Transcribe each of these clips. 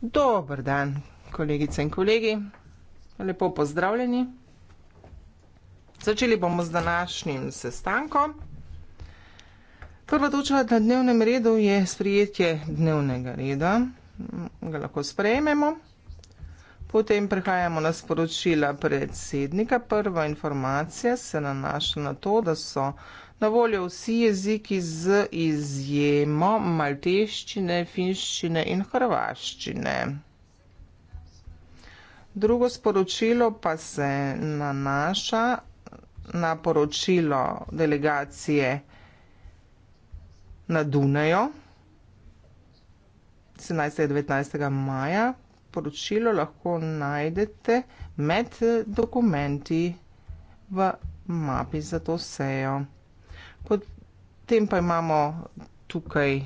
Dober dan, kolegice in kolegi. Lepo pozdravljeni. Začeli bomo z današnjim sestankom. Prva točka na dnevnem redu je sprijetje dnevnega reda. Ga lahko sprejmemo. Potem prehajamo na sporočila predsednika. Prva informacija se nanaša na to, da so Na voljo vsi jeziki z izjemo malteščine, finščine in hrvaščine. Drugo sporočilo pa se nanaša na poročilo delegacije na Dunajo 17. in 19. maja. Poročilo lahko najdete med dokumenti v mapi za to sejo. Potem pa imamo tukaj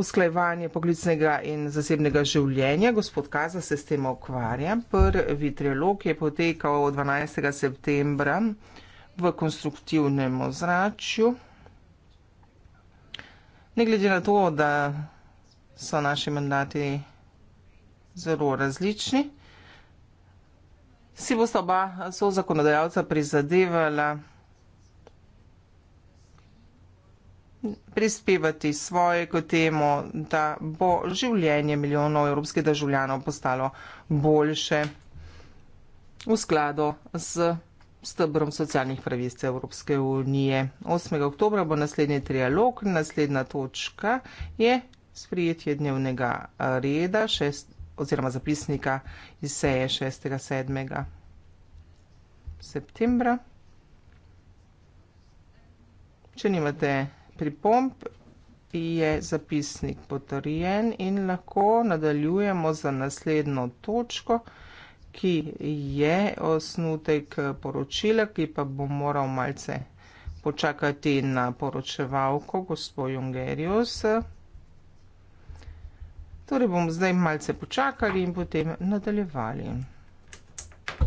usklajevanje poklicnega in zasebnega življenja. Gospod Kaza se s tem ukvarja. Prvi trilog je potekal 12. septembra v konstruktivnem ozračju. Ne glede na to, da so naši mandati zelo različni si bo sta oba so zakonodajalca prizadevala prispevati svoje k temu, da bo življenje milijonov evropskih državljanov postalo boljše v skladu z stebrom socialnih pravic Evropske unije. 8. oktober bo naslednji trialog, naslednja točka je sprijetje dnevnega reda, 6 oziroma zapisnika iz seje 6. 7. septembra. Če nimate pripomp, je zapisnik potrjen in lahko nadaljujemo za naslednjo točko, ki je osnutek poročila, ki pa bo moral malce počakati na poročevalko gospod Jungerius. Torej bomo zdaj malce počakali in potem nadaljevali.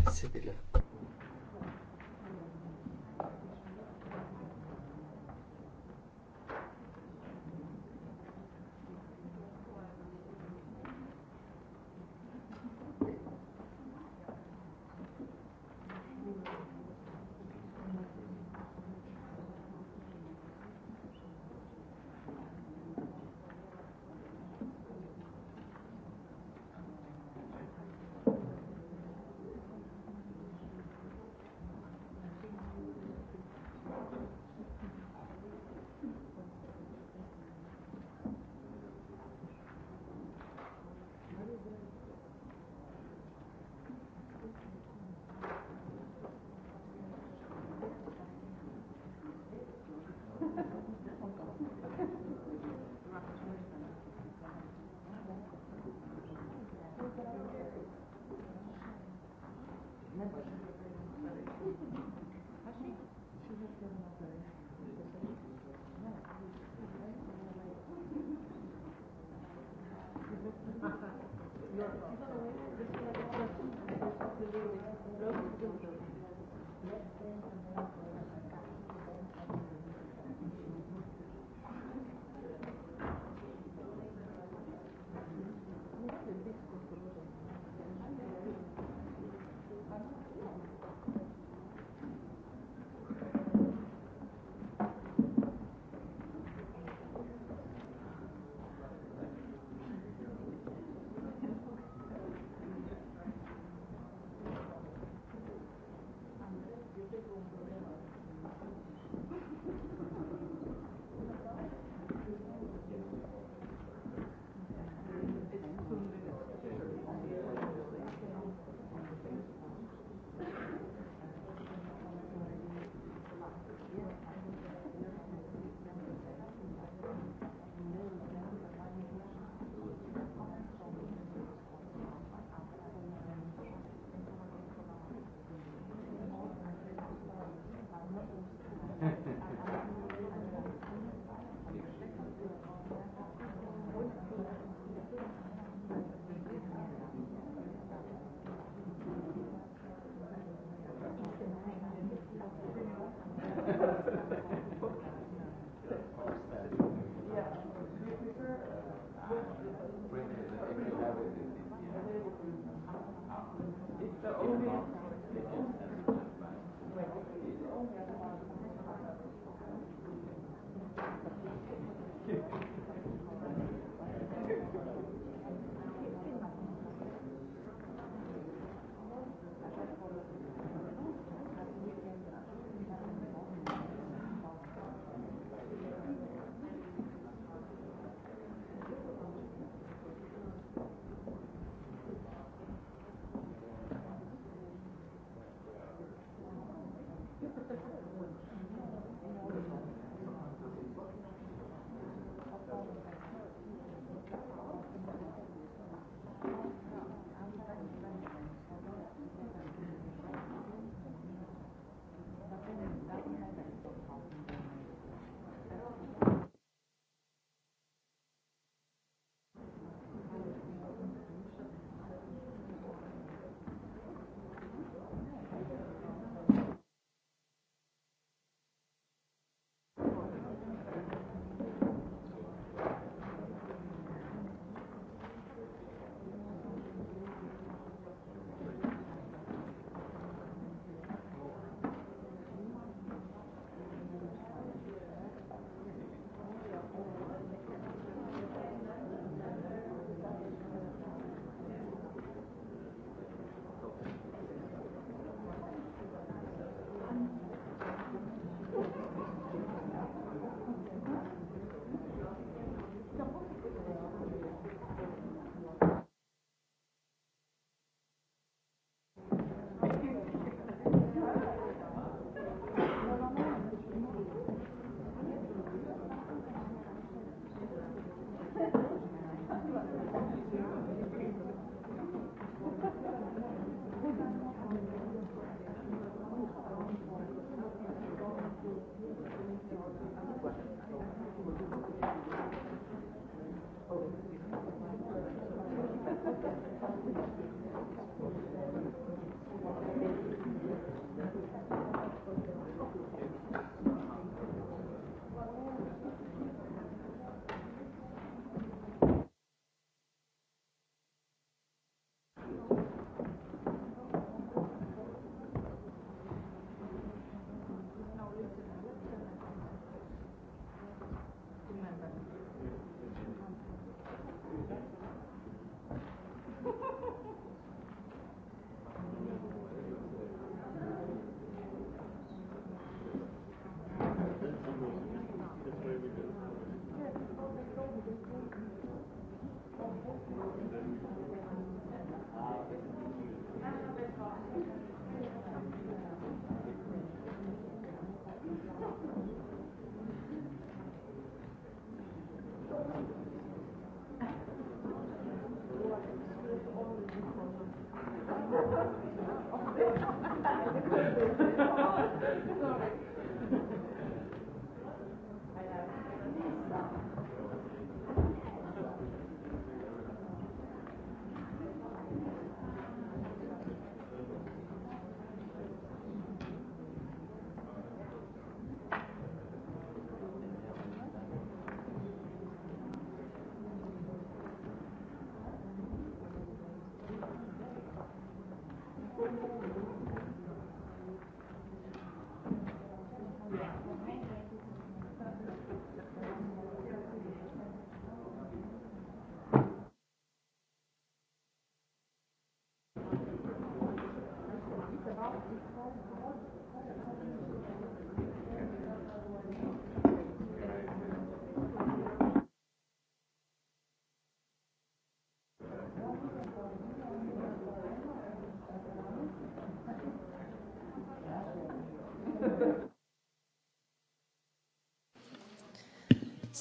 Besedila.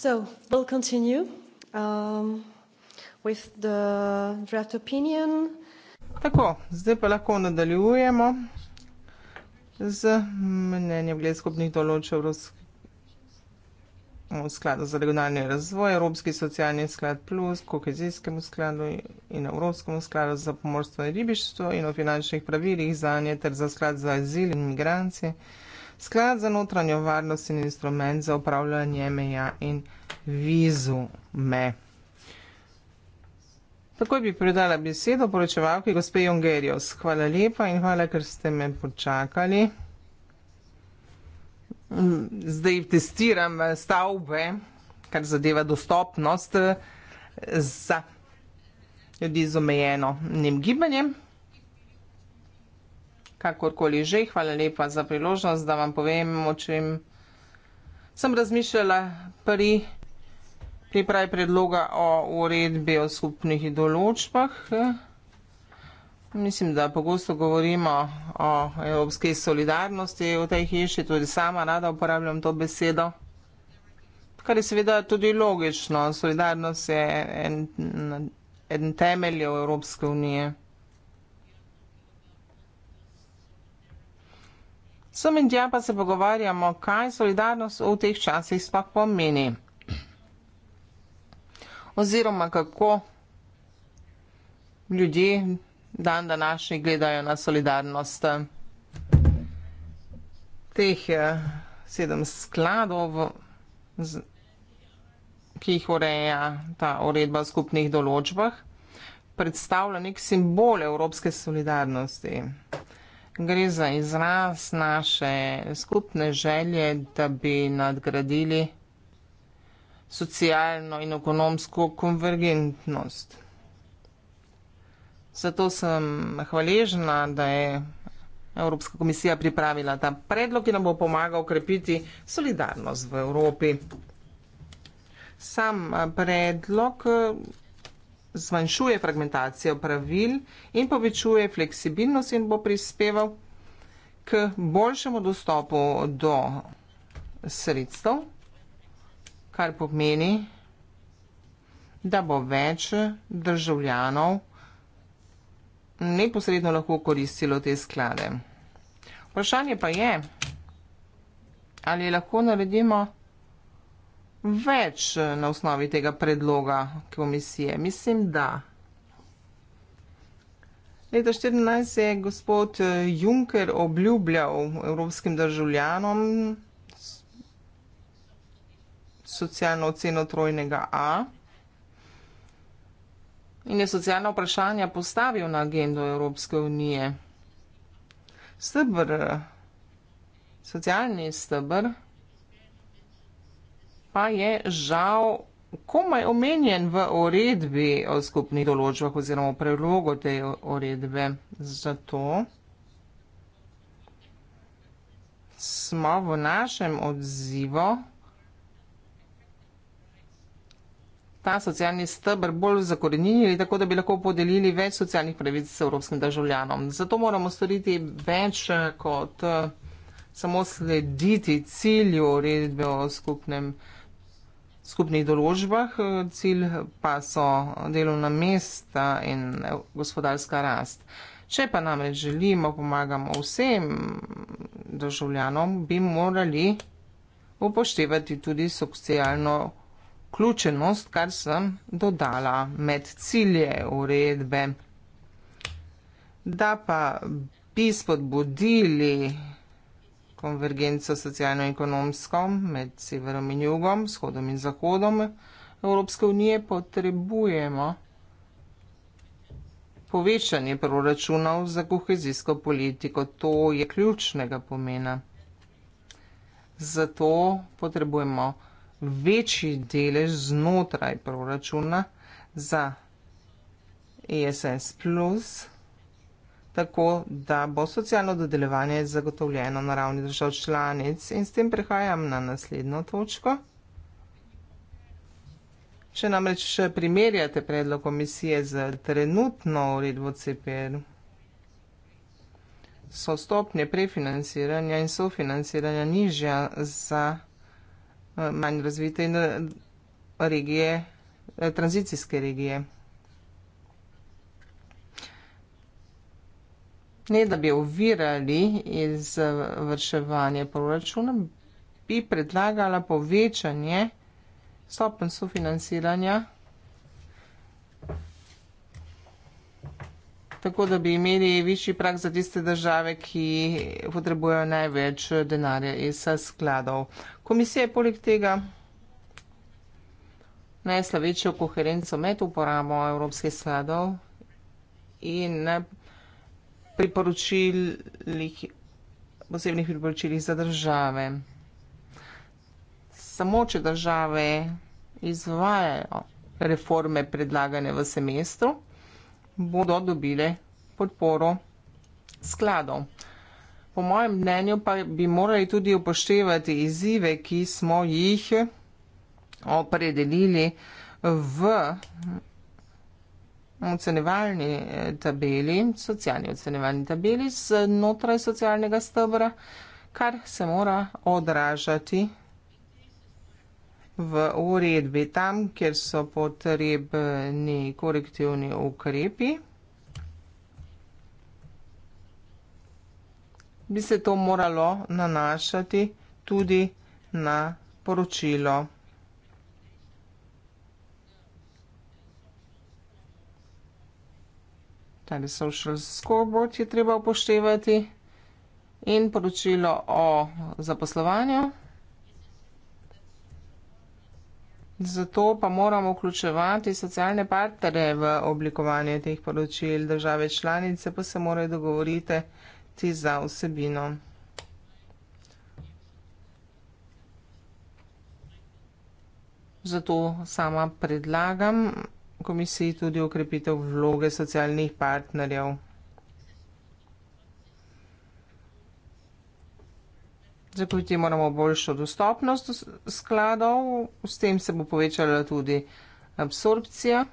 So we'll continue um, with the draft opinion. Tako, zdaj pa lahko nadaljujemo z mnenjem glede skupnih določb v skladu za regionalni razvoj, Evropski socialni sklad plus, kohezijskemu skladu in Evropskemu skladu za pomorstvo in ribištvo in o finančnih pravilih za nje ter za sklad za azil in migracije. Sklad za notranjo varnost in instrument za upravljanje meja in vizu me. Takoj bi predala besedo poročevalki gospe Jongerjos. Hvala lepa in hvala, ker ste me počakali. Zdaj testiram stavbe, kar zadeva dostopnost za ljudi z omejeno gibanjem kakorkoli že. Hvala lepa za priložnost, da vam povem, o čem sem razmišljala pri pripravi predloga o uredbi o skupnih določbah. Mislim, da pogosto govorimo o evropski solidarnosti v tej hiši, tudi sama rada uporabljam to besedo. Kar je seveda tudi logično, solidarnost je en, en temelj Evropske unije. Sem in tja pa se pogovarjamo, kaj solidarnost v teh časih sploh pomeni. Oziroma kako ljudje dan današnji gledajo na solidarnost. Teh eh, sedem skladov, ki jih ureja ta uredba v skupnih določbah, predstavlja nek simbol evropske solidarnosti gre za izraz naše skupne želje, da bi nadgradili socialno in ekonomsko konvergentnost. Zato sem hvaležna, da je Evropska komisija pripravila ta predlog, ki nam bo pomagal krepiti solidarnost v Evropi. Sam predlog zmanjšuje fragmentacijo pravil in povečuje fleksibilnost in bo prispeval k boljšemu dostopu do sredstev, kar pomeni, da bo več državljanov neposredno lahko koristilo te sklade. Vprašanje pa je, ali lahko naredimo vsega, več eh, na osnovi tega predloga komisije. Mislim, da. Leta 2014 je gospod eh, Juncker obljubljal evropskim državljanom socialno oceno trojnega A in je socialna vprašanja postavil na agendo Evropske unije. Stebr, eh, socialni stebr, pa je žal komaj omenjen v uredbi o skupnih določbah oziroma v prelogu te uredbe. Zato smo v našem odzivu ta socialni stebr bolj zakorenili, tako da bi lahko podelili več socialnih pravic s evropskim državljanom. Zato moramo storiti več kot eh, samo slediti cilju uredbe o skupnem prelogu skupnih določbah, eh, cilj pa so delovna mesta in eh, gospodarska rast. Če pa namreč želimo pomagamo vsem državljanom, bi morali upoštevati tudi socialno ključenost, kar sem dodala med cilje uredbe. Da pa bi spodbudili konvergenco socijalno-ekonomsko med severom in jugom, vzhodom in zahodom Evropske unije, potrebujemo povečanje proračunov za kohezijsko politiko. To je ključnega pomena. Zato potrebujemo večji delež znotraj proračuna za ESS tako da bo socialno dodeljevanje zagotovljeno na ravni držav članic in s tem prehajam na naslednjo točko. Če namreč primerjate predlog komisije z trenutno uredbo CPR, so stopnje prefinanciranja in sofinanciranja nižja za eh, manj razvite eh, regije, eh, tranzicijske regije. ne da bi ovirali izvrševanje proračuna, bi predlagala povečanje stopen sofinanciranja, tako da bi imeli višji prak za tiste države, ki potrebujejo največ denarja iz skladov. Komisija je poleg tega najslavečjo koherenco med uporabo evropskih skladov in najprej priporočilih, posebnih priporočilih za države. Samo, če države izvajajo reforme predlagane v semestru, bodo dobile podporo skladov. Po mojem mnenju pa bi morali tudi upoštevati izzive, ki smo jih opredelili v ocenevalni eh, tabeli, socialni ocenevalni tabeli znotraj socialnega stebra, kar se mora odražati v uredbi tam, kjer so potrebni korektivni ukrepi. bi se to moralo nanašati tudi na poročilo. tale social scoreboard je treba upoštevati in poročilo o zaposlovanju. Zato pa moramo vključevati socialne partnere v oblikovanje teh poročil države članice, pa se morajo dogovoriti ti za vsebino. Zato sama predlagam, da se vključevati komisiji tudi okrepitev vloge socialnih partnerjev. Zakoniti moramo boljšo dostopnost skladov, s tem se bo povečala tudi absorpcija,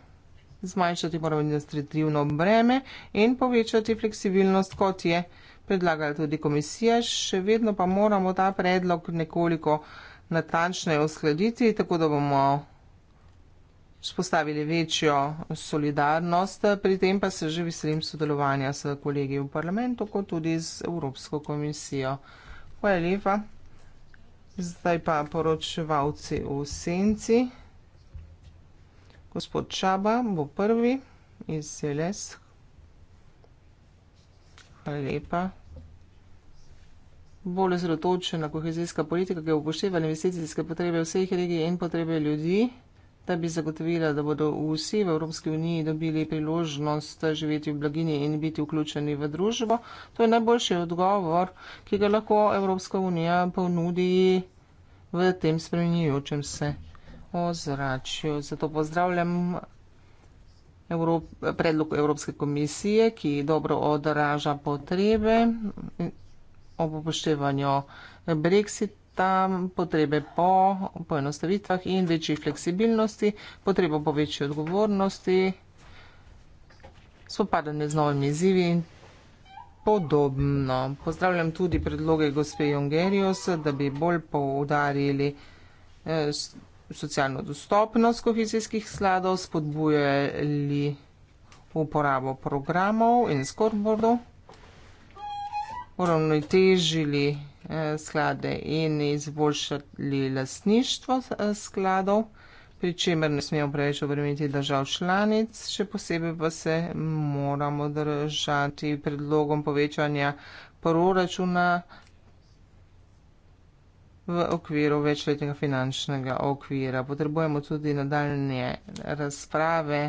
zmanjšati moramo administrativno breme in povečati fleksibilnost, kot je predlagala tudi komisija. Še vedno pa moramo ta predlog nekoliko natančneje uskladiti, tako da bomo spostavili večjo solidarnost, pri tem pa se že veselim sodelovanja s kolegi v parlamentu, kot tudi z Evropsko komisijo. Hvala lepa. Zdaj pa poročevalci v senci. Gospod Čaba bo prvi iz Seles. Hvala lepa. Bolj zrotočena kohezijska politika, ki je upoštevala investicijske potrebe vseh regij in potrebe ljudi da bi zagotovila, da bodo vsi v Evropski uniji dobili priložnost živeti v blagini in biti vključeni v družbo. To je najboljši odgovor, ki ga lahko Evropska unija ponudi v tem spremenjujočem se ozračju. Zato pozdravljam Evrop predlog Evropske komisije, ki dobro odraža potrebe ob upoštevanju Brexita sta potrebe po poenostavitvah in večji fleksibilnosti, potrebo po večji odgovornosti, spopadanje z novimi izzivi in podobno. Pozdravljam tudi predloge gospe Jongerius, da bi bolj poudarili eh, socialno dostopnost kohezijskih skladov, spodbujali uporabo programov in scoreboardov uravnotežili eh, sklade in izboljšali lasništvo eh, skladov, pri čemer ne smemo preveč obremeniti držav članic, še posebej pa se moramo držati predlogom povečanja proračuna v okviru večletnega finančnega okvira. Potrebujemo tudi nadaljne razprave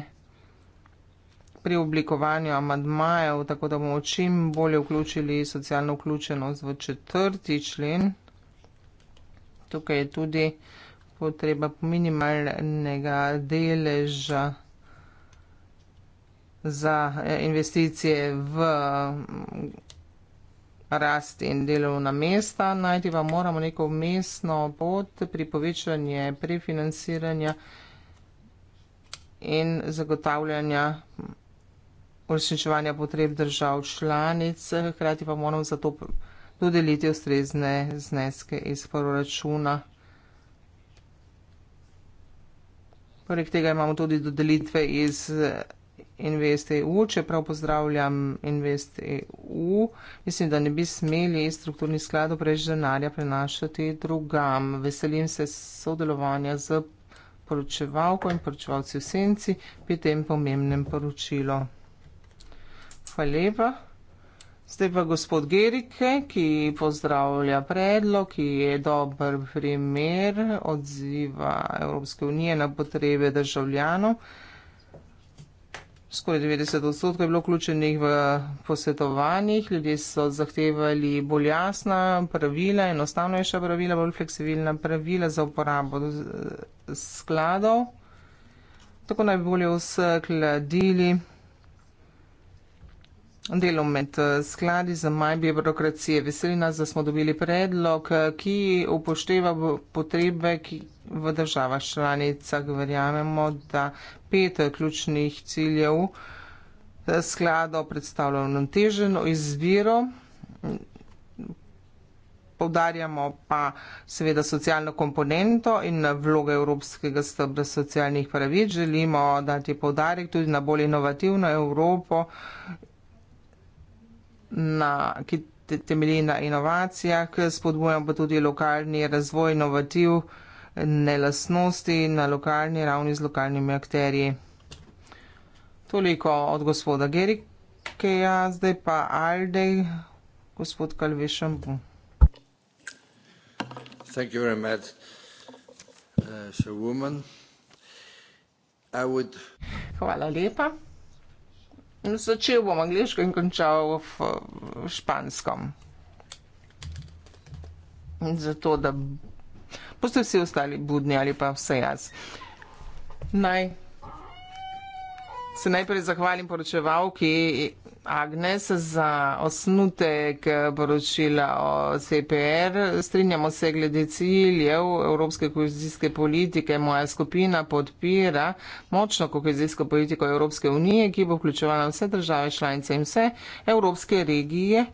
pri oblikovanju amadmajev, tako da bomo čim bolje vključili socialno vključenost v četrti člen. Tukaj je tudi potreba minimalnega deleža za eh, investicije v mm, rast in delovna mesta. Najti pa moramo neko mestno pot pri povečanju prefinanciranja in zagotavljanja uresničevanja potreb držav članic, hkrati pa moramo za to dodeliti ustrezne zneske iz proračuna. Poleg tega imamo tudi dodelitve iz InvestEU, čeprav pozdravljam InvestEU, mislim, da ne bi smeli iz strukturnih skladov preč denarja prenašati drugam. Veselim se sodelovanja z poročevalko in poročevalci v senci pri tem pomembnem poročilu. Hvala lepa. Zdaj pa gospod Gerike, ki pozdravlja predlog, ki je dober primer odziva Evropske unije na potrebe državljanov. Skoraj 90 odstotkov je bilo vključenih v posvetovanjih, ljudje so zahtevali bolj jasna pravila, enostavnejša pravila, bolj fleksibilna pravila za uporabo eh, skladov. Tako naj bi bolje uskladili Delom med eh, skladi za maj birokracije. Veseli nas, da smo dobili predlog, eh, ki upošteva potrebe ki v državah članicah. Verjamemo, da pet eh, ključnih ciljev sklado predstavlja nateženo izbiro. Povdarjamo pa seveda socialno komponento in vloge Evropskega stebra socialnih pravic. Želimo dati povdarek tudi na bolj inovativno Evropo na, ki temelji na inovacijah, spodbujamo pa tudi lokalni razvoj, inovativ, nelasnosti na lokalni ravni z lokalnimi akterji. Toliko od gospoda Gerikeja, zdaj pa Alde, gospod Kalvišem. Thank you very much, uh, so woman. I would... Hvala lepa. Začel bom angliško in končal v, v špansko. Zato, da boste vsi ostali budni ali pa vse jaz. Naj se najprej zahvalim poročevalki Agnes za osnutek poročila o CPR. Strinjamo se glede ciljev Evropske kohezijske politike. Moja skupina podpira močno kohezijsko politiko Evropske unije, ki bo vključevala vse države članice in vse evropske regije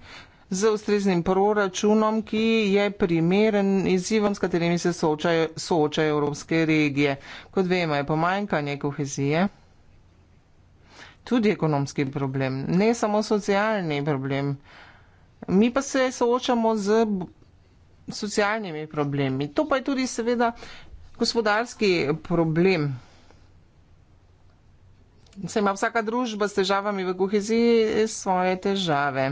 z ustreznim proračunom, ki je primeren izzivom, s katerimi se soočajo, soočajo evropske regije. Kot vemo, je pomanjkanje kohezije tudi ekonomski problem, ne samo socialni problem. Mi pa se soočamo z socialnimi problemi. To pa je tudi seveda gospodarski problem. Se ima vsaka družba s težavami v koheziji svoje težave.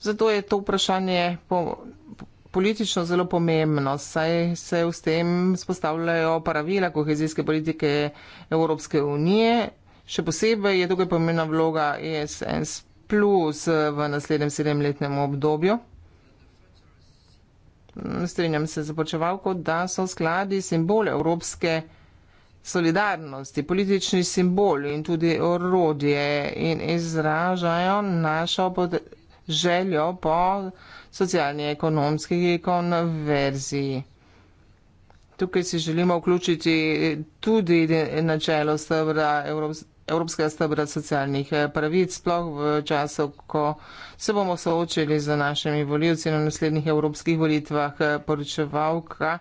Zato je to vprašanje po, politično zelo pomembno, saj se v tem spostavljajo pravila kohezijske politike Evropske unije Še posebej je tukaj pomembna vloga ESNS plus v naslednjem sedemletnem obdobju. Strenjam se za počevalko, da so skladi simbole evropske solidarnosti, politični simbol in tudi orodje in izražajo našo željo po socialni ekonomski konverziji. Tukaj si želimo vključiti tudi načelo stavra evropske Evropskega stebra socialnih eh, pravic, sploh v času, ko se bomo soočili z našimi voljivci na naslednjih evropskih volitvah, eh, poročevalka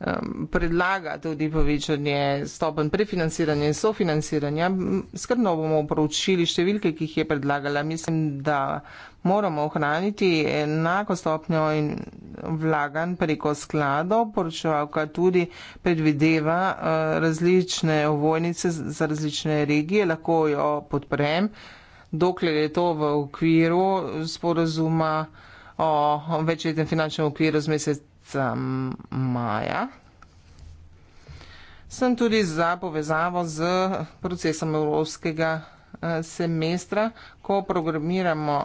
um, predlaga tudi povečanje stopen prefinanciranja in sofinanciranja. Skrbno bomo proučili številke, ki jih je predlagala. Mislim, da moramo ohraniti enako stopnjo in vlagan preko skladov. Poročevalka tudi predvideva uh, različne ovojnice za različne regije, lahko jo podprem, dokler je to v okviru sporazuma o večletnem finančnem okviru z mesec meseca maja. Sem tudi za povezavo z procesom evropskega eh, semestra, ko programiramo,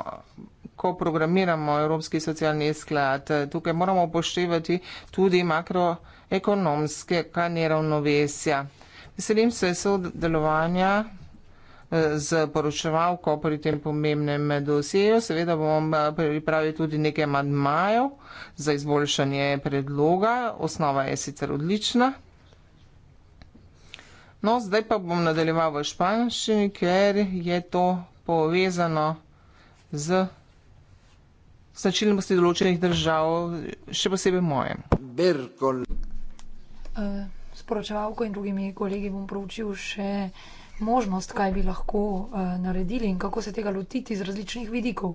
ko programiramo Evropski socialni sklad. Eh, tukaj moramo upoštevati tudi makroekonomske neravnovesja. Veselim se sodelovanja z poročevalko pri tem pomembnem dosjeju. Seveda bomo eh, pripravili tudi nekaj madmajev za izboljšanje predloga. Osnova je sicer odlična. No, zdaj pa bom nadaljeval v španščini, ker je to povezano z značilnosti določenih držav, še posebej moje. Berkol. Eh, Sporočevalko in drugimi kolegi bom proučil še možnost, kaj bi lahko uh, naredili in kako se tega lotiti z različnih vidikov.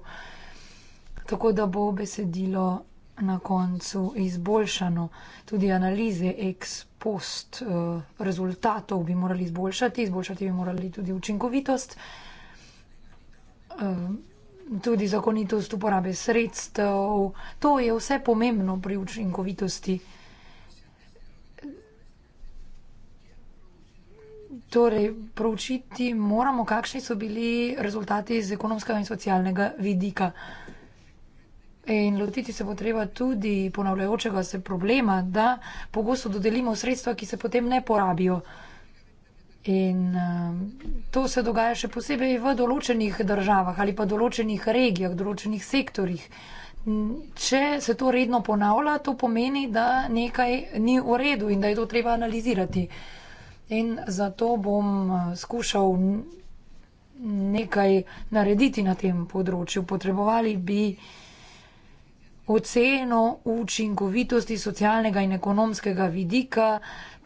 Tako da bo besedilo na koncu izboljšano, tudi analize ex post uh, rezultatov bi morali izboljšati, izboljšati bi morali tudi učinkovitost, uh, tudi zakonitost uporabe sredstev. To je vse pomembno pri učinkovitosti. Uh, Torej, proučiti moramo, kakšni so bili rezultati z ekonomskega in socialnega vidika. In lotiti se bo treba tudi ponavljajočega se problema, da pogosto dodelimo sredstva, ki se potem ne porabijo. In uh, to se dogaja še posebej v določenih državah ali pa določenih regijah, določenih sektorjih. Če se to redno ponavlja, to pomeni, da nekaj ni v redu in da je to treba analizirati. Uh, In zato bom eh, skušal nekaj narediti na tem področju. Potrebovali bi oceno učinkovitosti socialnega in ekonomskega vidika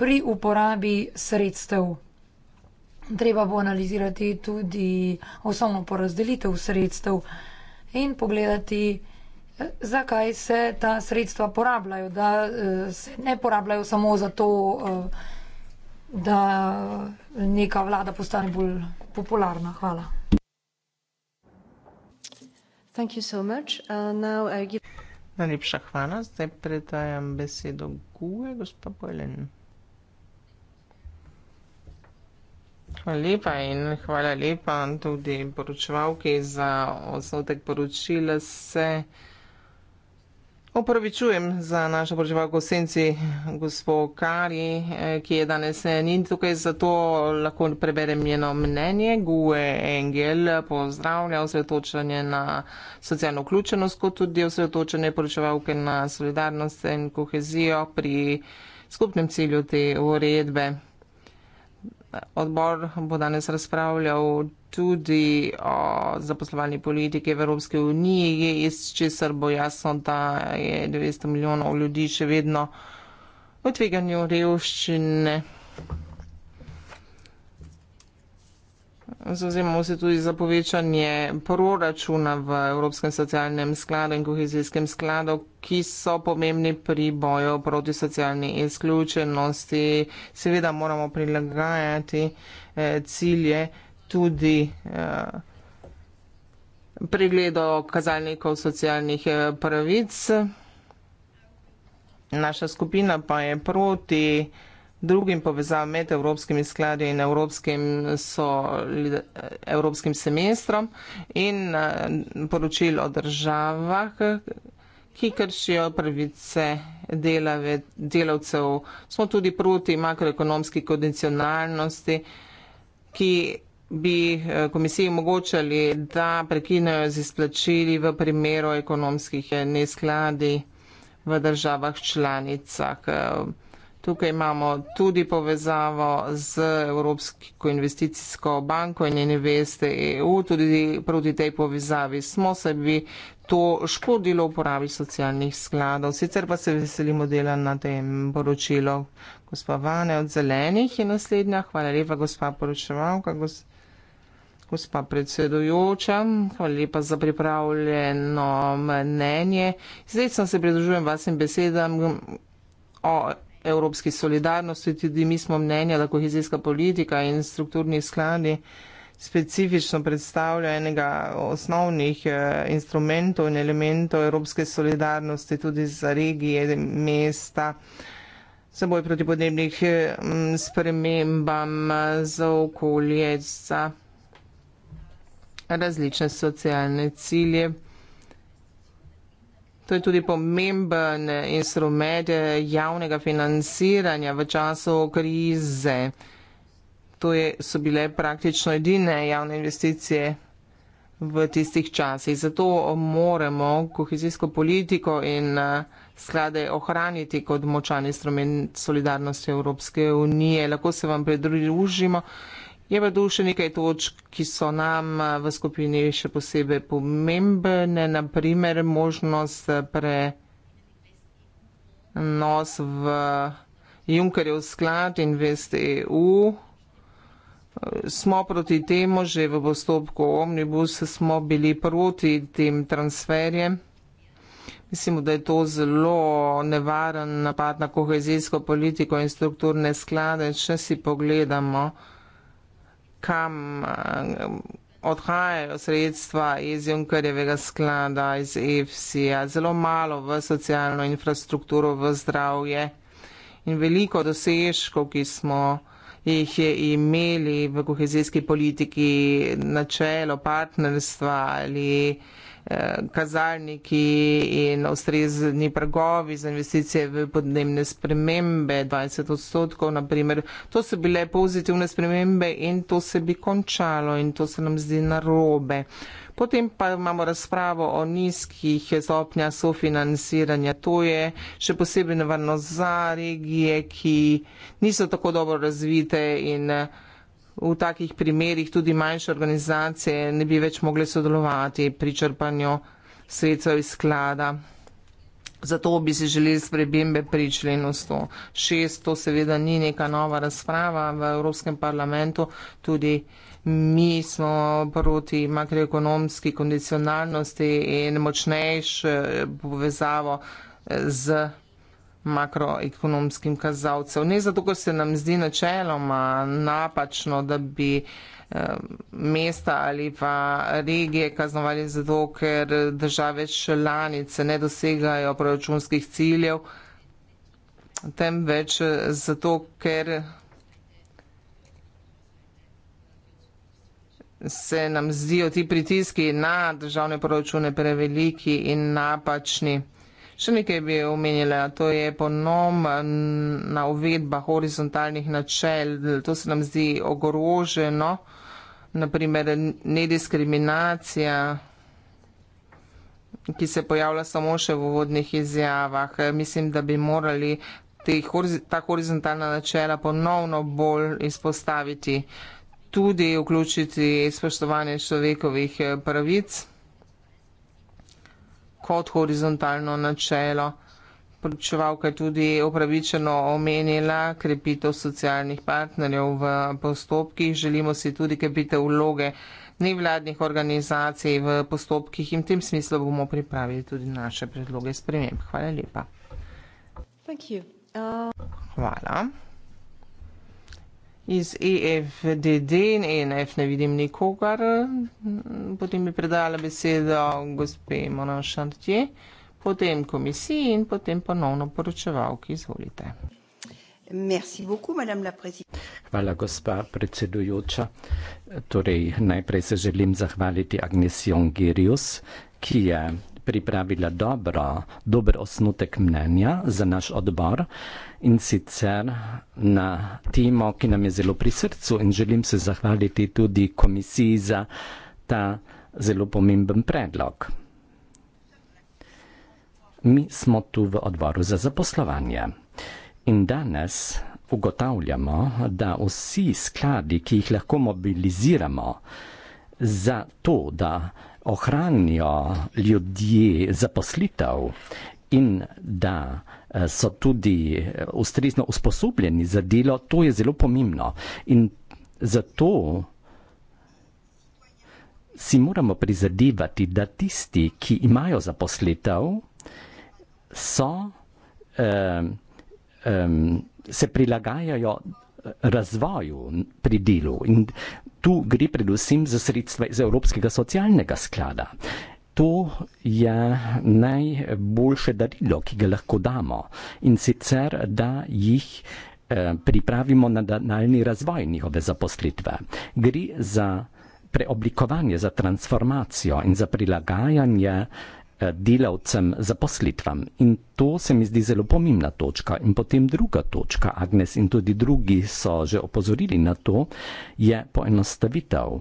pri uporabi sredstev. Treba bo analizirati tudi osnovno porazdelitev sredstev in pogledati, eh, zakaj se ta sredstva porabljajo, da eh, se ne porabljajo samo za to, da neka vlada postane bolj popularna. Hvala. Uh, uh, Najlepša hvala. Zdaj predajam besedo Gue, gospa Bojlen. Hvala lepa in hvala lepa tudi poročevalki za osnotek poročila se. Opravičujem za našo poročevalko v senci, gospod Kari, eh, ki je danes eh, ni tukaj, zato lahko preberem njeno mnenje. Gue Engel pozdravlja osredotočanje na socialno vključenost, kot tudi osredotočanje poročevalke na solidarnost in kohezijo pri skupnem cilju te uredbe. Odbor bo danes razpravljal tudi o zaposlovalni politiki Evropske unije, iz česar bo jasno, da je 200 milijonov ljudi še vedno v tveganju revščine. Zauzemamo se tudi za povečanje proračuna v Evropskem socialnem skladu in kohezijskem skladu, ki so pomembni pri boju proti socialni izključenosti. Seveda moramo prilagajati eh, cilje tudi eh, pregledu kazalnikov socialnih eh, pravic. Naša skupina pa je proti. Eh, drugim povezavam med evropskimi skladi in evropskim, so, evropskim semestrom in eh, poročil o državah, ki kršijo pravice delave, delavcev. Smo tudi proti makroekonomski kondicionalnosti, ki bi eh, komisiji omogočali, da prekinejo z izplačili v primeru ekonomskih neskladi v državah članicah. Tukaj imamo tudi povezavo z Evropsko investicijsko banko in njene veste EU. Tudi proti tej povezavi smo se bi to škodilo uporabi socialnih skladov. Sicer pa se veselimo dela na tem poročilo. Gospa Vane od zelenih je naslednja. Hvala lepa, gospa poročevalka. Gos Gospa predsedujoča, hvala lepa za pripravljeno mnenje. Zdaj sem se pridružujem vašim besedam o evropski solidarnosti, tudi mi smo mnenja, da kohezijska politika in strukturni skladi specifično predstavlja enega osnovnih eh, instrumentov in elementov evropske solidarnosti tudi za regije, mesta, za boj proti podnebnih mm, spremembam, za okolje, za različne socialne cilje. To je tudi pomemben instrument javnega financiranja v času krize. To je, so bile praktično edine javne investicije v tistih časih. Zato moramo kohezijsko politiko in sklade ohraniti kot močan instrument solidarnosti Evropske unije. Lahko se vam pridružimo. Je pa tu še nekaj točk, ki so nam eh, v skupini še posebej pomembne, naprimer možnost prenos v Junkerjev sklad Invest EU. Smo proti temu, že v postopku Omnibus smo bili proti tem transferjem. Mislimo, da je to zelo nevaren napad na kohezijsko politiko in strukturne sklade, če si pogledamo kam eh, odhajajo sredstva iz Junkerjevega sklada, iz EFSI-ja, zelo malo v socialno infrastrukturo, v zdravje in veliko dosežkov, ki smo jih imeli v kohezijski politiki, načelo partnerstva ali. Eh, kazalniki in ustrezni pragovi za investicije v podnebne spremembe, 20 odstotkov, naprimer. To so bile pozitivne spremembe in to se bi končalo in to se nam zdi narobe. Potem pa imamo razpravo o nizkih stopnjah sofinanciranja. To je še posebej nevarno za regije, ki niso tako dobro razvite in eh, v takih primerjih tudi manjše organizacije ne bi več mogli sodelovati pri črpanju sredstev iz sklada. Zato bi si želeli spremembe pri členu 106. To seveda ni neka nova razprava v Evropskem parlamentu. Tudi mi smo proti makroekonomski kondicionalnosti in močnejšo povezavo z makroekonomskim kazalcev. Ne zato, ker se nam zdi načeloma napačno, da bi eh, mesta ali pa regije kaznovali zato, ker države članice ne dosegajo proračunskih ciljev, temveč eh, zato, ker se nam zdijo ti pritiski na državne proračune preveliki in napačni. Še nekaj bi omenila, to je ponovna uvedba horizontalnih načel. To se nam zdi ogroženo, naprimer nediskriminacija, ki se pojavlja samo še v uvodnih izjavah. Mislim, da bi morali te, ta horizontalna načela ponovno bolj izpostaviti, tudi vključiti spoštovanje človekovih pravic kot horizontalno načelo. Poročevalka je tudi upravičeno omenila krepitev socialnih partnerjev v postopkih. Želimo si tudi krepitev vloge nevladnih organizacij v postopkih in v tem smislu bomo pripravili tudi naše predloge sprememb. Hvala lepa. Uh, Hvala iz EFDD in ENF ne vidim nikogar. Potem bi predala besedo gospe Mona Šantje, potem komisiji in potem ponovno poročevalki. Izvolite. Hvala, gospa predsedujoča. Torej, najprej se želim zahvaliti Agnes Jongerius, ki je pripravila dobro, dober osnutek mnenja za naš odbor in sicer na timo, ki nam je zelo pri srcu in želim se zahvaliti tudi komisiji za ta zelo pomemben predlog. Mi smo tu v odboru za zaposlovanje in danes ugotavljamo, da vsi skladi, ki jih lahko mobiliziramo za to, da ohranijo ljudje zaposlitev in da eh, so tudi eh, ustrezno usposobljeni za delo, to je zelo pomembno. In zato si moramo prizadevati, da tisti, ki imajo zaposlitev, so um, um, se prilagajajo razvoju pri delu. In Tu gre predvsem za sredstva iz Evropskega socialnega sklada. To je najboljše darilo, ki ga lahko damo in sicer, da jih eh, pripravimo na daljni razvoj njihove zaposlitve. Gre za preoblikovanje, za transformacijo in za prilagajanje Eh, delavcem zaposlitvam. In to se mi zdi zelo pomembna točka. In potem druga točka, Agnes in tudi drugi so že opozorili na to, je poenostavitev.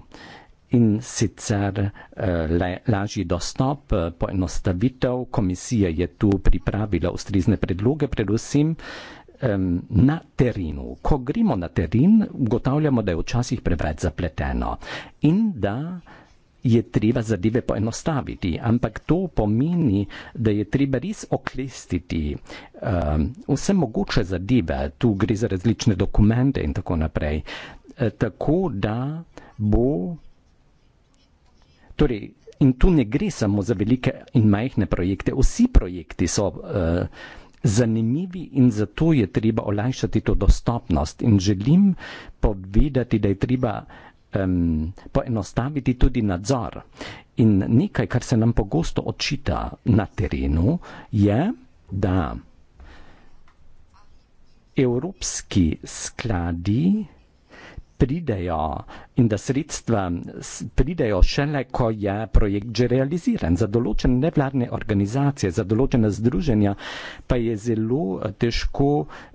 In sicer eh, le, lažji dostop, eh, poenostavitev, komisija je tu pripravila ustrezne predloge, predvsem eh, na terenu. Ko gremo na teren, ugotavljamo, da je včasih preveč zapleteno in da je treba zadeve poenostaviti, ampak to pomeni, da je treba res oklestiti uh, vse mogoče zadeve, tu gre za različne dokumente in tako naprej, uh, tako da bo. Torej, in tu ne gre samo za velike in majhne projekte, vsi projekti so. Uh, Zanimivi in zato je treba olajšati to dostopnost. In želim povedati, da je treba um, poenostaviti tudi nadzor. In nekaj, kar se nam pogosto očita na terenu, je, da evropski skladi pridejo in da sredstva pridejo šele, ko je projekt že realiziran. Za določene nevladne organizacije, za določena združenja pa je zelo eh, težko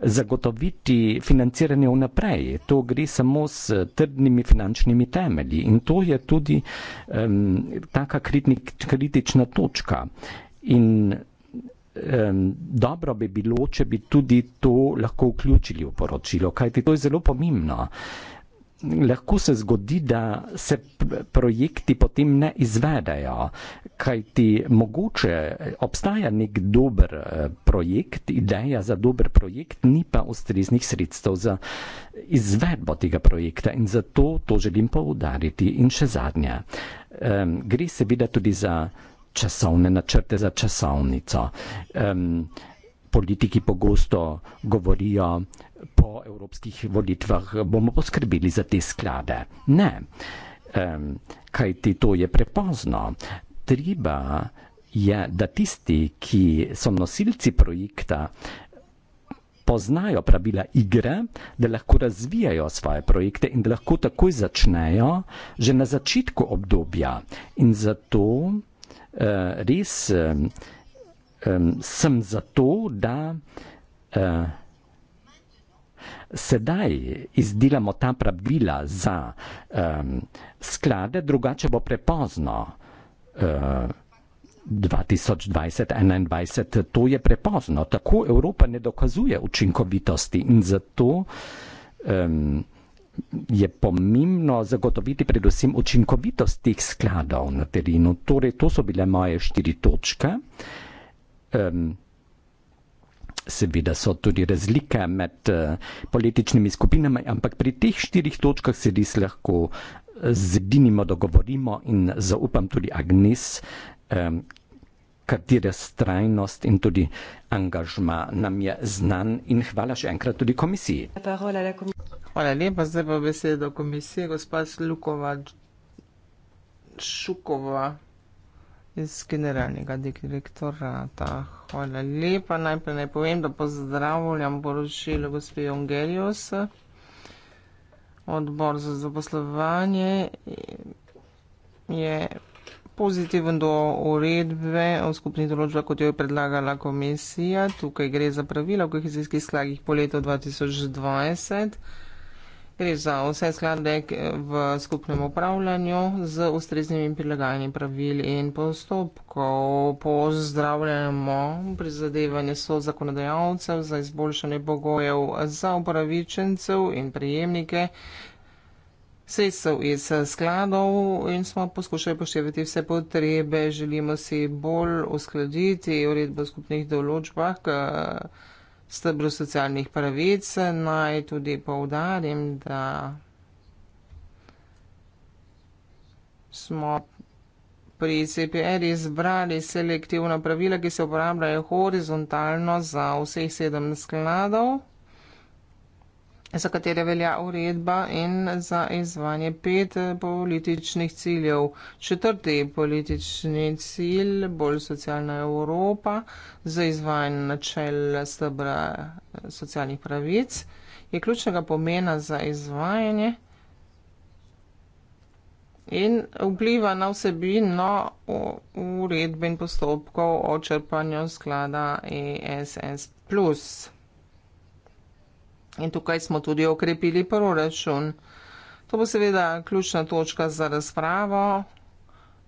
zagotoviti financiranje vnaprej. To gre samo s trdnimi finančnimi temelji in to je tudi um, taka kritnik, kritična točka. In Dobro bi bilo, če bi tudi to lahko vključili v poročilo, kajti to je zelo pomembno lahko se zgodi, da se projekti potem ne izvedejo, kaj ti mogoče obstaja nek dober eh, projekt, ideja za dober projekt, ni pa ustreznih sredstev za izvedbo tega projekta in zato to želim poudariti. In še zadnje, um, gre seveda tudi za časovne načrte, za časovnico. Um, politiki pogosto govorijo po evropskih volitvah, bomo poskrbeli za te sklade. Ne, um, kajti to je prepozno. Treba je, da tisti, ki so nosilci projekta, poznajo pravila igre, da lahko razvijajo svoje projekte in da lahko takoj začnejo že na začetku obdobja. In zato uh, res. Uh, um, sem za to, da uh, sedaj izdelamo ta pravila za um, sklade, drugače bo prepozno. Uh, eh, 2020-2021, to je prepozno. Tako Evropa ne dokazuje učinkovitosti in zato um, je pomembno zagotoviti predvsem učinkovitost teh skladov na terenu. Torej, to so bile moje štiri točke um, seveda so tudi razlike med uh, političnimi skupinami, ampak pri teh štirih točkah se res lahko eh, zedinimo, dogovorimo in zaupam tudi Agnes, um, ehm, katere strajnost in tudi angažma nam je znan in hvala še enkrat tudi komisiji. Hvala lepa, zdaj pa besedo komisije, gospod Slukova. Šukova, iz generalnega direktorata. Hvala lepa. Najprej naj povem, da pozdravljam poročilo gospe Jongelius, odbor za zaposlovanje je pozitiven do uredbe o skupnih določbah, kot jo je predlagala komisija. Tukaj gre za pravila v kohezijskih skladih po letu 2020. Gre za vse sklade v skupnem upravljanju z ustreznimi prilagajanji pravil in postopkov. Pozdravljamo prizadevanje so zakonodajalcev za izboljšanje pogojev za upravičencev in prijemnike sredstev iz skladov in smo poskušali poštevati vse potrebe. Želimo si bolj uskladiti uredbo skupnih določbah. K, stebru socialnih pravic. Naj tudi poudarim, da smo pri CPR izbrali selektivna pravila, ki se uporabljajo horizontalno za vseh sedem skladov za katere velja uredba in za izvanje pet eh, političnih ciljev. Četrti politični cilj, bolj socialna Evropa, za izvanje načel stebra eh, socialnih pravic, je ključnega pomena za izvanje in vpliva na vsebino uredbe in postopkov o črpanju sklada ESS. In tukaj smo tudi okrepili proračun. To bo seveda ključna točka za razpravo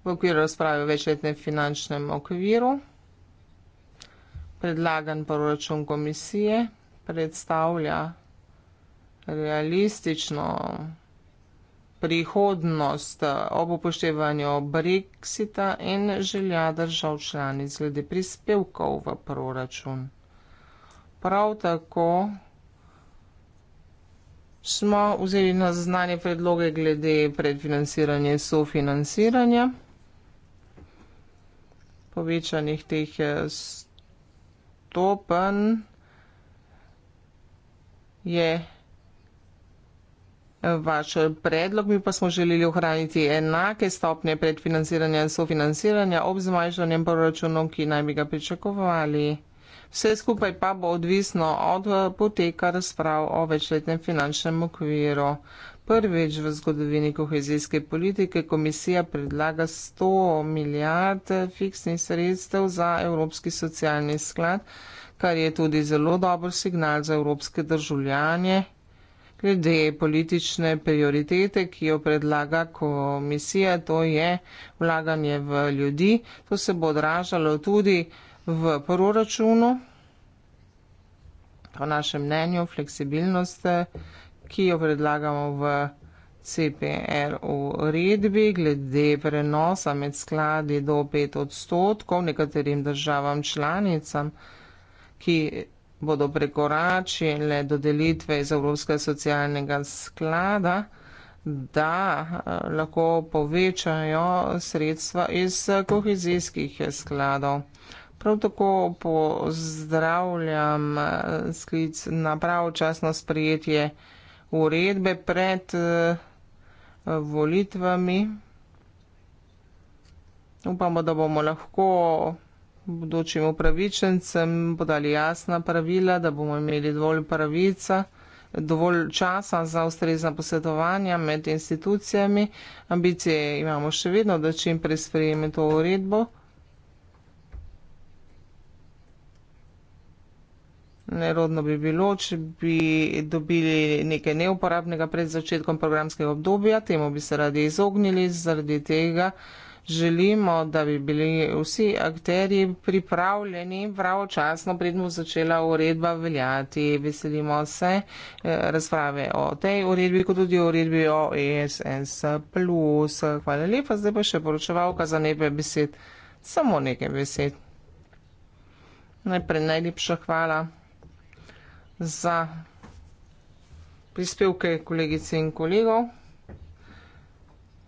v okviru razprave večletnem finančnem okviru. Predlagan proračun komisije predstavlja realistično prihodnost eh, ob upoštevanju Brexita in želja držav članic glede prispevkov v proračun. Prav tako smo vzeli na znanje predloge glede predfinanciranja in sofinanciranja, povečanih teh stopen je vaš predlog, mi pa smo želeli ohraniti enake stopnje predfinanciranja in sofinanciranja ob zmanjšanjem proračunov, ki naj bi ga pričakovali. Vse skupaj pa bo odvisno od eh, poteka razprav o večletnem finančnem okviru. Prvič v zgodovini kohezijske politike komisija predlaga 100 milijard eh, fiksnih sredstev za Evropski socialni sklad, kar je tudi zelo dober signal za evropske državljanje. Glede politične prioritete, ki jo predlaga komisija, to je vlaganje v ljudi, to se bo odražalo tudi v proračunu, po našem mnenju, fleksibilnost, ki jo predlagamo v CPR uredbi glede prenosa med skladi do 5 odstotkov nekaterim državam članicam, ki bodo prekoračile dodelitve iz Evropskega socialnega sklada, da eh, lahko povečajo sredstva iz kohezijskih skladov. Prav tako pozdravljam eh, sklic na pravočasno sprejetje uredbe pred eh, volitvami. Upamo, da bomo lahko bodočim upravičencem podali jasna pravila, da bomo imeli dovolj pravica, dovolj časa za ustrezna posvetovanja med institucijami. Ambicije imamo še vedno, da čim prej sprejeme to uredbo. Nerodno bi bilo, če bi dobili nekaj neuporabnega pred začetkom programskega obdobja, temu bi se radi izognili, zaradi tega želimo, da bi bili vsi akteri pripravljeni pravočasno, predmo začela uredba veljati. Veselimo se eh, razprave o tej uredbi, kot tudi o uredbi o ESS+. Hvala lepa, zdaj pa še poročevalka za nekaj besed, samo nekaj besed. Najprej najlepša hvala za prispevke kolegice in kolegov.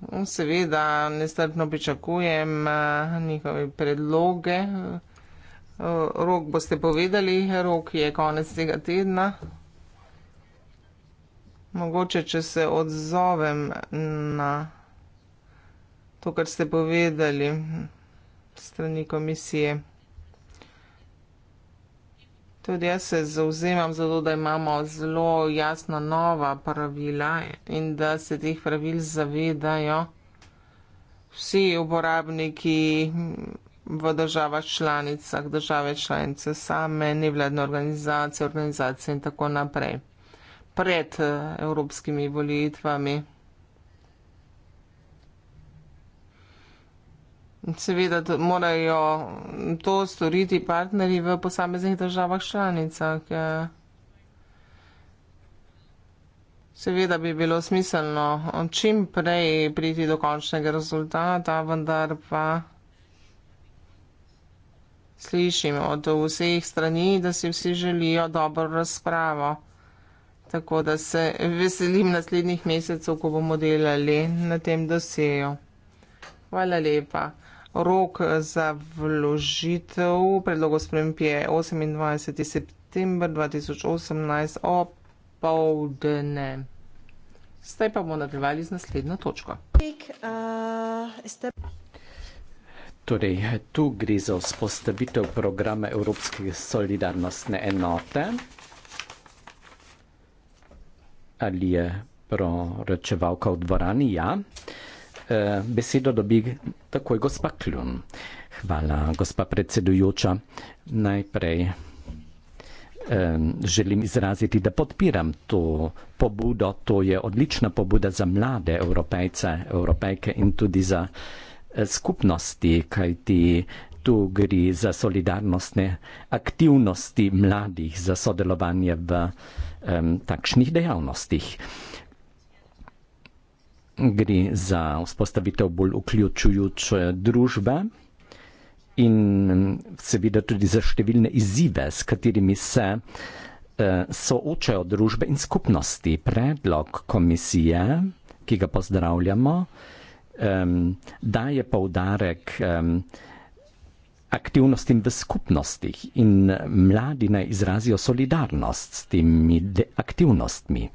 No, seveda nestrpno pričakujem eh, njihove predloge. Eh, rok boste povedali, rok je konec tega tedna. Mogoče, če se odzovem na to, kar ste povedali strani komisije. Tudi jaz se zauzemam za to, da imamo zelo jasna nova pravila in da se teh pravil zavedajo vsi uporabniki v državah članicah, države članice same, nevladne organizacije, organizacije in tako naprej pred eh, evropskimi volitvami. Seveda morajo to storiti partnerji v posameznih državah članicah. Ja. Seveda bi bilo smiselno čim prej priti do končnega rezultata, vendar pa slišim od vseh strani, da si vsi želijo dobro razpravo. Tako da se veselim naslednjih mesecev, ko bomo delali na tem doseju. Hvala lepa. Rok za vložitev predlogov sprememb je 28. september 2018 ob povdne. Zdaj pa bomo nadaljevali z naslednjo točko. Torej, tu gre za vzpostavitev programa Evropske solidarnostne enote. Ali je proračevalka v dvorani? Ja. Eh, besedo dobi takoj gospa Kljun. Hvala, gospa predsedujoča. Najprej eh, želim izraziti, da podpiram to pobudo. To je odlična pobuda za mlade evropejce, evropejke in tudi za eh, skupnosti, kaj ti tu gre za solidarnostne aktivnosti mladih, za sodelovanje v eh, takšnih dejavnostih gre za vzpostavitev bolj vključujoče družbe in seveda tudi za številne izzive, s katerimi se eh, soočajo družbe in skupnosti. Predlog komisije, ki ga pozdravljamo, eh, daje poudarek eh, aktivnostim v skupnostih in mladi naj izrazijo solidarnost s temi aktivnostmi.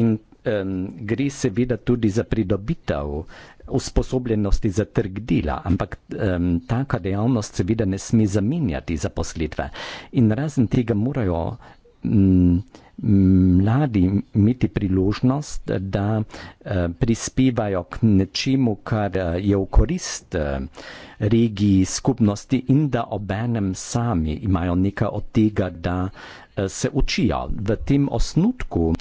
In um, gre seveda tudi za pridobitev usposobljenosti za trg dela, ampak um, taka dejavnost seveda ne sme zamenjati za poslitve. In razen tega morajo um, mladi imeti priložnost, da uh, prispevajo k nečemu, kar uh, je v korist uh, regiji, skupnosti in da obenem sami imajo nekaj od tega, da uh, Eh, se učijo. V tem osnutku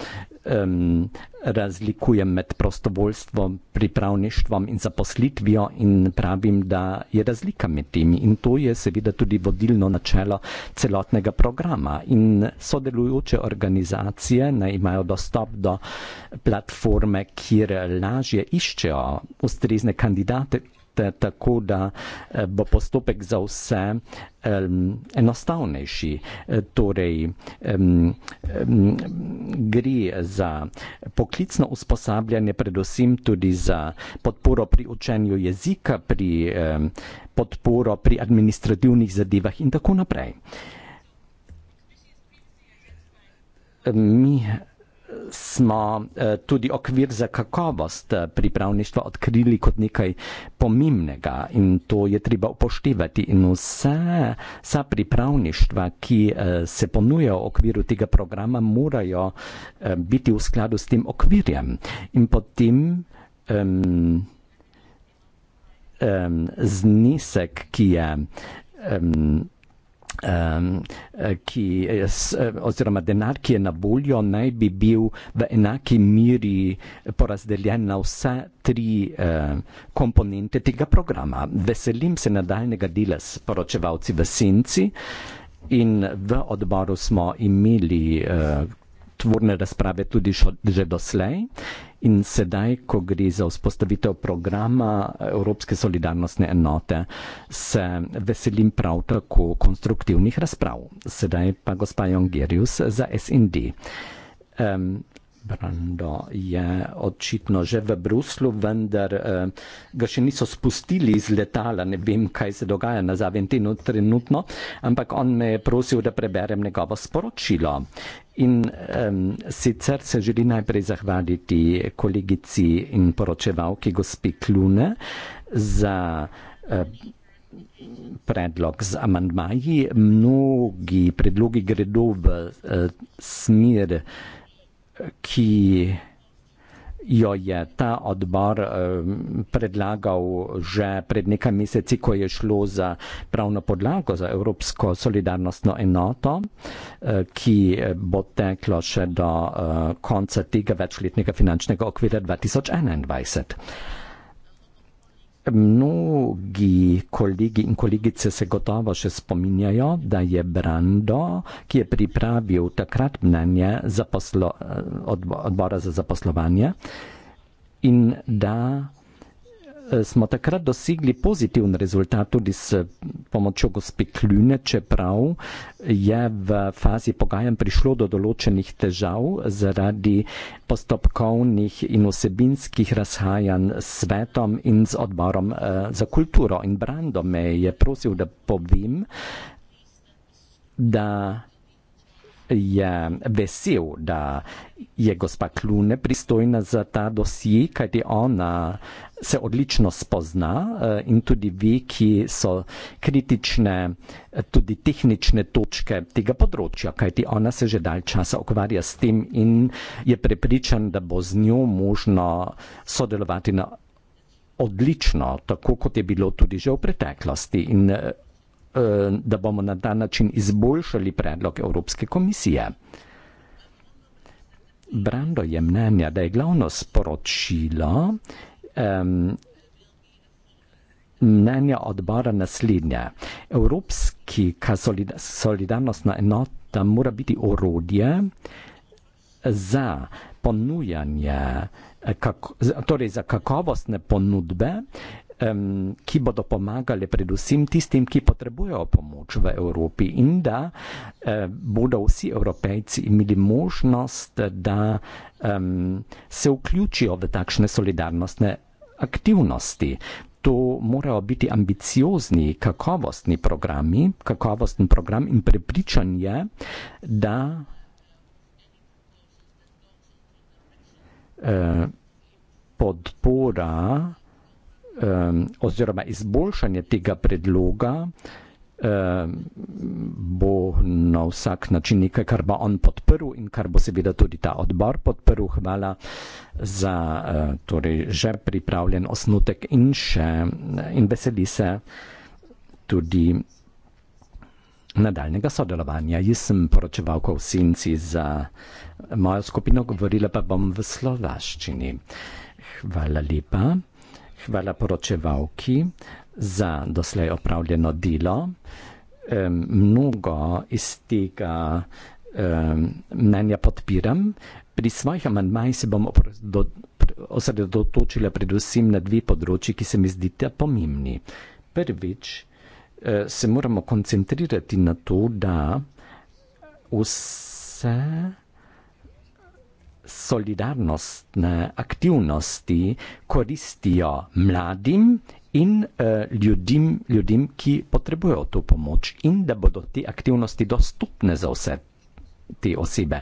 um, razlikujem med prostovoljstvom, pripravništvom in zaposlitvijo in pravim, da je razlika med temi in to je seveda tudi vodilno načelo celotnega programa in sodelujoče organizacije naj imajo dostop do platforme, kjer lažje iščejo ustrezne kandidate, tako, da eh, bo postopek za vse enostavnejši. Eh, torej, gre za poklicno usposabljanje, predvsem tudi za podporo pri učenju jezika, pri podporo pri administrativnih zadevah in tako naprej. Mi smo eh, tudi okvir za kakovost eh, pripravništva odkrili kot nekaj pomembnega in to je treba upoštevati in vse, vsa pripravništva, ki eh, se ponujajo v okviru tega programa, morajo biti v skladu s tem okvirjem in potem um, um, znesek, ki je um, Um, ki, jaz, eh, eh, oziroma, denar, ki je na voljo, naj bi bil v enaki miri porazdeljen na vse tri uh, komponente tega programa. Veselim se nadaljnega dela s poročevalci v Senci in v odboru smo imeli uh, tvorne razprave tudi šo, že doslej. In sedaj, ko gre za vzpostavitev programa Evropske solidarnostne enote, se veselim prav tako konstruktivnih razprav. Sedaj pa gospa Jongerius za SND. Um, Brando je očitno že v Bruslu, vendar eh, ga še niso spustili iz letala. Ne vem, kaj se dogaja na Zaventinu trenutno, ampak on me je prosil, da preberem njegovo sporočilo. In um, sicer se želi najprej zahvaliti kolegici in poročevalki gospi Klune za uh, predlog z amandmaji. Mnogi predlogi gredo v uh, smer, ki jo je ta odbor ehm, predlagal že pred nekaj meseci, ko je šlo za pravno podlago za Evropsko solidarnostno enoto, eh, ki eh, bo teklo še do eh, konca tega večletnega finančnega okvira 2021. Mnogi kolegi in kolegice se gotovo še spominjajo, da je Brando, ki je pripravil takrat mnenje zaposlo, odbora za zaposlovanje in da smo takrat dosegli pozitiven rezultat tudi s pomočjo gospe Kljune, čeprav je v fazi pogajanj prišlo do določenih težav zaradi postopkovnih in osebinskih razhajanj s svetom in z odborom eh, za kulturo. In Brando me je prosil, da povem, da je vesel, da je gospa Klune pristojna za ta dosje, kajti ona se odlično spozna eh, in tudi ve, ki so kritične, eh, tudi tehnične točke tega področja, kajti ona se že dalj časa ukvarja s tem in je prepričan, da bo z njo možno sodelovati na odlično, tako kot je bilo tudi že v preteklosti. In eh, Eh, da bomo na ta način izboljšali predlog Evropske komisije. Brando je mnenja, da je glavno sporočilo um, mnenja odbora naslednje. Evropska solidarnostna enota mora biti orodje za ponujanje, eh, kako, torej za kakovostne ponudbe, uh, um, ki bodo pomagali predvsem tistim, ki potrebujejo pomoč v Evropi in da um, bodo vsi evropejci imeli možnost, da um, se vključijo v takšne solidarnostne aktivnosti. To morajo biti ambiciozni, kakovostni programi, kakovosten program in prepričan je, da eh, podpora um, oziroma izboljšanje tega predloga bo na vsak način nekaj, kar bo on podprl in kar bo seveda tudi ta odbor podprl. Hvala za eh, torej, že pripravljen osnutek in še in veseli se tudi nadaljnega sodelovanja. Jaz sem poročeval ko v Sinci za mojo skupino, govorila pa bom v slovaščini. Hvala lepa. Hvala poročevalki za doslej opravljeno delo. Mnogo iz tega mnenja podpiram. Pri svojih amandmajih se bom osredotočila predvsem na dve področji, ki se mi zdita pomembni. Prvič eh, se moramo koncentrirati na to, da vse solidarnostne aktivnosti koristijo mladim in uh, ljudim, ljudim, ki potrebujejo to pomoč in da bodo te aktivnosti dostupne za vse te osebe.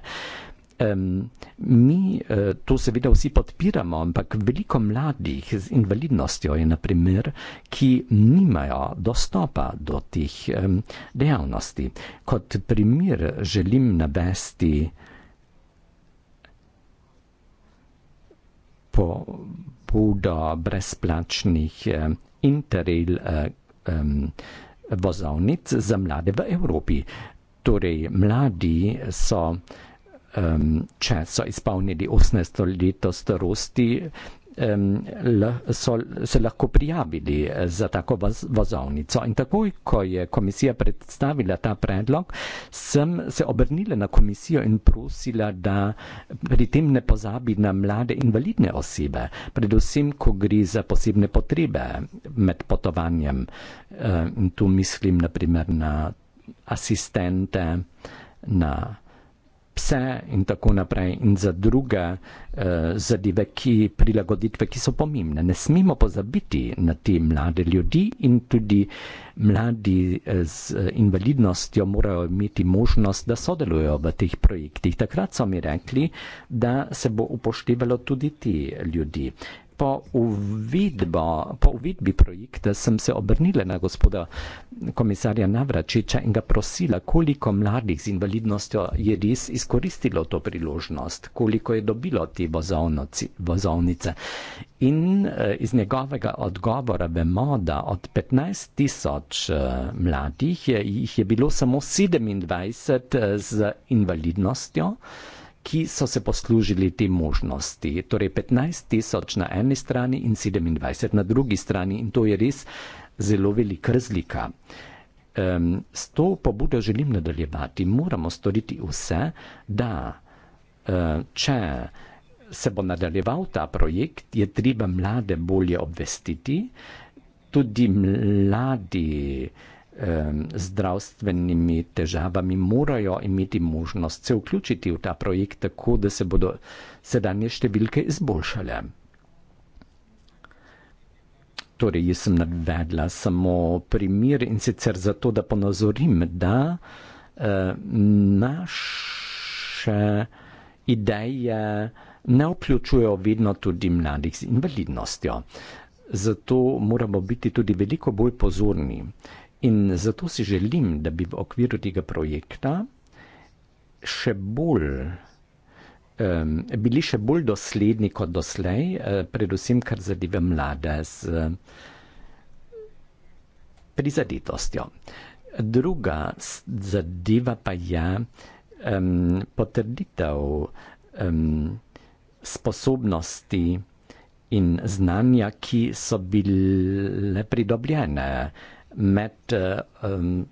Um, mi uh, to seveda vsi podpiramo, ampak veliko mladih z invalidnostjo je naprimer, ki nimajo dostopa do teh um, dejavnosti. Kot primer želim navesti uh, pobudo brezplačnih eh, interil eh, eh, vozovnic za mlade v Evropi. Torej, mladi so, eh, če so izpolnili 18 leto starosti, So, se lahko prijavili eh, za tako vozovnico. In takoj, ko je komisija predstavila ta predlog, sem se obrnila na komisijo in prosila, da pri tem ne pozabi na mlade invalidne osebe, predvsem, ko gre za posebne potrebe med potovanjem. Eh, in tu mislim naprimer na asistente, na pse in tako naprej, in za druge uh, zadeve, ki prilagoditve, ki so pomembne. Ne smemo pozabiti na te mlade ljudi in tudi mladi eh, z eh, invalidnostjo morajo imeti možnost, da sodelujo v teh projektih. Takrat so mi rekli, da se bo upoštevalo tudi te ljudi po, uvidbo, po uvidbi projekta sem se obrnila na gospoda komisarja Navračiča in ga prosila, koliko mladih z invalidnostjo je res izkoristilo to priložnost, koliko je dobilo te vozovnice. In eh, iz njegovega odgovora vemo, da od 15 tisoč eh, mladih je, jih je bilo samo 27 eh, z invalidnostjo ki so se poslužili te možnosti. Torej 15 tisoč na eni strani in 27 na drugi strani in to je res zelo velika razlika. Um, s to pobudo želim nadaljevati. Moramo storiti vse, da uh, če se bo nadaljeval ta projekt, je treba mlade bolje obvestiti, tudi mladi uh, zdravstvenimi težavami, morajo imeti možnost se vključiti v ta projekt, tako da se bodo sedanje številke izboljšale. Torej, jaz sem navedla samo primer in sicer zato, da ponazorim, da eh, naše ideje ne vključujejo vedno tudi mladih z invalidnostjo. Zato moramo biti tudi veliko bolj pozorni. In zato si želim, da bi v okviru tega projekta še bolj, um, bili še bolj dosledni kot doslej, uh, predvsem kar zadeve mlade s uh, prizadetostjo. Druga zadeva pa je um, potrditev um, sposobnosti in znanja, ki so bile pridobljene med uh, um,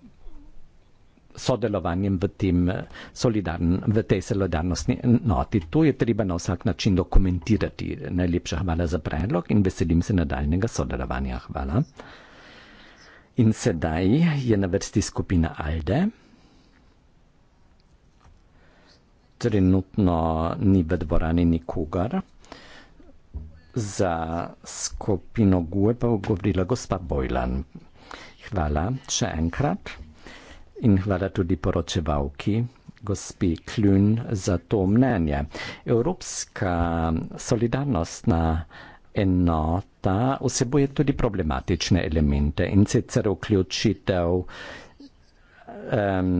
sodelovanjem v, tem, eh, solidarn, v tej solidarnostni noti. To je treba na vsak način dokumentirati. Najlepša hvala za predlog in veselim se nadaljnega sodelovanja. Hvala. In sedaj je na vrsti skupina Alde. Trenutno ni v dvorani nikogar. Za skupino Gue pa je govorila gospa Bojlan hvala še enkrat in hvala tudi poročevalki. Gospi Kljun za to mnenje. Evropska solidarnostna enota vsebuje tudi problematične elemente in sicer vključitev um,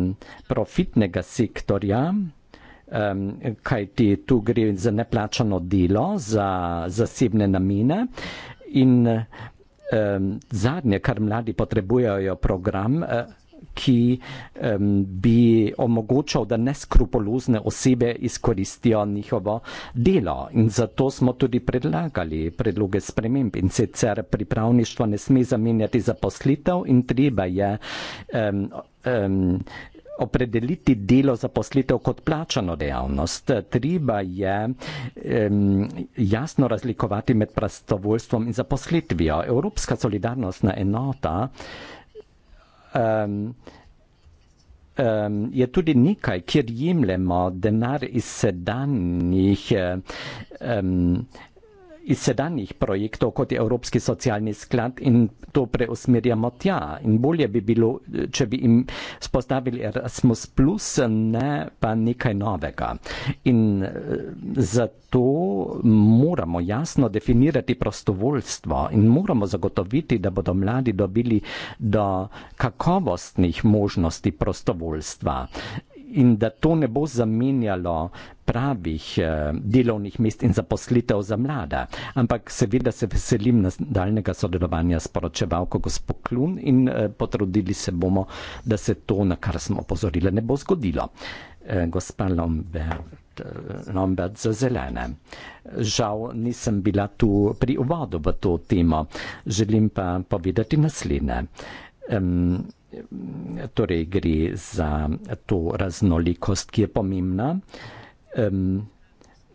profitnega sektorja, um, kajti tu gre za neplačano delo, za zasebne namene in zadnje, kar mladi potrebujejo, je program, eh, ki bi omogočal, da neskrupulozne osebe izkoristijo njihovo delo. In zato smo tudi predlagali predloge sprememb. In sicer pripravništvo ne sme zamenjati zaposlitev in treba je. Um, um, opredeliti delo za poslitev kot plačano dejavnost. Treba je um, jasno razlikovati med prostovoljstvom in zaposlitvijo. Evropska solidarnostna enota um, um, je tudi nekaj, kjer jemljemo denar iz sedanjih um, iz sedanjih projektov, kot je Evropski socialni sklad, in to preusmerjamo tja. In bolje bi bilo, če bi jim spostavili Erasmus, plus, ne pa nekaj novega. In eh, zato moramo jasno definirati prostovoljstvo in moramo zagotoviti, da bodo mladi dobili do kakovostnih možnosti prostovoljstva in da to ne bo zamenjalo pravih eh, delovnih mest in zaposlitev za mlada. Ampak seveda se veselim daljnega sodelovanja s poročevalko gospod Klun in eh, potrudili se bomo, da se to, na kar smo opozorili, ne bo zgodilo. Eh, gospa Lombert, Lombert za zelene. Žal nisem bila tu pri uvodu v to temo. Želim pa povedati naslednje. Um, torej gre za to raznolikost, ki je pomembna.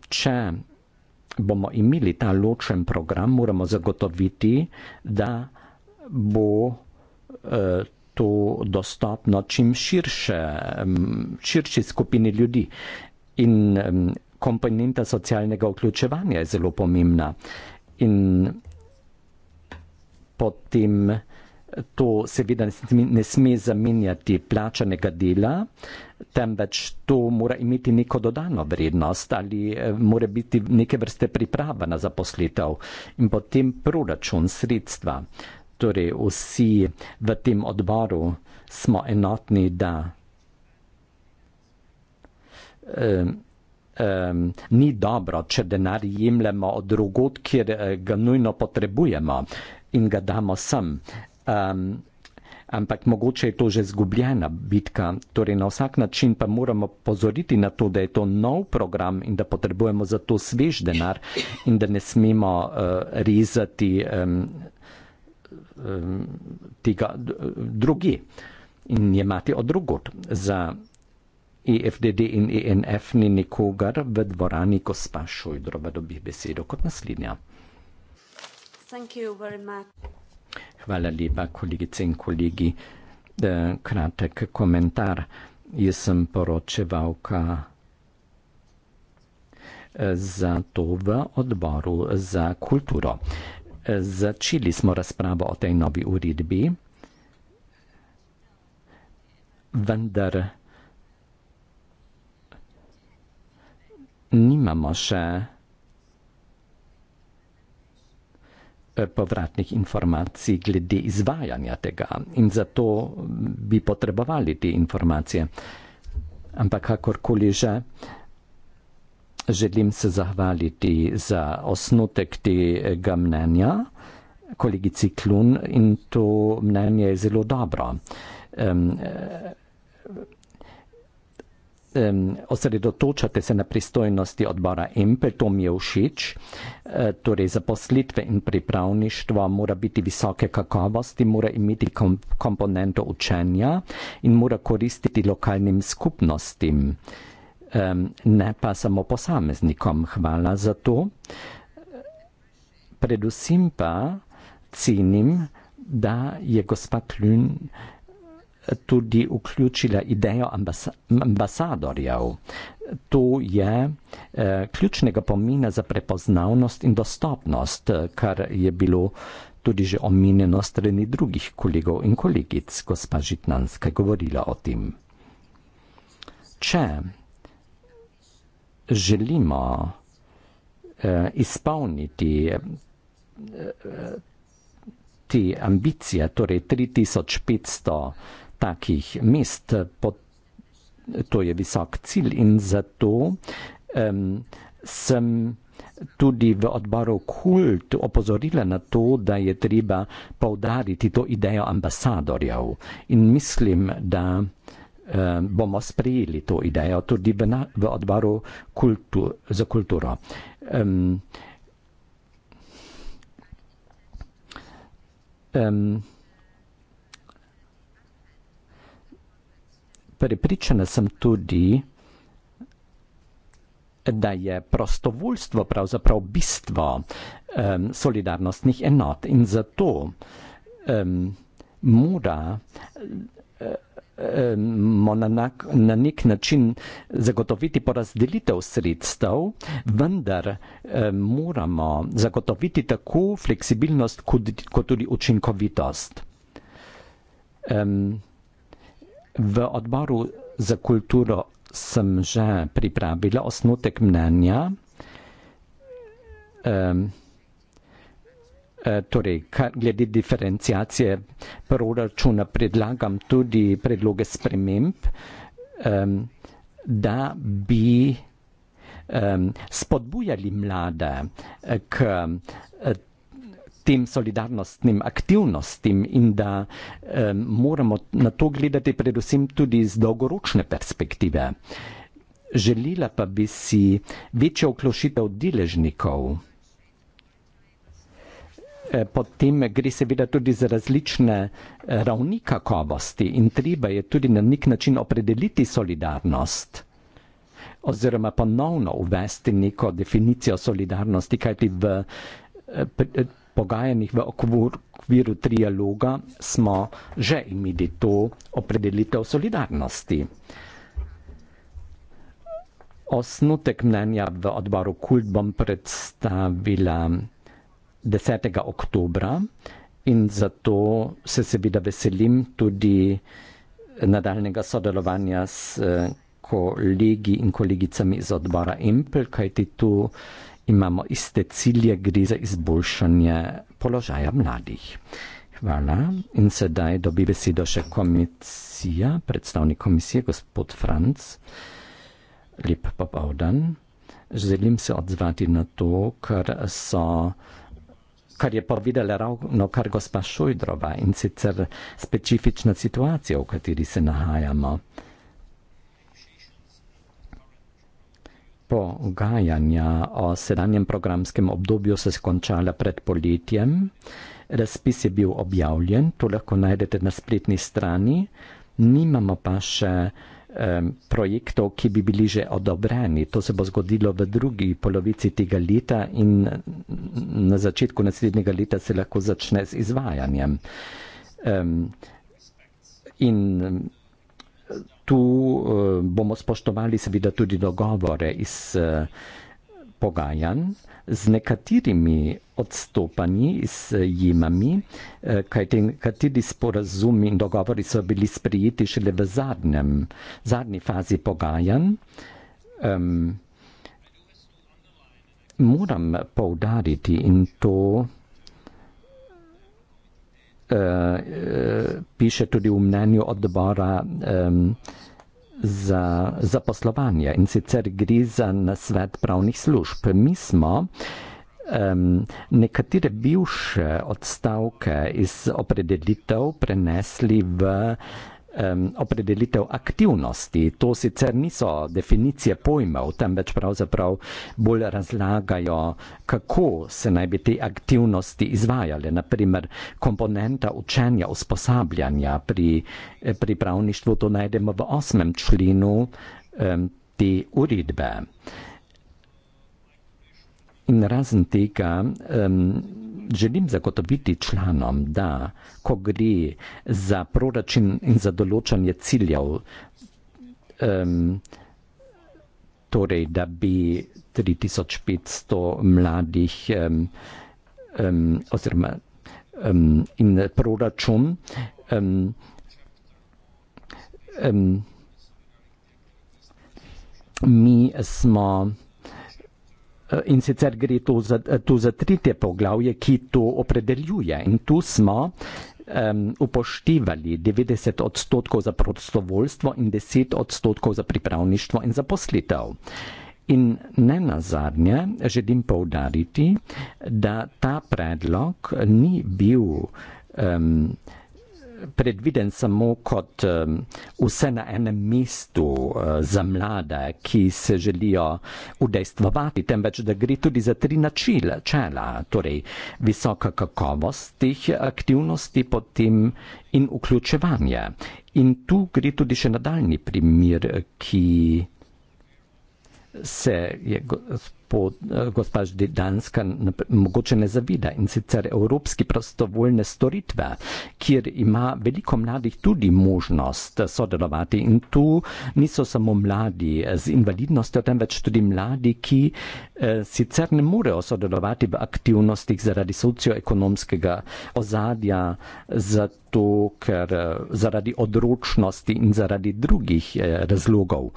Če bomo imeli ta ločen program, moramo zagotoviti, da bo e, to dostopno čim širše, širši skupini ljudi. In komponenta socialnega vključevanja je zelo pomembna. In potem to seveda ne sme zamenjati plačanega dela, temveč to mora imeti neko dodano vrednost ali eh, mora biti neke vrste priprava na zaposlitev in potem proračun sredstva. Torej, vsi v tem odboru smo enotni, da um, um, ni dobro, če denar jemljemo od drugot, kjer eh, ga nujno potrebujemo in ga damo sem. Um, ampak mogoče je to že zgubljena bitka, torej na vsak način pa moramo pozoriti na to, da je to nov program in da potrebujemo za to svež denar in da ne smemo uh, rezati um, um, tega drugi in jemati od drugot. Za EFDD in ENF ni nikogar v dvorani, ko spašuje, droba dobi besedo kot naslednja. Thank you very much. Hvala lepa, kolegice in kolegi. E, kratek komentar. Jaz sem poročevalka e, za to v odboru za kulturo. E, začeli smo razpravo o tej novi uredbi, vendar nimamo še povratnih informacij glede izvajanja tega in zato bi potrebovali te informacije. Ampak kakorkoli že, želim se zahvaliti za osnutek tega mnenja kolegici Klun in to mnenje je zelo dobro. Um, um, osredotočate se na pristojnosti odbora Empel, to mi je všeč. Uh, torej, zaposlitve in pripravništvo mora biti visoke kakovosti, mora imeti kom komponento učenja in mora koristiti lokalnim skupnostim, um, ne pa samo posameznikom. Hvala za to. Predvsem pa cenim, da je gospa Klun tudi vključila idejo ambasadorjev. To je eh, ključnega pomena za prepoznavnost in dostopnost, eh, kar je bilo tudi že omenjeno strani drugih kolegov in kolegic, gospa Žitnanska je govorila o tem. Če želimo eh, izpolniti eh, eh te ambicije, torej 3500 takih mest. Pot, to je visok cilj in zato um, sem tudi v odboru kult opozorila na to, da je treba povdariti to idejo ambasadorjev in mislim, da um, bomo sprejeli to idejo tudi v, na, v odboru kultu, za kulturo. Um, um, prepričana sem tudi, da je prostovoljstvo pravzaprav bistvo um, solidarnostnih enot in zato um, mora um, na, nak, na nek način zagotoviti porazdelitev sredstev, vendar um, moramo zagotoviti tako fleksibilnost kot, kot tudi učinkovitost. Um, V odboru za kulturo sem že pripravila osnutek mnenja, um, torej, kar glede diferencijacije proračuna predlagam tudi predloge sprememb, um, da bi um, spodbujali mlade k tem solidarnostnim aktivnostim in da eh, moramo na to gledati predvsem tudi z dolgoročne perspektive. Želila pa bi si večjo vključitev deležnikov. E, potem gre seveda tudi za različne e, ravni kakovosti in treba je tudi na nek način opredeliti solidarnost oziroma ponovno uvesti neko definicijo solidarnosti, kajti v e, pogajanjih v okviru trialoga smo že imeli to opredelitev solidarnosti. Osnutek mnenja v odboru KULT bom predstavila 10. oktobra in zato se seveda veselim tudi nadaljnega sodelovanja s eh, kolegi in kolegicami iz odbora Impel, kajti tu imamo iste cilje, gre za izboljšanje položaja mladih. Hvala. In sedaj dobi besedo še komisija, predstavnik komisije, gospod Franc. Lep popovdan. Želim se odzvati na to, kar so kar je povedala ravno kar gospa Šojdrova in sicer specifična situacija, v kateri se nahajamo. pogajanja o sedanjem programskem obdobju se skončala pred poletjem. Razpis je bil objavljen, to lahko najdete na spletni strani. Nimamo pa še projektov, ki bi bili že odobreni. To se bo zgodilo v drugi polovici tega leta in na začetku naslednjega leta se lahko začne z izvajanjem. In tu eh, bomo spoštovali seveda tudi dogovore iz eh, pogajanj z nekaterimi odstopanji s jimami, eh, kaj te nekateri sporazumi in dogovori so bili sprijeti šele v zadnjem, zadnji fazi pogajanj. Um, moram poudariti in to Eh, eh, piše tudi v mnenju odbora um, za zaposlovanje in sicer gre za nasvet pravnih služb. Mi smo um, nekatere bivše odstavke iz opredelitev prenesli v um, opredelitev aktivnosti. To sicer niso definicije pojmov, temveč pravzaprav bolj razlagajo, kako se naj bi te aktivnosti izvajale. Naprimer, komponenta učenja, usposabljanja pri, eh, pri pravništvu, to najdemo v osmem členu um, te uredbe. In razen tega. Um, želim zagotoviti članom, da ko gre za proračun in za določanje ciljev, um, torej da bi 3500 mladih um, um, oziroma um, in proračun um, um, mi smo Eh, in sicer gre tu za, eh, tu za tretje poglavje, ki to opredeljuje. In tu smo um, upoštevali 90 odstotkov za prostovoljstvo in 10 odstotkov za pripravništvo in zaposlitev. In ne nazadnje želim poudariti, da ta predlog ni bil. Um, predviden samo kot um, vse na enem mestu uh, za mlade, ki se želijo udejstvovati, temveč da gre tudi za tri načela, torej visoka kakovost teh aktivnosti potem in vključevanje. In tu gre tudi še nadaljni primir, ki se je gospod pod, eh, gospa Ždidanska mogoče ne zavida in sicer evropski prostovoljne storitve, kjer ima veliko mladih tudi možnost eh, sodelovati in tu niso samo mladi eh, z invalidnostjo, temveč tudi mladi, ki eh, sicer ne morejo sodelovati v aktivnostih zaradi socioekonomskega ozadja, zato ker zaradi odročnosti in zaradi drugih eh, razlogov.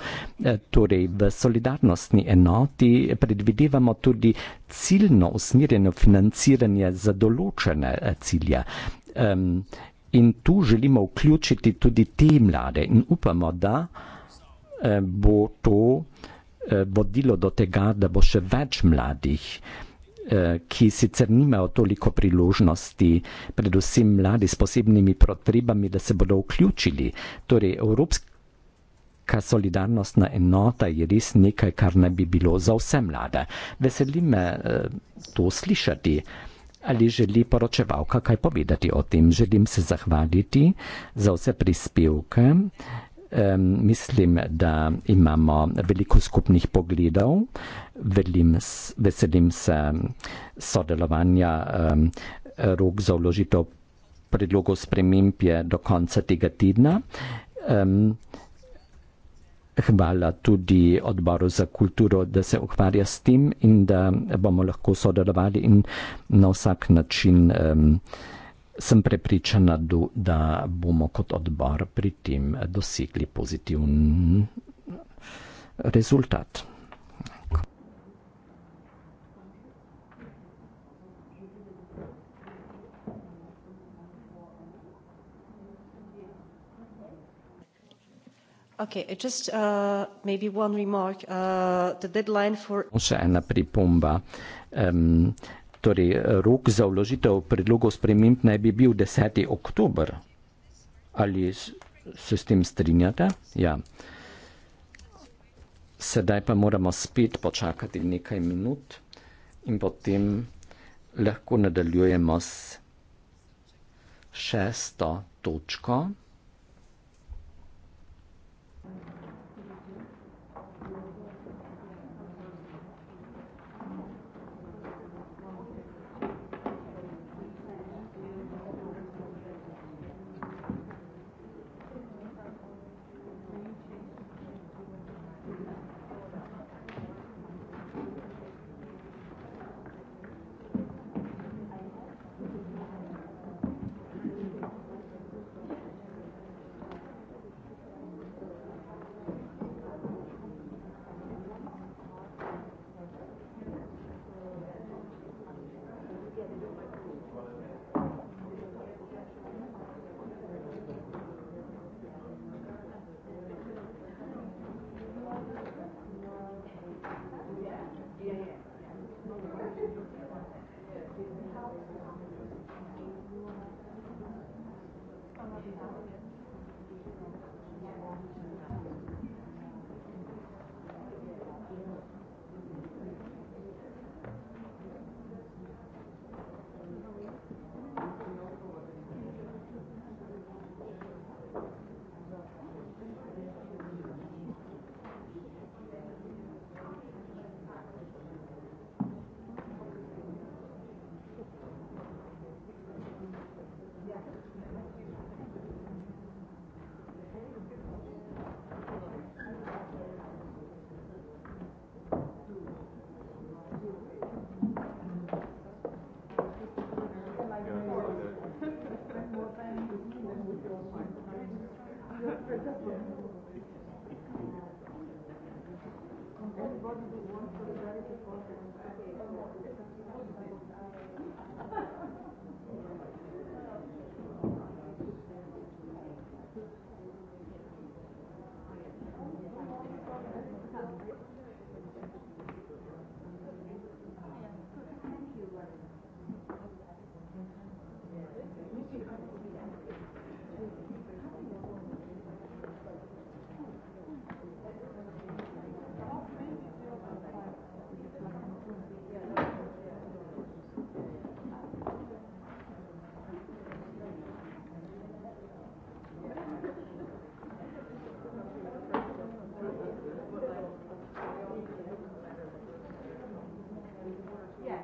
Eh, torej v solidarnostni enoti predvidevamo, predvidevamo tudi ciljno usmerjeno financiranje za določene eh, cilje. Um, in tu želimo vključiti tudi te mlade in upamo, da eh, bo to eh, vodilo do tega, da bo še več mladih, eh, ki sicer nimajo toliko priložnosti, predvsem mladi s posebnimi potrebami, da se bodo vključili. Torej, Evropska Ta solidarnostna enota je res nekaj, kar ne bi bilo za vse mlade. Veseli me eh, to slišati. Ali želi poročevalka kaj povedati o tem? Želim se zahvaliti za vse prispevke. Um, mislim, da imamo veliko skupnih pogledov, Velim, veselim se sodelovanja. Um, rok za vložitev predlogov sprememb je do konca tega tedna. Um, hvala tudi odboru za kulturo, da se ukvarja s tem in da bomo lahko sodelovali in na vsak način um, sem prepričana, do, da bomo kot odbor pri tem dosegli pozitiven rezultat. Okay, uh, just uh, maybe one remark. Uh, the deadline for. Še ena pripomba. Um, torej, rok za vložitev predlogov sprememb naj bi bil 10. oktober. Ali se s tem strinjate? Ja. Sedaj pa moramo spet počakati nekaj minut in potem lahko nadaljujemo s šesto točko.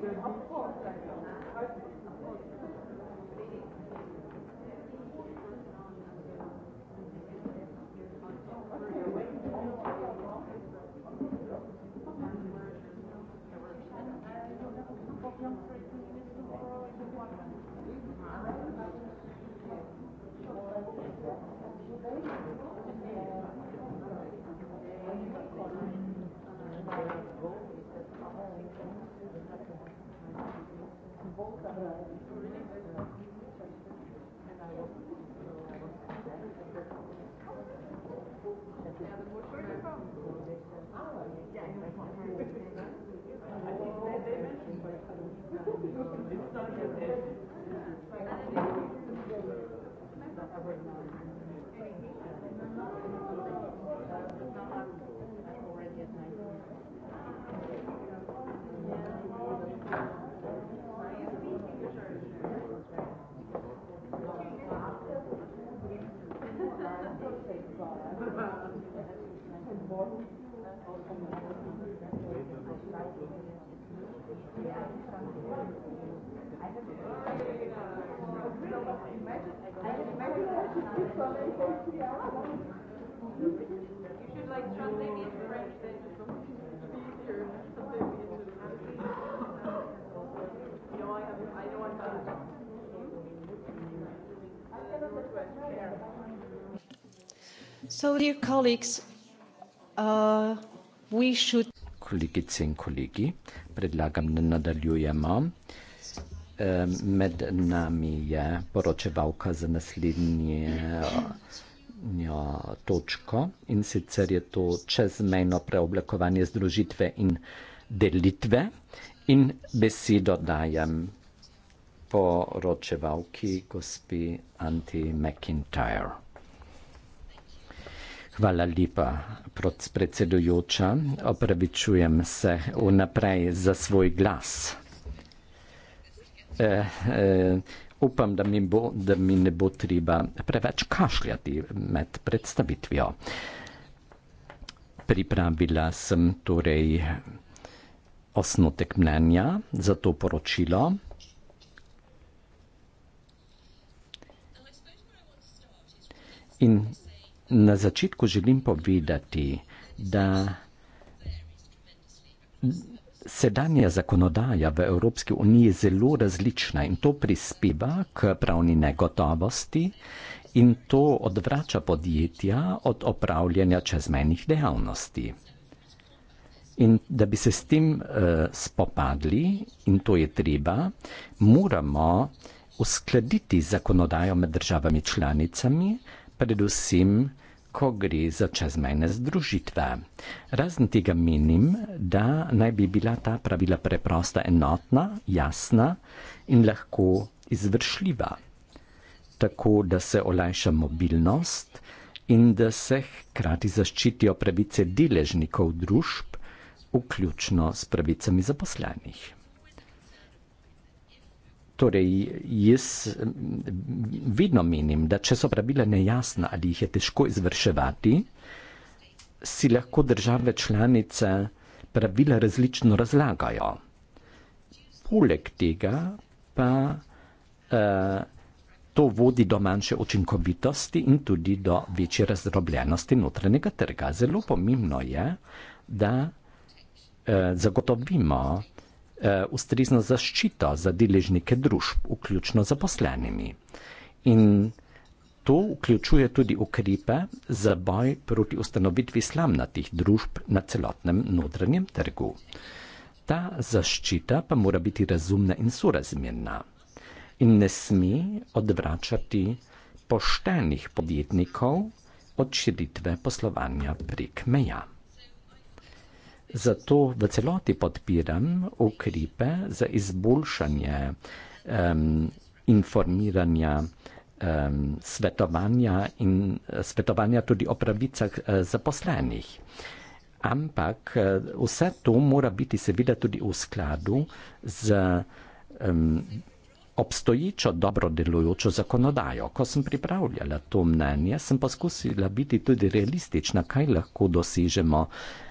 Of course I don't. So, dear colleagues, Uh, Kolegice in kolegi, predlagam, da nadaljujemo. Um, med nami je poročevalka za naslednjo točko in sicer je to čezmejno preoblikovanje združitve in delitve in besedo dajem poročevalki gospi Anti McIntyre. Hvala lepa, predsedujoča. Opravičujem se vnaprej za svoj glas. E, e, upam, da mi, bo, da mi ne bo treba preveč kašljati med predstavitvijo. Pripravila sem torej osnotek mnenja za to poročilo. In na začetku želim povedati, da sedanja zakonodaja v Evropski uniji je zelo različna in to prispeva k pravni negotovosti in to odvrača podjetja od opravljanja čezmenih dejavnosti. In da bi se s tem uh, spopadli, in to je treba, moramo uskladiti zakonodajo med državami članicami, predvsem, ko gre za čezmejne združitve. Razen tega menim, da naj bi bila ta pravila preprosta, enotna, jasna in lahko izvršljiva, tako da se olajša mobilnost in da se hkrati zaščitijo pravice deležnikov družb, vključno s pravicami zaposlenih. Torej, jaz vedno menim, da če so pravila nejasna ali jih je težko izvrševati, si lahko države članice pravila različno razlagajo. Poleg tega pa uh, to vodi do manjše učinkovitosti in tudi do večje razdrobljenosti notranjega trga. Zelo pomembno je, da uh, zagotovimo, eh, ustrezno zaščito za deležnike družb, vključno z poslenimi. In to vključuje tudi ukrepe za boj proti ustanovitvi slamnatih družb na celotnem notranjem trgu. Ta zaščita pa mora biti razumna in sorazmerna in ne sme odvračati poštenih podjetnikov od širitve poslovanja prek meja. Zato v celoti podpiram ukripe za izboljšanje um, informiranja, um, svetovanja in svetovanja tudi o pravicah uh, zaposlenih. Ampak uh, vse to mora biti seveda tudi v skladu z um, obstoječo dobro delujočo zakonodajo. Ko sem pripravljala to mnenje, sem poskusila biti tudi realistična, kaj lahko dosežemo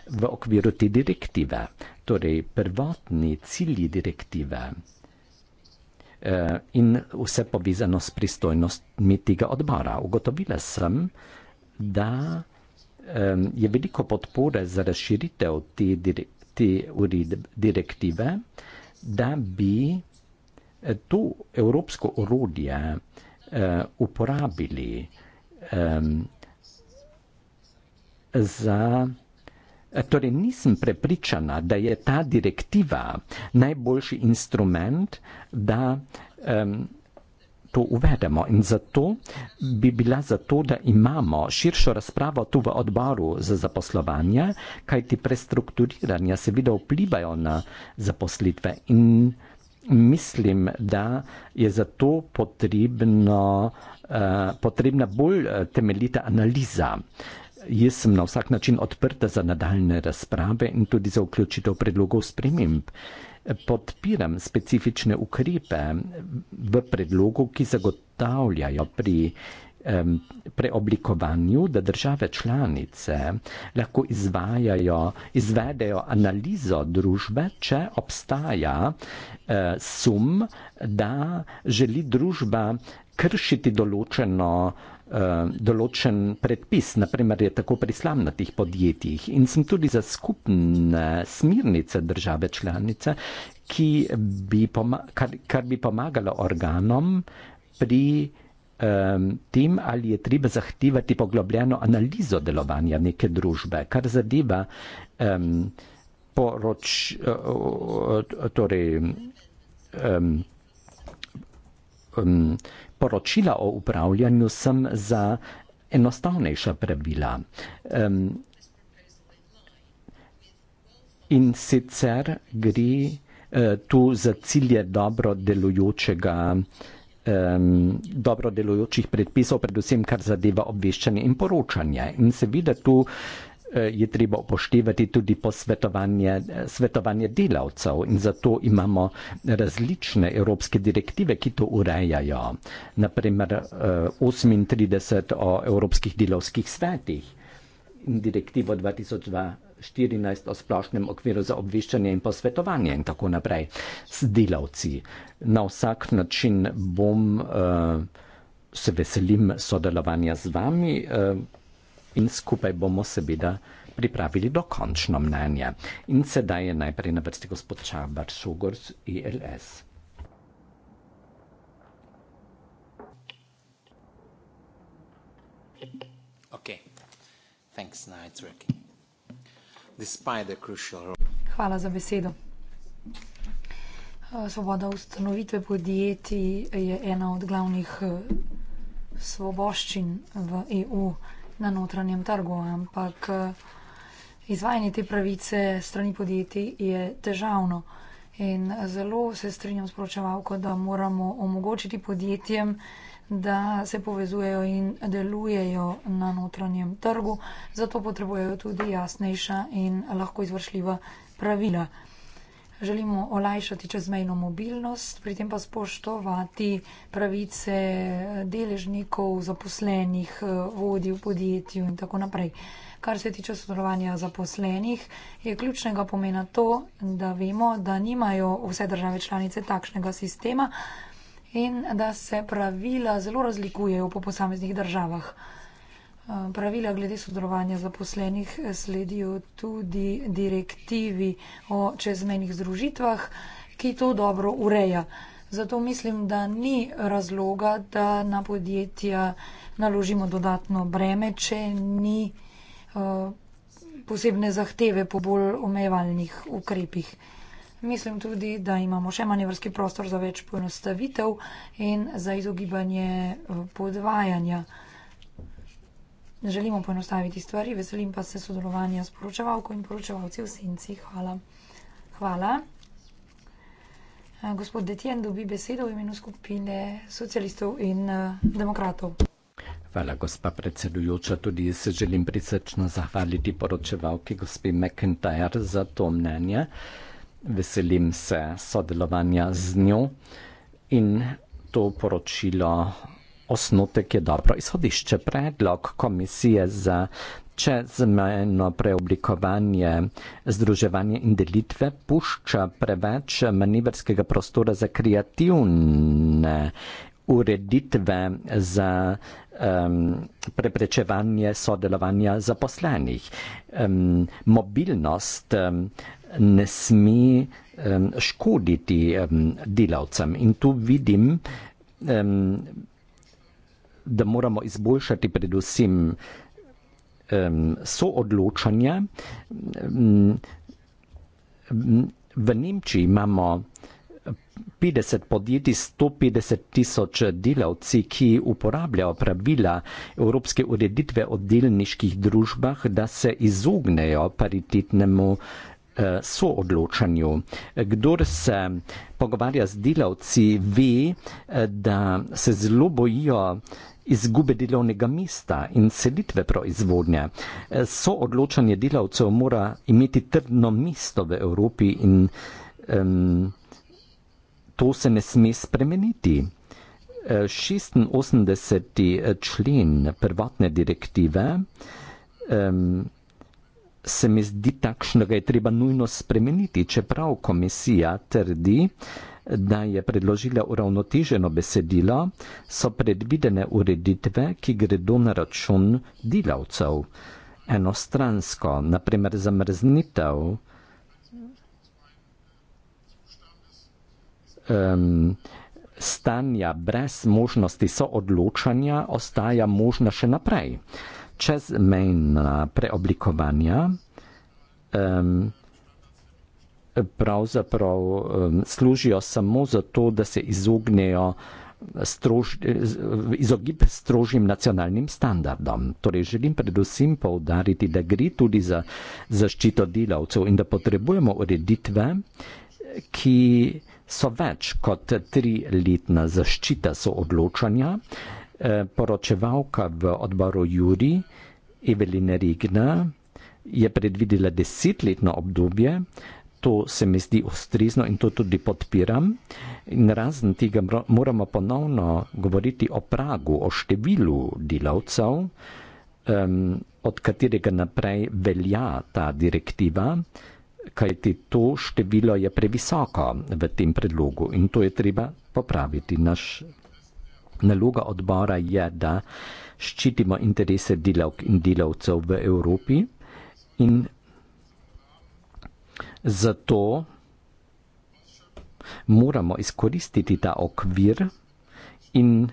v okviru te direktive. Torej, prvotni cilji direktive eh, in vse povezano s pristojnostmi tega odbora. Ugotovila sem, da je veliko podpore za razširitev te, dire te direktive, da bi Eh, to evropsko orodje eh, uporabili eh, za. Torej, nisem prepričana, da je ta direktiva najboljši instrument, da um, to uvedemo. In zato bi bila za to, da imamo širšo razpravo tu v odboru za zaposlovanje, kajti prestrukturiranja seveda vplivajo na zaposlitve in mislim, da je zato potrebno, uh, potrebna bolj eh, temeljita analiza. Jaz sem na vsak način odprta za nadaljne razprave in tudi za vključitev predlogov sprememb. Podpiram specifične ukrepe v predlogu, ki zagotavljajo pri uh, preoblikovanju, da države članice lahko izvajajo, izvedejo analizo družbe, če obstaja eh, sum, da želi družba kršiti določeno eh, določen predpis, naprimer je tako pri slamnatih podjetjih in sem tudi za skupne smirnice države članice, kar bi pomagalo organom pri izvedenju um, tem, ali je treba zahtevati poglobljeno analizo delovanja neke družbe, kar zadeva um, poroč, uh, uh, torej, um, um, poročila o upravljanju sem za enostavnejša pravila. Um, In sicer gre uh, tu za cilje dobro delujočega uh, um, dobro delujočih predpisov, predvsem kar zadeva obveščanje in poročanje. In seveda tu uh, je treba upoštevati tudi posvetovanje svetovanje delavcev in zato imamo različne evropske direktive, ki to urejajo. Naprimer uh, 38 o evropskih delovskih svetih in direktivo 2002. 14 o splošnem okviru za obveščanje in posvetovanje in tako naprej s delavci. Na vsak način bom uh, se veselim sodelovanja z vami uh, in skupaj bomo seveda pripravili dokončno mnenje. In sedaj je najprej na vrsti gospod Čabar Sugor z ILS. Okay. Thanks. Now it's working. Hvala za besedo. Eh, svoboda ustanovitve podjetij je ena od glavnih eh, svoboščin v EU na notranjem trgu, ampak eh, izvajanje te pravice strani podjetij je težavno. In zelo se strinjam s poročevalko, da moramo omogočiti podjetjem, da se povezujejo in delujejo na notranjem trgu. Zato potrebujejo tudi jasnejša in lahko izvršljiva pravila. Želimo olajšati čezmejno mobilnost, pri tem pa spoštovati pravice deležnikov, zaposlenih, vodij v podjetju in tako naprej. Kar se tiče sodelovanja zaposlenih, je ključnega pomena to, da vemo, da nimajo vse države članice takšnega sistema, in da se pravila zelo razlikujejo po posameznih državah. Eh, pravila glede sodelovanja zaposlenih sledijo tudi direktivi o čezmenih združitvah, ki to dobro ureja. Zato mislim, da ni razloga, da na podjetja naložimo dodatno breme, če ni uh, posebne zahteve po bolj omejevalnih ukrepih. Mislim tudi, da imamo še manevrski prostor za več poenostavitev in za izogibanje eh, podvajanja. Ne želimo poenostaviti stvari, veselim pa se sodelovanja s poročevalko in poročevalci v senci. Hvala. Hvala. Eh, gospod Detjen dobi besedo v imenu skupine socialistov in eh, demokratov. Hvala, gospa predsedujoča. Tudi jaz se želim prisrčno zahvaliti poročevalki gospe McIntyre za to mnenje. Uh, veselim se sodelovanja z njo in to poročilo osnutek je dobro izhodišče. Predlog komisije za čezmejno preoblikovanje, združevanje in delitve pušča preveč manevrskega prostora za kreativne ureditve za um, preprečevanje sodelovanja zaposlenih. Um, mobilnost um, ne sme um, škoditi um, delavcem in tu vidim, um, da moramo izboljšati predvsem um, soodločanje. Um, v Nemčiji imamo 50 podjetij, 150 tisoč delavci, ki uporabljajo pravila Evropske ureditve o delniških družbah, da se izognejo paritetnemu eh, soodločanju. Kdor se pogovarja z delavci, ve, eh, da se zelo bojijo izgube delovnega mesta in selitve proizvodnje. Eh, soodločanje delavcev mora imeti trdno mesto v Evropi in um, to se ne sme spremeniti. 86. Eh, eh, člen prvotne direktive um, se mi zdi takšen, da ga je treba nujno spremeniti, čeprav komisija trdi, da je predložila uravnoteženo besedilo, so predvidene ureditve, ki gredo na račun delavcev. Enostransko, naprimer zamrznitev. um, stanja brez možnosti soodločanja ostaja možna še naprej. Čez mejna preoblikovanja um, pravzaprav um, služijo samo zato, da se izognejo Strož, izogib strožjim nacionalnim standardom. Torej želim predvsem povdariti, da gre tudi za zaščito delavcev in da potrebujemo ureditve, ki so več kot tri letna zaščita so odločanja. Eh, poročevalka v odboru Juri Evelina Rigna je predvidela desetletno obdobje, to se mi zdi ustrezno in to tudi podpiram. In razen tega moramo ponovno govoriti o pragu, o številu delavcev, od katerega naprej velja ta direktiva kajti to število je previsoko v tem predlogu in to je treba popraviti. Naš naloga odbora je, da ščitimo interese delavk in delavcev v Evropi in zato moramo izkoristiti ta okvir in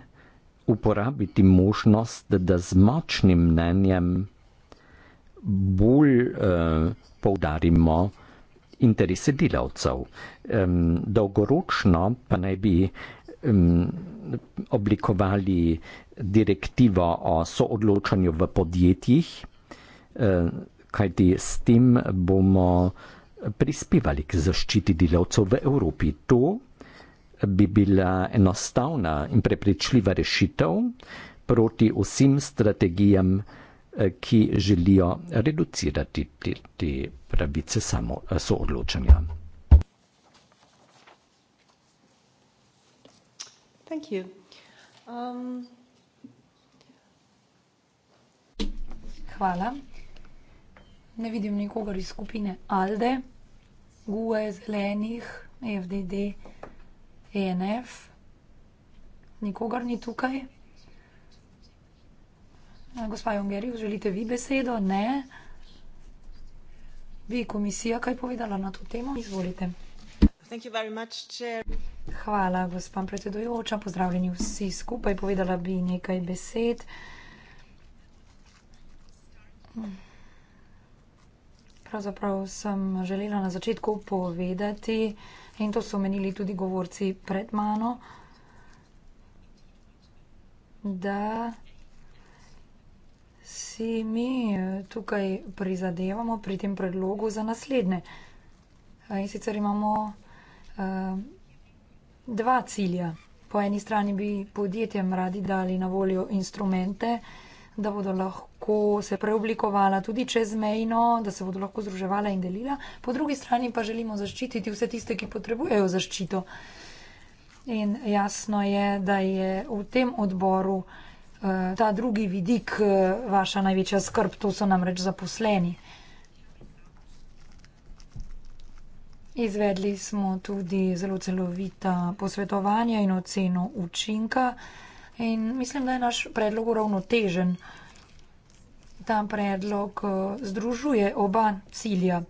uporabiti možnost, da z močnim mnenjem bolj eh, poudarimo, interese delavcev. Um, dolgoročno pa naj bi um, oblikovali direktivo o soodločanju v podjetjih, uh, kajti s tem bomo prispevali k zaščiti delavcev v Evropi. To bi bila enostavna in prepričljiva rešitev proti vsem strategijam, Eh, ki želijo reducirati te, te pravice samo eh, soodločanja. Thank you. Um, hvala. Ne vidim nikogar iz skupine ALDE, GUE, Zelenih, FDD, ENF. Nikogar ni tukaj. Gospa Jungerjev, želite vi besedo? Ne. Bi komisija kaj povedala na to temo? Izvolite. Hvala, gospa predsedujoča, pozdravljeni vsi skupaj. Povedala bi nekaj besed. Pravzaprav sem želela na začetku povedati, in to so menili tudi govorci pred mano, da si mi eh, tukaj prizadevamo pri tem predlogu za naslednje. Eh, in sicer imamo uh, dva cilja. Po eni strani bi podjetjem radi dali na voljo instrumente, da bodo lahko se preoblikovala tudi čezmejno, da se bodo lahko združevala in delila. Po drugi strani pa želimo zaščititi vse tiste, ki potrebujejo zaščito. In jasno je, da je v tem odboru uh, Eh, ta drugi vidik eh, vaša največja skrb, to so namreč zaposleni. Izvedli smo tudi zelo celovita posvetovanja in oceno učinka in mislim, da je naš predlog uravnotežen. Ta predlog eh, združuje oba cilja.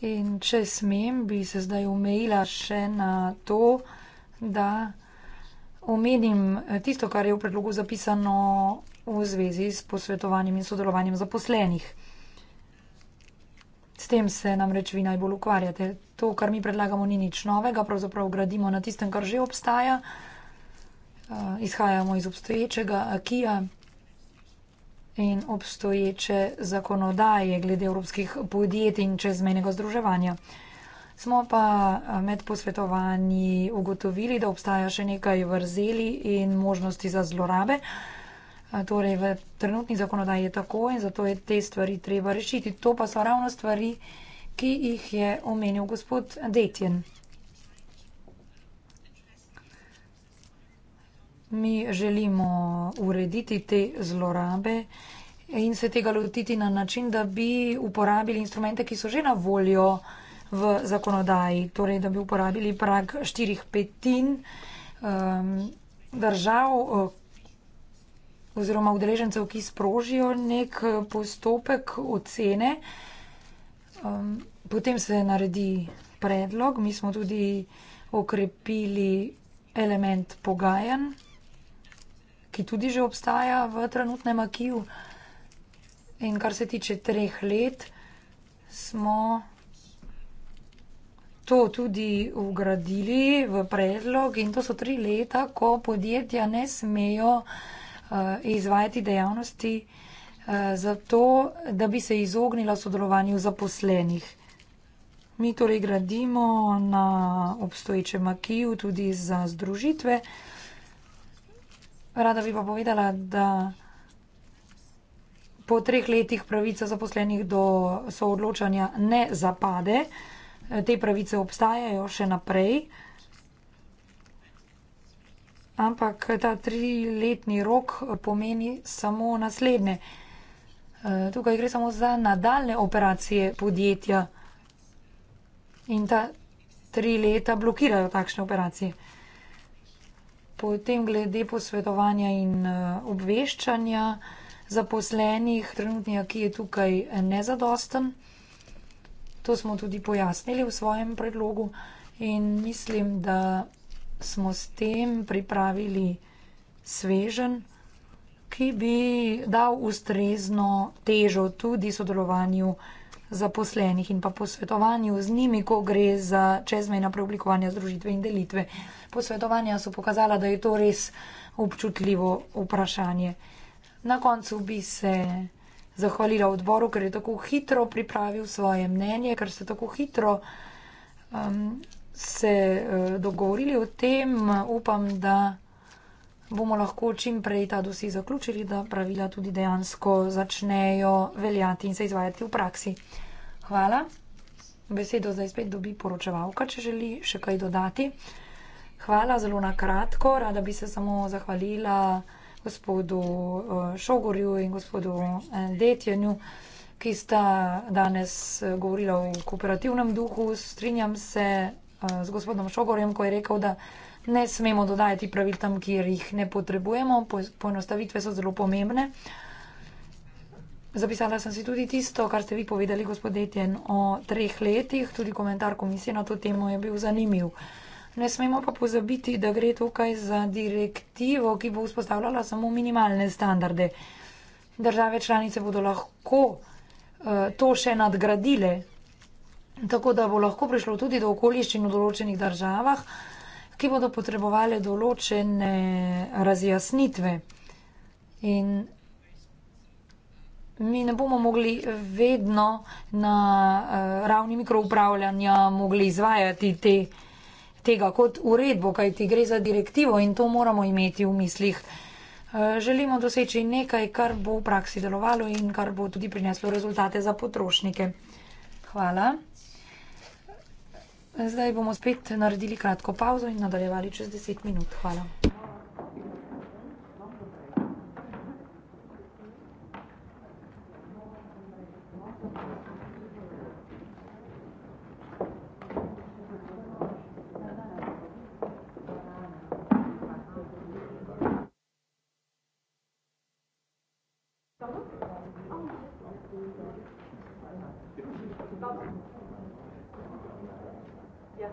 In če smem, bi se zdaj omejila še na to, da omenim eh, tisto, kar je v predlogu zapisano v zvezi s posvetovanjem in sodelovanjem zaposlenih. S tem se namreč vi najbolj ukvarjate. To, kar mi predlagamo, ni nič novega, pravzaprav gradimo na tistem, kar že obstaja. Eh, izhajamo iz obstoječega akija in obstoječe zakonodaje glede evropskih podjetij in čezmenjega združevanja. Smo pa eh, med posvetovanji ugotovili, da obstaja še nekaj vrzeli in možnosti za zlorabe. Eh, torej, v trenutni zakonodaji je tako in zato je te stvari treba rešiti. To pa so ravno stvari, ki jih je omenil gospod Detjen. Mi želimo urediti te zlorabe in se tega lotiti na način, da bi uporabili instrumente, ki so že na voljo v zakonodaji, torej da bi uporabili prag štirih petin um, držav uh, oziroma udeležencev, ki sprožijo nek uh, postopek ocene. Um, potem se naredi predlog. Mi smo tudi okrepili element pogajanj, ki tudi že obstaja v trenutnem akiju. In kar se tiče treh let, smo to tudi ugradili v predlog in to so tri leta, ko podjetja ne smejo uh, izvajati dejavnosti uh, zato, da bi se izognila sodelovanju zaposlenih. Mi torej gradimo na obstoječem akiju tudi za združitve. Rada bi pa povedala, da po treh letih pravica zaposlenih do soodločanja ne zapade te pravice obstajajo še naprej. Ampak ta triletni rok pomeni samo naslednje. Eh, tukaj gre samo za nadaljne operacije podjetja in ta tri leta blokirajo takšne operacije. Potem glede posvetovanja in eh, obveščanja zaposlenih, trenutnija, ki je tukaj eh, nezadosten. To smo tudi pojasnili v svojem predlogu in mislim, da smo s tem pripravili svežen, ki bi dal ustrezno težo tudi sodelovanju zaposlenih in pa posvetovanju z njimi, ko gre za čezmejna preoblikovanja združitve in delitve. Posvetovanja so pokazala, da je to res občutljivo vprašanje. Na koncu bi se zahvalila odboru, ker je tako hitro pripravil svoje mnenje, ker ste tako hitro um, se uh, dogovorili o tem. Upam, da bomo lahko čim prej ta dosi zaključili, da pravila tudi dejansko začnejo veljati in se izvajati v praksi. Hvala. Besedo zdaj spet dobi poročevalka, če želi še kaj dodati. Hvala, zelo na kratko. Rada bi se samo zahvalila gospodu eh, Šogorju in gospodu eh, Detjenju, ki sta danes eh, govorila v kooperativnem duhu. Strinjam se z gospodom Šogorjem, ko je rekel, da ne smemo dodajati pravil tam, kjer jih ne potrebujemo. Poenostavitve so zelo pomembne. Zapisala sem si tudi tisto, kar ste vi povedali, gospod Detjen, o treh letih. Tudi komentar komisije na to temo je bil zanimiv. Ne smemo pa pozabiti, da gre tukaj za direktivo, ki bo vzpostavljala samo minimalne standarde. Države članice bodo lahko eh, to še nadgradile, tako da bo lahko prišlo tudi do okoliščin v določenih državah, ki bodo potrebovali določene razjasnitve. In mi ne bomo mogli vedno na eh, ravni mikroupravljanja mogli izvajati te tega kot uredbo, kajti gre za direktivo in to moramo imeti v mislih. Eh, želimo doseči nekaj, kar bo v praksi delovalo in kar bo tudi prineslo rezultate za potrošnike. Hvala. Zdaj bomo spet naredili kratko pauzo in nadaljevali čez 10 minut. Hvala. Ja,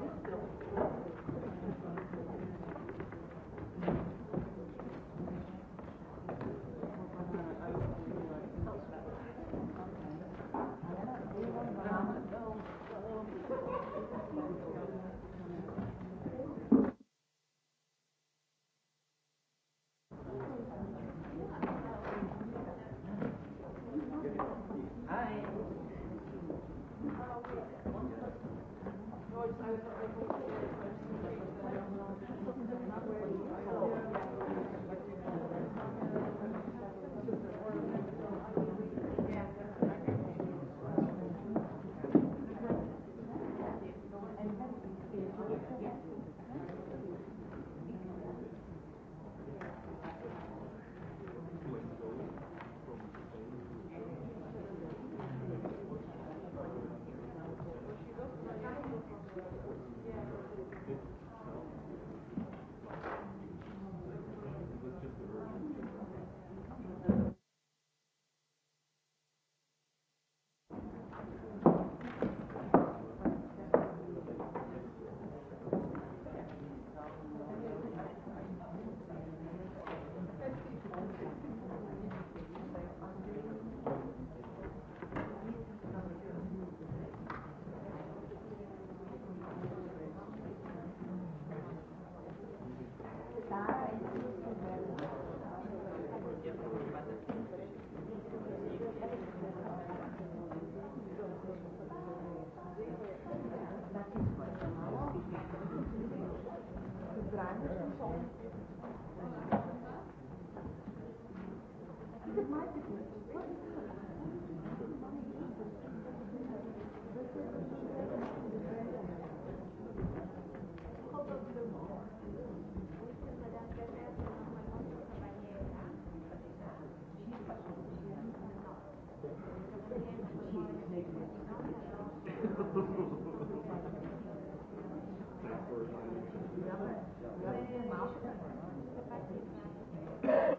Thank no. you.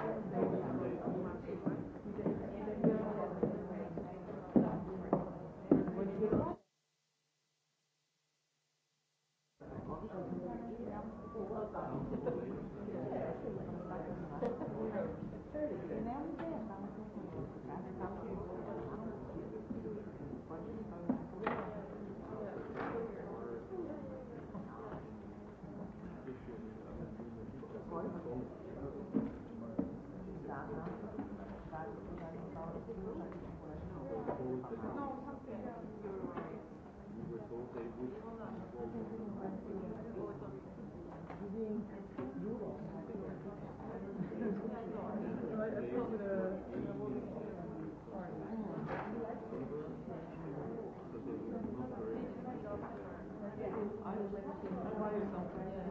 I was like, I'm by yourself.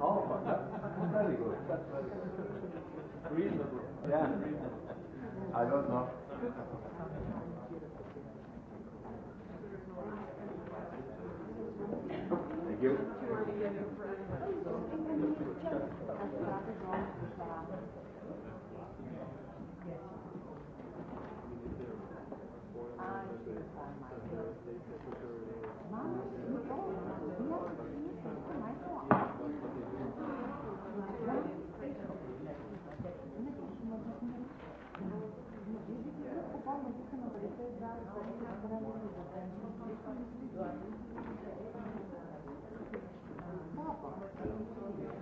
Oh, but very good. That's very good. Reasonable. Yeah. I don't know. Thank you.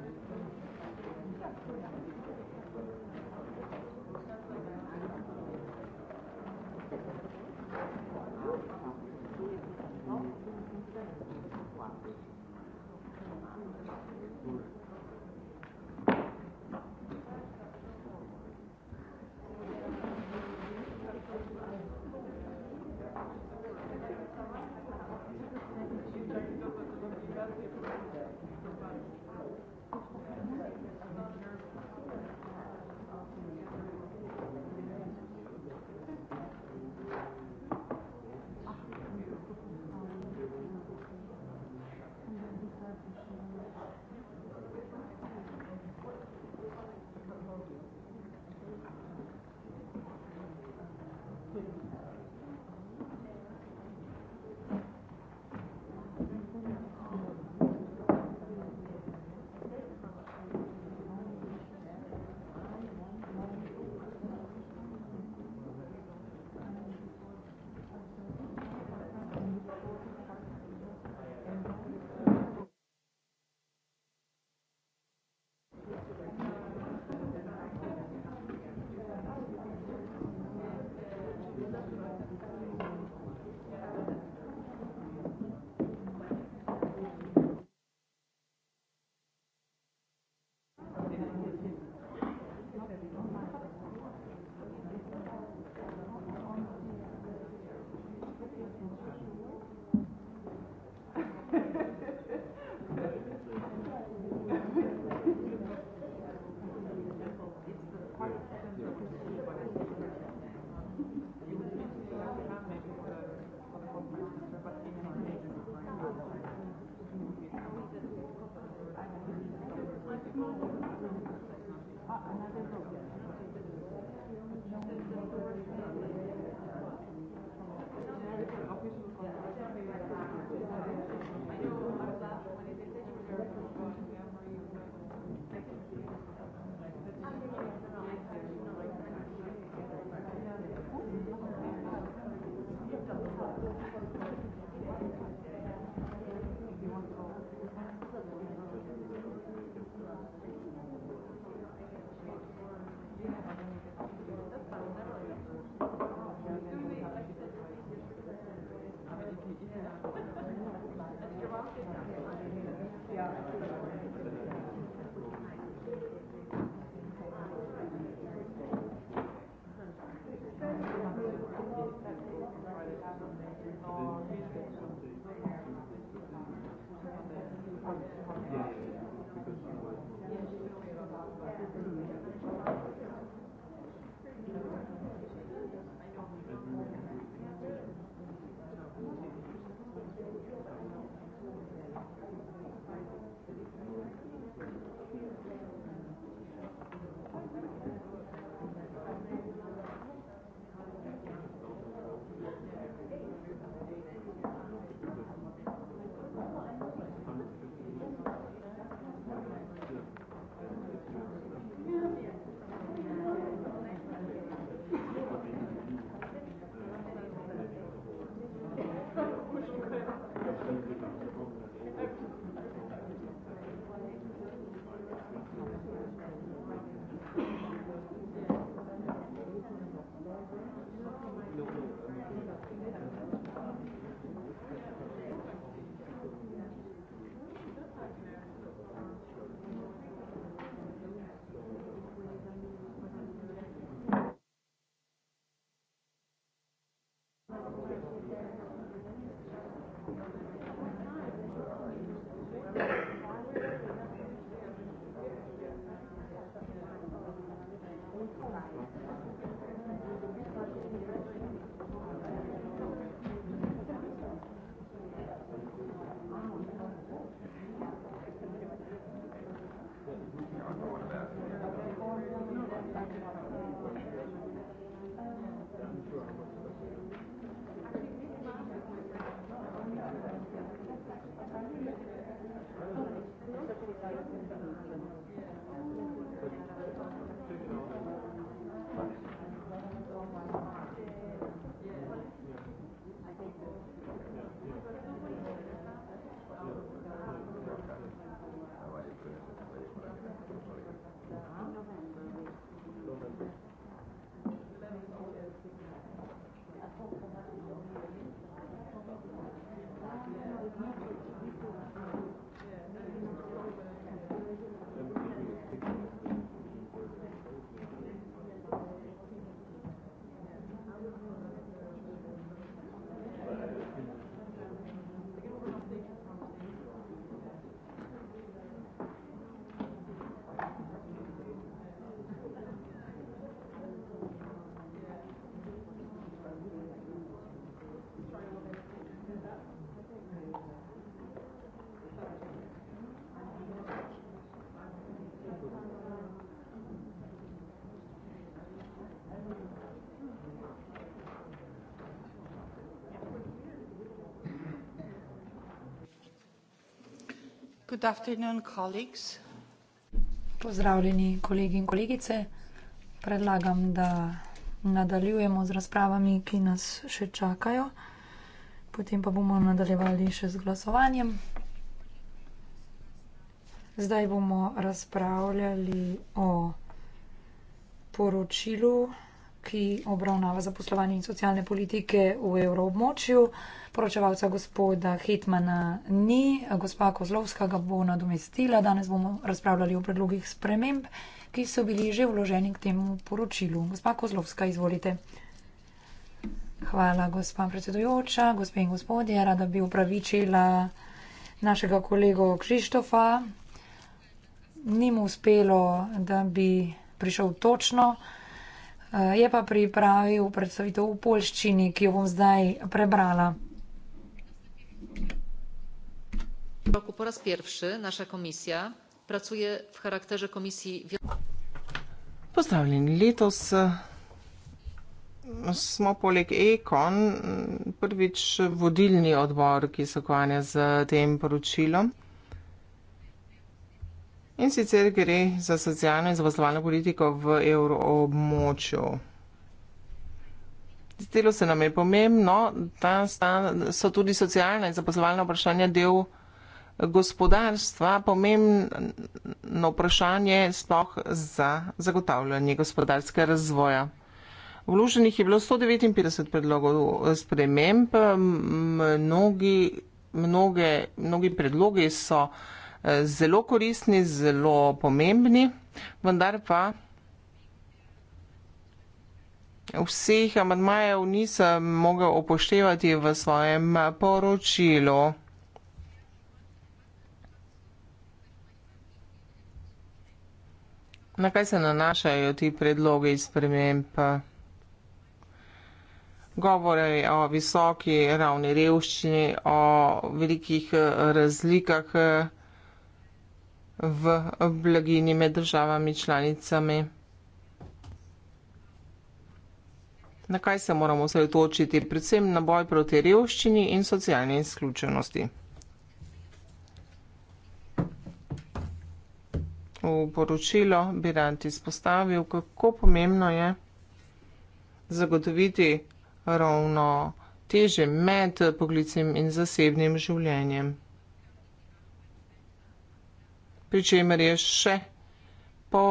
Good afternoon, colleagues. Pozdravljeni, kolegi in kolegice. Predlagam, da nadaljujemo z razpravami, ki nas še čakajo. Potem pa bomo nadaljevali še z glasovanjem. Zdaj bomo razpravljali o poročilu ki obravnava zaposlovanje in socialne politike v evroobmočju. Poročevalca gospoda Hetmana ni, gospa Kozlovska ga bo nadomestila. Danes bomo razpravljali o predlogih sprememb, ki so bili že vloženi k temu poročilu. Gospa Kozlovska, izvolite. Hvala, gospa predsedujoča, gospe in gospodje. Rada bi upravičila našega kolego Krištofa. Ni mu uspelo, da bi prišel točno. Je pa pripravil predstavitev v polščini, ki jo bom zdaj prebrala. Roku po raz prvi naša komisija pracuje v charakterze komisiji. Pozdravljeni. Letos eh, smo poleg Ekon prvič vodilni odbor, ki se ukvarja z tem poročilom in sicer gre za socialno in zavazovalno politiko v evroobmočju. Zdelo se nam je pomembno, da so tudi socialna in zaposlovalna vprašanja del gospodarstva, pomembno vprašanje sploh za zagotavljanje gospodarskega razvoja. Vloženih je bilo 159 predlogov sprememb, mnogi, mnoge, mnogi predlogi so zelo koristni, zelo pomembni, vendar pa vseh amadmajev nisem mogel upoštevati v svojem poročilu. Na kaj se nanašajo ti predloge iz prememb? Govore o visoki ravni revščini, o velikih razlikah vsega, v blagini med državami članicami. Na kaj se moramo osredotočiti? Predvsem na boj proti revščini in socialni izključenosti. V poročilo bi rad izpostavil, kako pomembno je zagotoviti ravno teže med poklicnim in zasebnim življenjem pri čemer je še, po,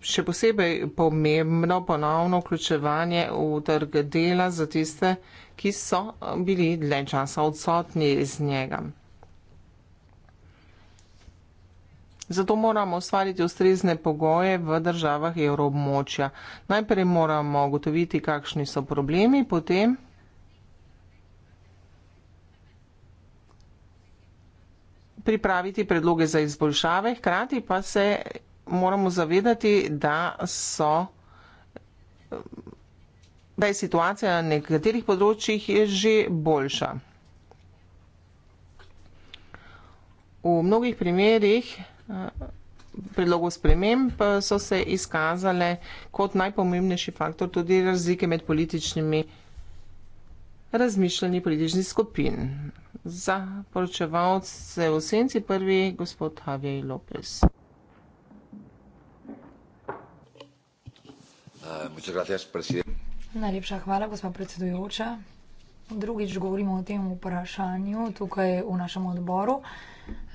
še posebej pomembno ponovno vključevanje v trg dela za tiste, ki so bili dlje časa odsotni iz njega. Zato moramo ustvariti ustrezne pogoje v državah evroobmočja. Najprej moramo ugotoviti, kakšni so problemi, potem. pripraviti predloge za izboljšave, hkrati pa se moramo zavedati, da so. Da je situacija na nekaterih področjih že boljša. V mnogih primerjih eh, predlogov sprememb eh, so se izkazale kot najpomembnejši faktor tudi razlike med političnimi razmišljanji političnih skupin za poročevalce v senci prvi gospod Javier Lopez. Uh, eh, gracias, Najlepša hvala, gospod predsedujoča. Drugič govorimo o tem vprašanju tukaj v našem odboru.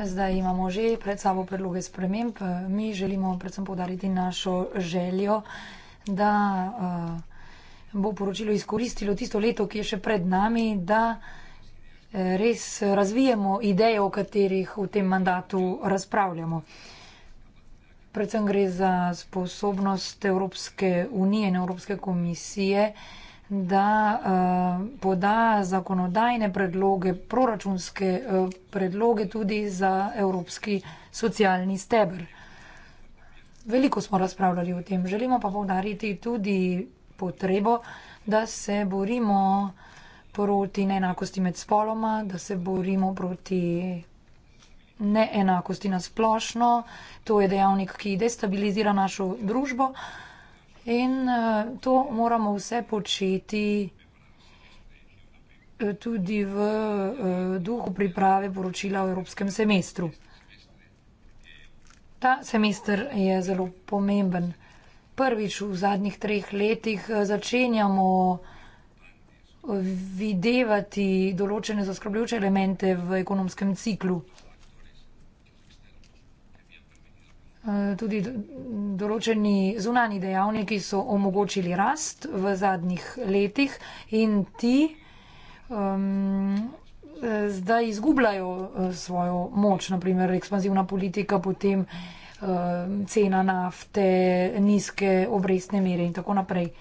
Zdaj imamo že pred sabo predloge sprememb. Mi želimo predvsem podariti našo željo, da uh, bo poročilo izkoristilo tisto leto, ki je še pred nami, da uh, res razvijemo ideje, o katerih v tem mandatu razpravljamo. Predvsem gre za sposobnost Evropske unije in Evropske komisije, da uh, poda zakonodajne predloge, proračunske uh, predloge tudi za Evropski socialni stebr. Veliko smo razpravljali o tem, želimo pa povdariti tudi potrebo, da se borimo uh, proti neenakosti med spoloma, da se borimo proti neenakosti na splošno. To je dejavnik, ki destabilizira našo družbo in eh, to moramo vse početi eh, tudi v eh, duhu priprave poročila o evropskem semestru. Ta semester je zelo pomemben. Prvič v zadnjih treh letih začenjamo videti določene zaskrbljujoče elemente v ekonomskem ciklu. Eh, tudi določeni zunani dejavniki so omogočili rast v zadnjih letih in ti um, zdaj izgubljajo eh, svojo moč, naprimer ekspanzivna politika, potem um, cena nafte, nizke obrestne mere in tako naprej.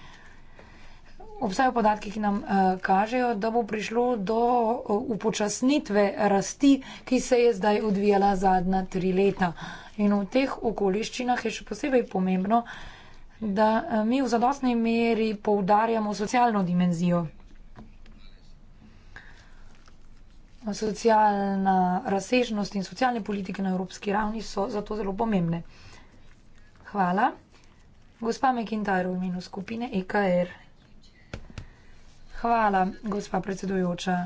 Obstajajo podatki, ki nam uh, kažejo, da bo prišlo do uh, upočasnitve rasti, ki se je zdaj odvijala zadnja tri leta. In v teh okoliščinah je še posebej pomembno, da uh, mi v zadostni meri poudarjamo socialno dimenzijo. Socialna razsežnost in socialne politike na evropski ravni so zato zelo pomembne. Hvala. Gospa Mekintar v imenu skupine EKR. Hvala, gospa predsedujoča.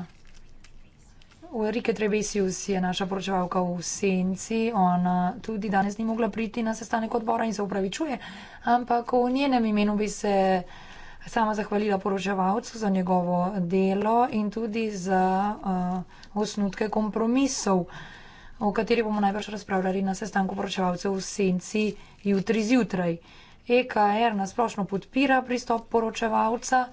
Ulrike Trebesius je naša poročevalka v senci. Ona tudi danes ni mogla priti na sestanek odbora in se upravičuje, ampak v njenem imenu bi se sama zahvalila poročevalcu za njegovo delo in tudi za uh, osnutke kompromisov, o kateri bomo najbrž razpravljali na sestanku poročevalcev v senci jutri zjutraj. EKR er nasplošno podpira pristop poročevalca.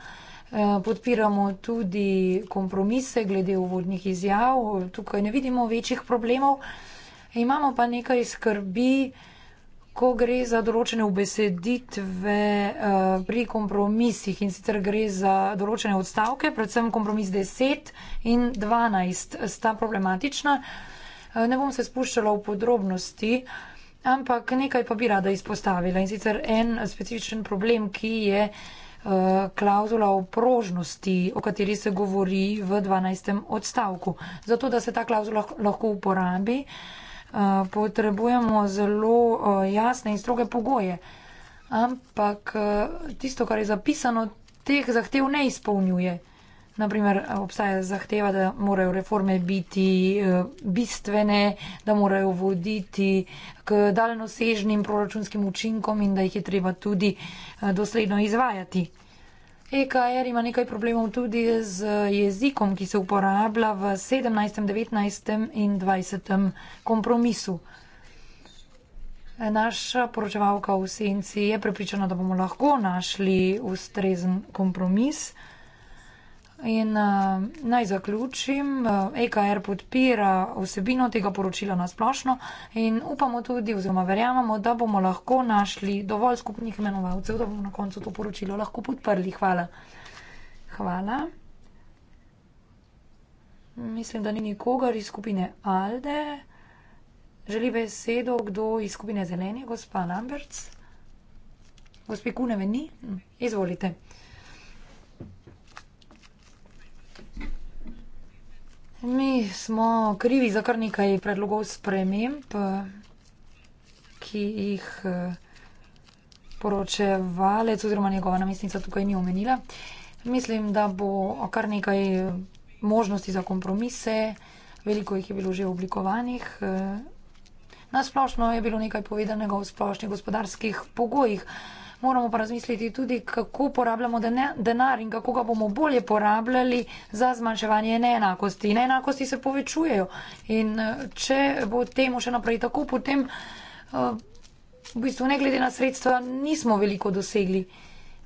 Eh, podpiramo tudi kompromise glede uvodnih izjav. Tukaj ne vidimo večjih problemov. Imamo pa nekaj skrbi, ko gre za določene obeseditve eh, pri kompromisih in sicer gre za določene odstavke, predvsem kompromis 10 in 12 sta problematična. Eh, ne bom se spuščala v podrobnosti, ampak nekaj pa bi rada izpostavila in sicer en specifičen problem, ki je klauzula o prožnosti, o kateri se govori v 12. odstavku. Zato, da se ta klauzula lahko uporabi, eh, potrebujemo zelo eh, jasne in stroge pogoje. Ampak eh, tisto, kar je zapisano, teh zahtev ne izpolnjuje. Naprimer, obstaja zahteva, da morajo reforme biti eh, bistvene, da morajo voditi k daljnosežnim proračunskim učinkom in da jih je treba tudi eh, dosledno izvajati. EKR er ima nekaj problemov tudi z jezikom, ki se uporablja v 17., 19. in 20. kompromisu. Naša poročevalka v senci je prepričana, da bomo lahko našli ustrezen kompromis. In uh, naj zaključim, EKR eh, e podpira vsebino tega poročila na splošno in upamo tudi oziroma verjamemo, da bomo lahko našli dovolj skupnih imenovalcev, da bomo na koncu to poročilo lahko podprli. Hvala. Hvala. Mislim, da ni nikogar iz skupine Alde. Želi besedo kdo iz skupine Zeleni, gospa Lamberts? Gospe Kuneve ni? Izvolite. Mi smo krivi za kar nekaj predlogov sprememb, ki jih eh, poročevalec oziroma njegova namestnica tukaj ni omenila. Mislim, da bo kar nekaj možnosti za kompromise, veliko jih je bilo že oblikovanih. Eh, Nasplošno je bilo nekaj povedanega o splošnih gospodarskih pogojih moramo pa razmisliti tudi, kako porabljamo denar in kako ga bomo bolje porabljali za zmanjševanje neenakosti. Neenakosti se povečujejo in če bo temu še naprej tako, potem v bistvu ne glede na sredstva nismo veliko dosegli.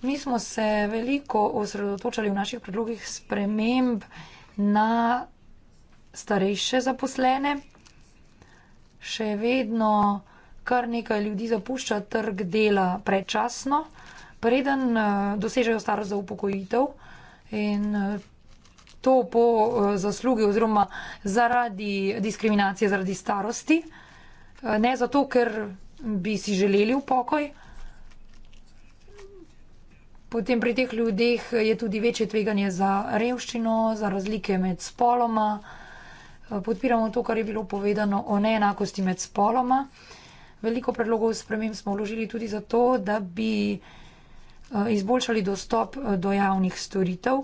Mi smo se veliko osredotočali v naših predlogih sprememb na starejše zaposlene. Še vedno kar nekaj ljudi zapušča trg dela predčasno, preden eh, dosežejo starost za upokojitev. In eh, to po eh, zaslugi oziroma zaradi diskriminacije, zaradi starosti. Ne zato, ker bi si želeli v pokoj. Potem pri teh ljudeh je tudi večje tveganje za revščino, za razlike med spoloma. Podpiramo to, kar je bilo povedano o neenakosti med spoloma. Veliko predlogov sprememb smo vložili tudi zato, da bi eh, izboljšali dostop eh, do javnih storitev.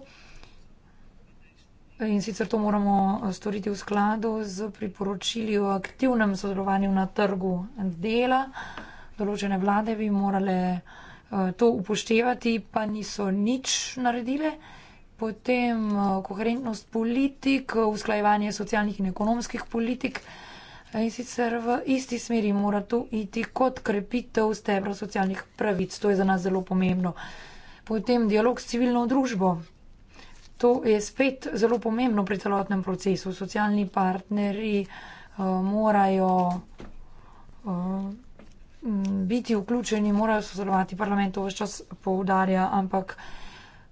In sicer to moramo eh, storiti v skladu z priporočili o aktivnem sodelovanju na trgu dela. Določene vlade bi morale to upoštevati, pa niso nič naredile. Potem koherentnost politik, usklajevanje socialnih in ekonomskih politik. In sicer v isti smeri mora tu iti kot krepitev stebra socialnih pravic. To je za nas zelo pomembno. Potem dialog s civilno družbo. To je spet zelo pomembno pri celotnem procesu. Socialni partneri uh, eh, morajo uh, biti vključeni, morajo sodelovati. Parlament to vse čas poudarja, ampak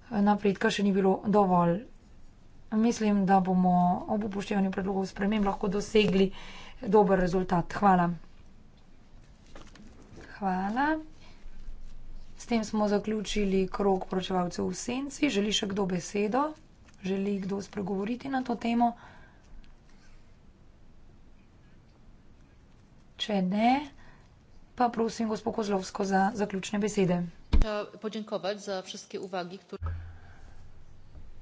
napredka še ni bilo dovolj. Mislim, da bomo ob upoštevanju predlogov sprememb lahko dosegli dober rezultat. Hvala. Hvala. S tem smo zaključili krog poročevalcev v senci. Želi še kdo besedo? Želi kdo spregovoriti na to temo? Če ne, pa prosim gospod Kozlovsko za zaključne besede. Podjenkovati no, za vse uvagi, ki...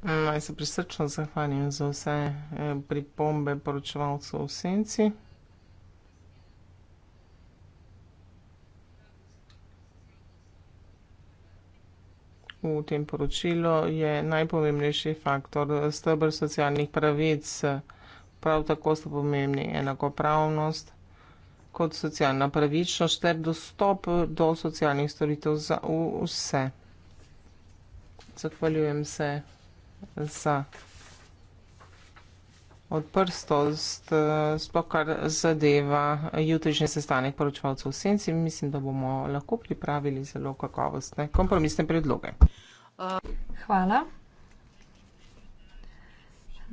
Naj se prisrčno zahvalim za vse pripombe poročevalcev v senci. v tem poročilu, je najpomembnejši faktor stebr socialnih pravic. Prav tako so pomembni enakopravnost kot socialna pravičnost ter dostop do socialnih storitev za vse. Zahvaljujem se za odprsto, eh, sploh kar zadeva jutrišnji sestanek poročevalcev v senci. Mislim, da bomo lahko pripravili zelo kakovostne kompromisne predloge. Hvala.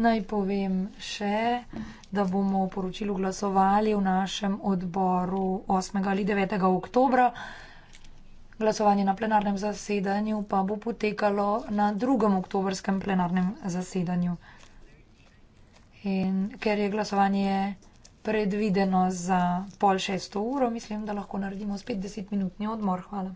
Naj povem še, da bomo o poročilu glasovali v našem odboru 8. ali 9. oktobra. Glasovanje na plenarnem zasedanju pa bo potekalo na drugem oktobrskem plenarnem zasedanju. In ker je glasovanje predvideno za pol šesto uro, mislim, da lahko naredimo spet desetminutni odmor. Hvala.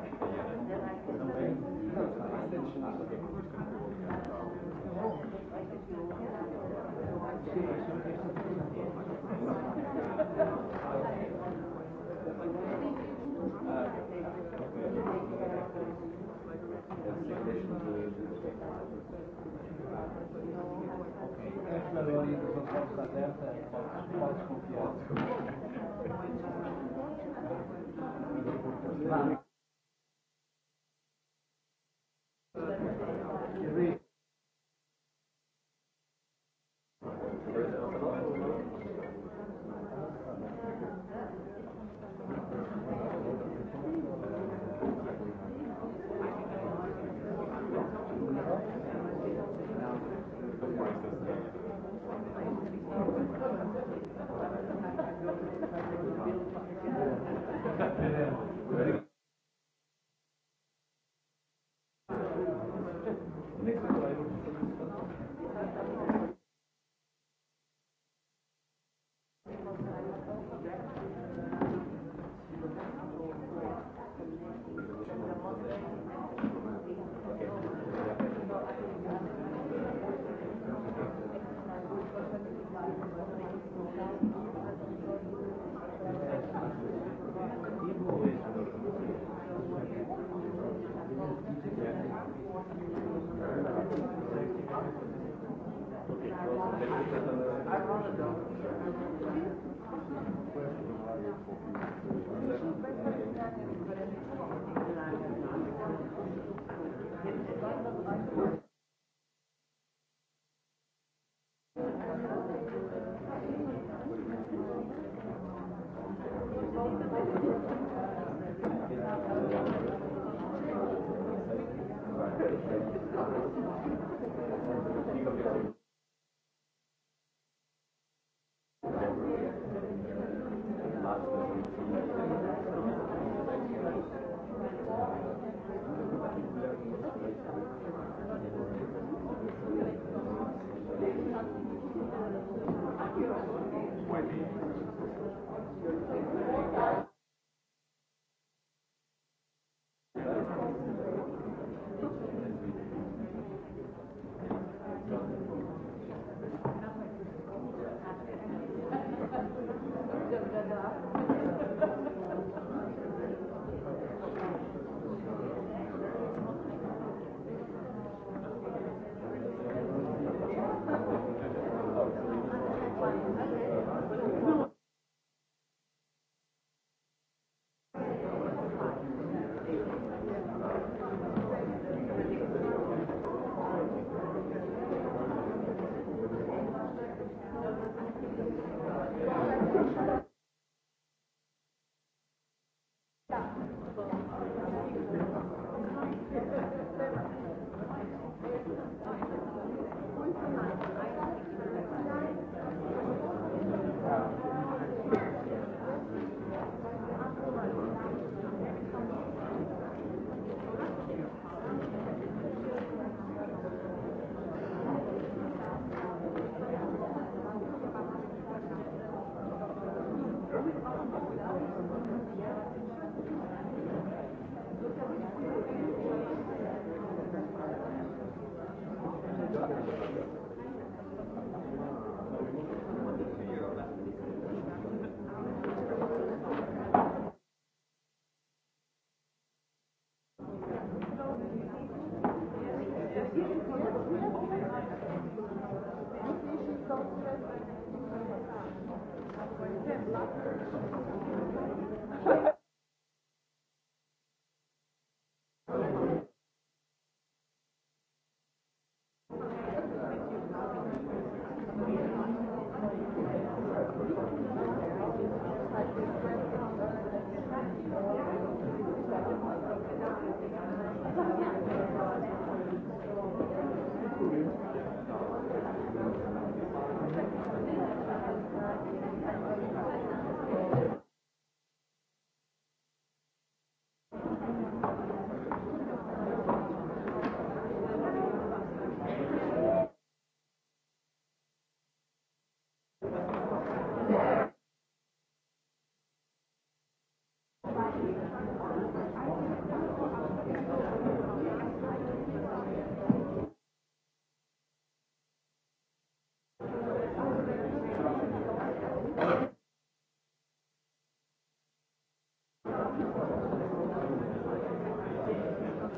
Thank you.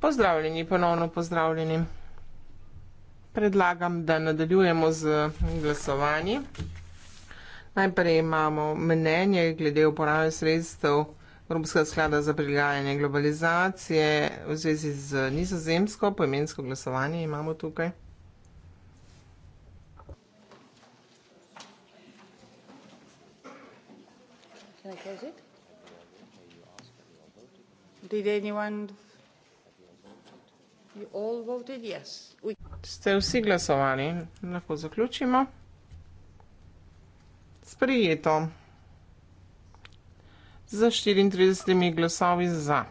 Pozdravljeni, ponovno pozdravljeni. Predlagam, da nadaljujemo z glasovanji. Najprej imamo mnenje glede uporabe sredstev Evropskega sklada za prilagajanje globalizacije v zvezi z nizozemsko poimensko glasovanje imamo tukaj. Did anyone? You all voted yes. We... Ste vsi glasovali? Lahko zaključimo. Sprijeto. Za 34 glasovi za.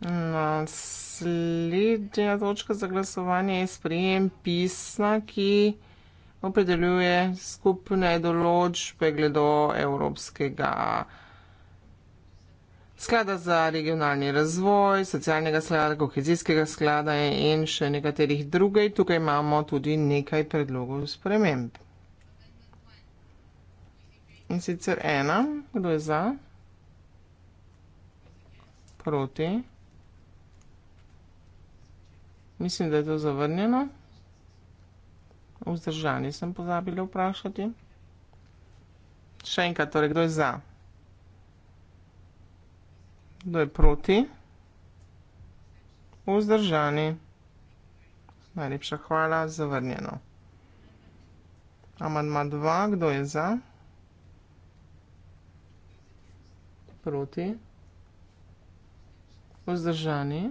Naslednja točka za glasovanje je sprijem pisma, ki opredeljuje skupne določbe glede Evropskega sklada za regionalni razvoj, socialnega sklada, kohezijskega sklada in še nekaterih drugih. Tukaj imamo tudi nekaj predlogov sprememb. In sicer ena, kdo je za, proti. Mislim, da je to zavrnjeno. Vzdržani sem pozabili vprašati. Še enkrat, torej, kdo je za? Kdo je proti? Vzdržani. Najlepša hvala, zavrnjeno. Amandma 2, kdo je za? Proti. Vzdržani.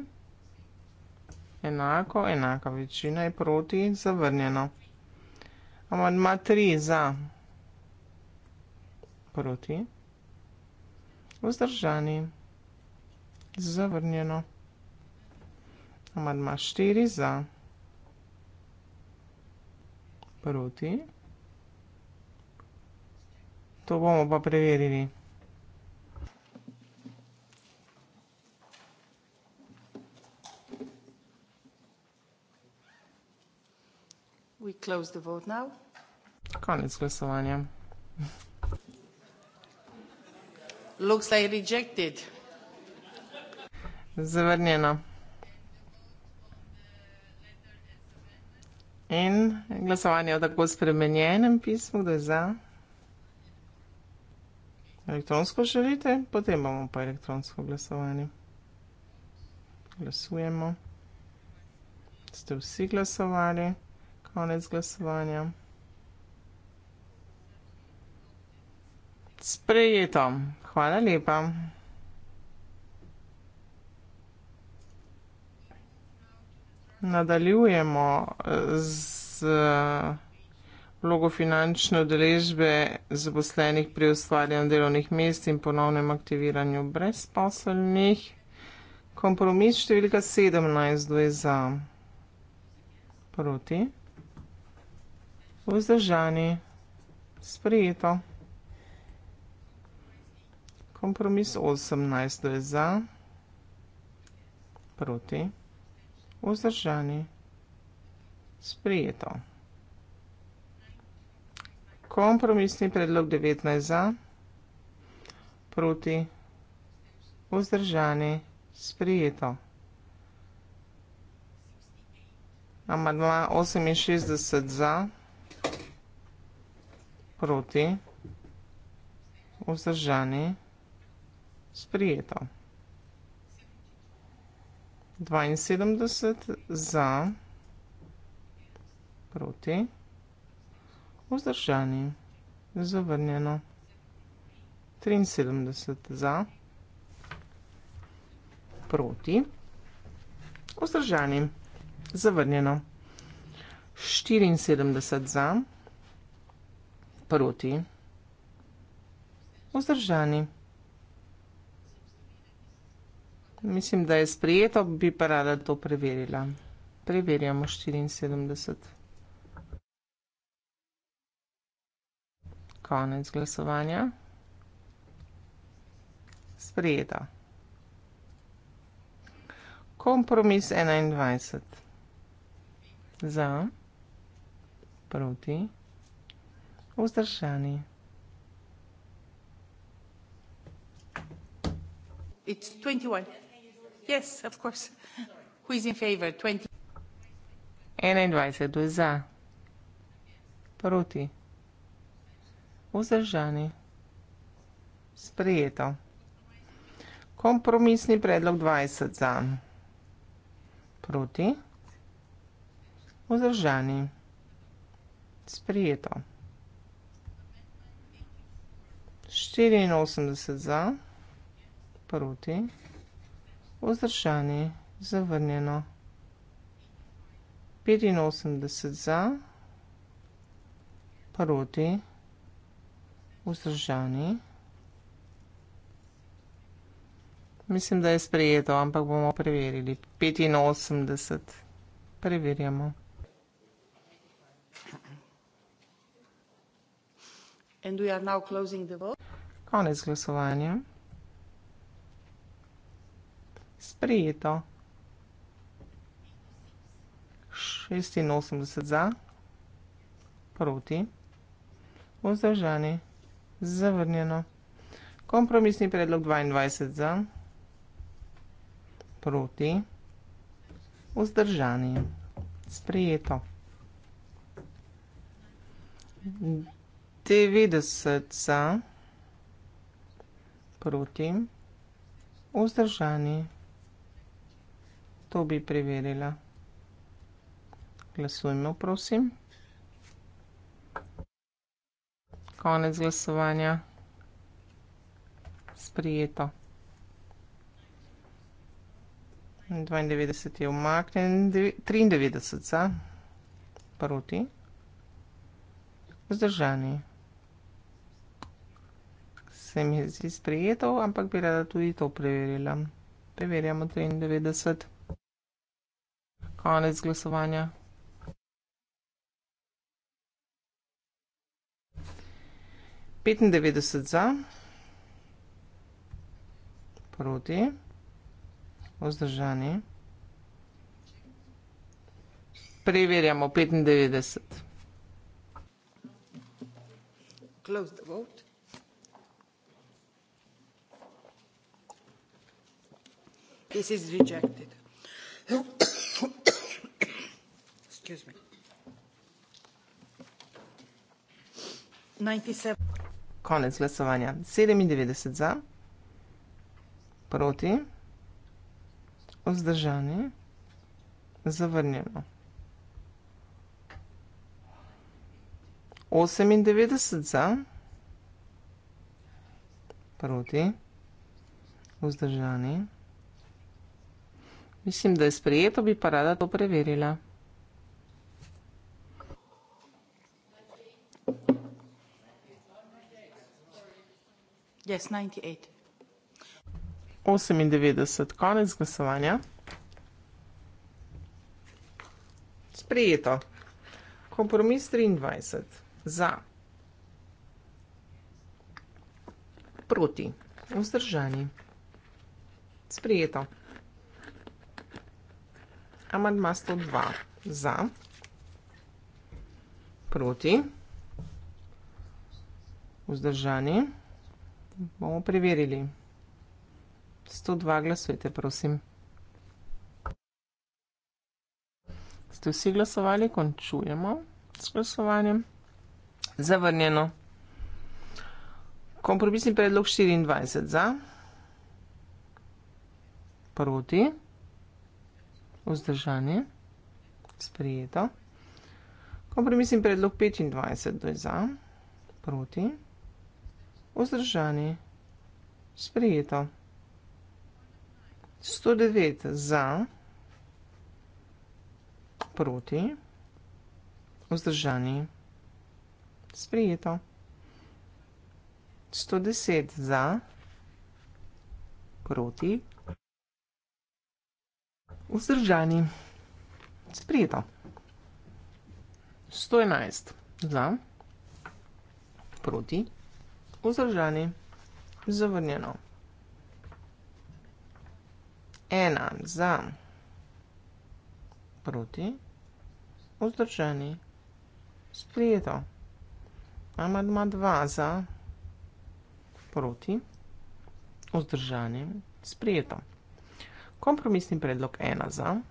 Enako, enaka večina je proti, zavrnjeno. Amandma 3 za. Proti. Vzdržani. Zavrnjeno. Amandma 4 za. Proti. To bomo pa preverili. We close the vote now. Konec glasovanja. Looks like rejected. Zavrnjeno. In glasovanje je tako spremenjenem pismu, da je za. Elektronsko želite, potem bomo pa elektronsko glasovanje. Glasujemo. Ste vsi glasovali? konec glasovanja. Sprejeto. Hvala lepa. Nadaljujemo eh, z eh, vlogo finančne odeležbe zaposlenih pri ustvarjanju delovnih mest in ponovnem aktiviranju brezposelnih. Kompromis številka 17 je za proti. Vzdržani. Sprejeto. Kompromis 18, to je za. Proti. Vzdržani. Sprejeto. Kompromisni predlog 19 za. Proti. Vzdržani. Sprejeto. Amadma 68 za. Sprejeto proti, vzdržani, sprijeto. 72 za, proti, vzdržani, zavrnjeno. 73 za, proti, vzdržani, zavrnjeno. 74 za, proti, vzdržani, zavrnjeno. 74 za, proti, vzdržani, zavrnjeno. 74 za, proti, vzdržani, zavrnjeno. 74 za, proti, vzdržani, zavrnjeno. 74 za, proti, vzdržani, zavrnjeno. 74 za, proti, vzdržani, zavrnjeno. 74 za, proti, vzdržani, zavrnjeno. 74 za, proti, vzdržani, zavrnjeno. 74 za, proti, vzdržani, zavrnjeno. 74 za, proti, vzdržani, zavrnjeno. 74 za, proti, vzdržani, zavrnjeno. 74 za, proti, vzdržani, zavrnjeno. 74 za, proti, vzdržani, zavrnjeno. 74 za, proti, vzdržani, zavrnjeno. 74 za, proti, vzdržani, zavrnjeno. 74 za, proti, vzdržani, zavrnjeno. 74 za, proti, vzdržani, zavrn Proti. Vzdržani. Mislim, da je sprijeto, bi pa rada to preverila. Preverjamo 74. Konec glasovanja. Sprijeta. Kompromis 21. Za. Proti vzdržani. Yes, of course. Who is in favor? 21. Kdo je za? Proti. Vzdržani. Sprejeto. Kompromisni predlog 20 za. Proti. Vzdržani. Sprejeto. 84 za, proti, vzdržani, zavrnjeno. 85 za, proti, vzdržani. Mislim, da je sprejeto, ampak bomo preverili. 85. Preverjamo. And we are now closing the vote. Konec glasovanja. Sprijeto. 86 za, proti, vzdržani, zavrnjeno. Kompromisni predlog 22 za, proti, vzdržani, sprijeto. 90 za, proti, vzdržani. To bi preverila. Glasujmo, prosim. Konec glasovanja. Sprijeto. 92 je umaknen, 93 za, proti, vzdržani se mi zdi sprejeto, ampak bi rada tudi to preverila. Preverjamo 93. Konec glasovanja. Petindevetdeset za, proti, vzdržani. Preverjamo petindevetdeset. Close the vote. this is rejected. Excuse me. 97. Konec glasovanja. 97 za, proti, vzdržani, zavrnjeno. 98 za, proti, vzdržani, zavrnjeno. Mislim, da je sprejeto, bi pa rada to preverila. Yes, 98. 98, konec glasovanja. Sprejeto. Kompromis 23. Za. Proti. Vzdržani. Sprejeto amandma 102 za, proti, vzdržani, bomo preverili. 102 glasujte, prosim. Ste vsi glasovali? Končujemo s glasovanjem. Zavrnjeno. Kompromisni predlog 24 za, proti vzdržanje, sprijeto. Kompromisni predlog 25, doj za, proti, vzdržanje, sprijeto. 109 za, proti, vzdržanje, sprijeto. 110 za, proti, vzdržani. Sprijeto. 111 za, proti, vzdržani, zavrnjeno. 1 za, proti, vzdržani, sprijeto. Amadma 2 za, proti, vzdržani, sprijeto. 1 za, proti, vzdržani, sprijeto. Kompromisni predlog ena za,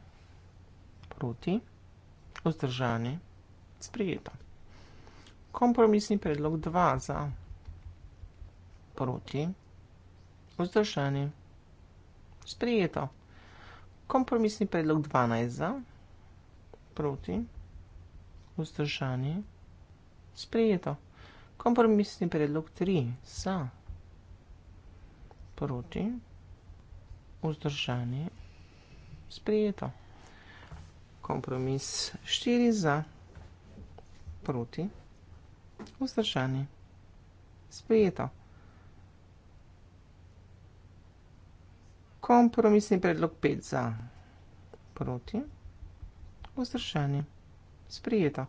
proti, vzdržani, sprijeto. Kompromisni predlog dva za, proti, vzdržani, sprijeto. Kompromisni predlog dvanajst za, proti, vzdržani, sprijeto. Kompromisni predlog tri za, proti, vzdržani, sprijeto vzdržanje sprejeto. Kompromis 4 za proti vzdržanje sprejeto. Kompromisni predlog 5 za proti vzdržanje sprejeto.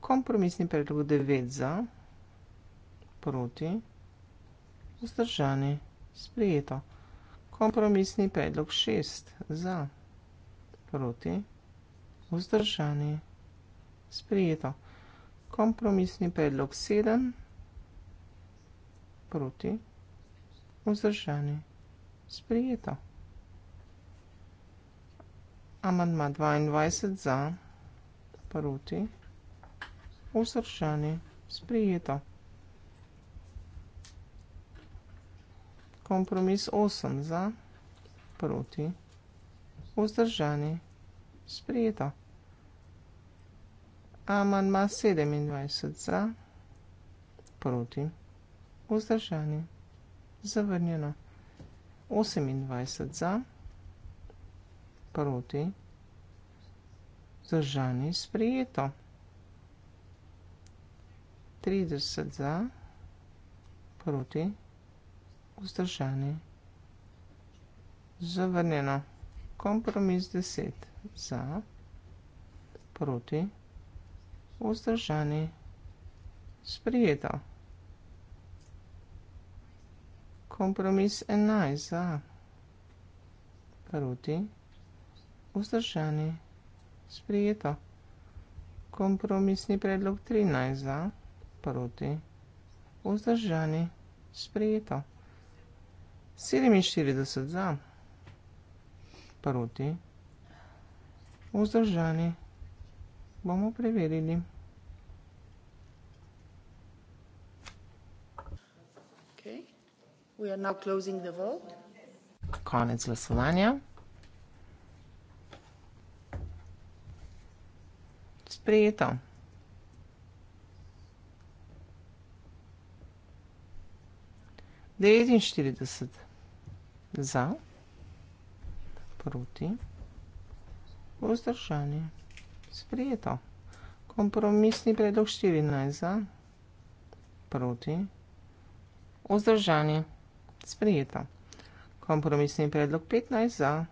Kompromisni predlog 9 za proti vzdržanje sprejeto. Kompromisni predlog šest. Za. Proti. Vzdržani. Sprijeto. Kompromisni predlog sedem. Proti. Vzdržani. Sprijeto. Amandma 22 za, proti, vzdržani, sprijeto. kompromis 8 za, proti, vzdržani, sprijeto. Amanma 27 za, proti, vzdržani, zavrnjeno. 28 za, proti, vzdržani, sprijeto. 30 za, proti, vzdržani vzdržani. Zavrnjeno. Kompromis 10. Za. Proti. Vzdržani. Sprijeto. Kompromis 11. Za. Proti. Vzdržani. Sprijeto. Kompromisni predlog 13. Za. Proti. Vzdržani. Sprijeto. 47 za, proti, vzdržani, bomo preverili. We are now closing the vote. Konec glasovanja. Sprejeto. Devetinštirideset za, proti, vzdržanje, sprijeto. Kompromisni predlog 14 za, proti, vzdržanje, sprijeto. Kompromisni predlog 15 za,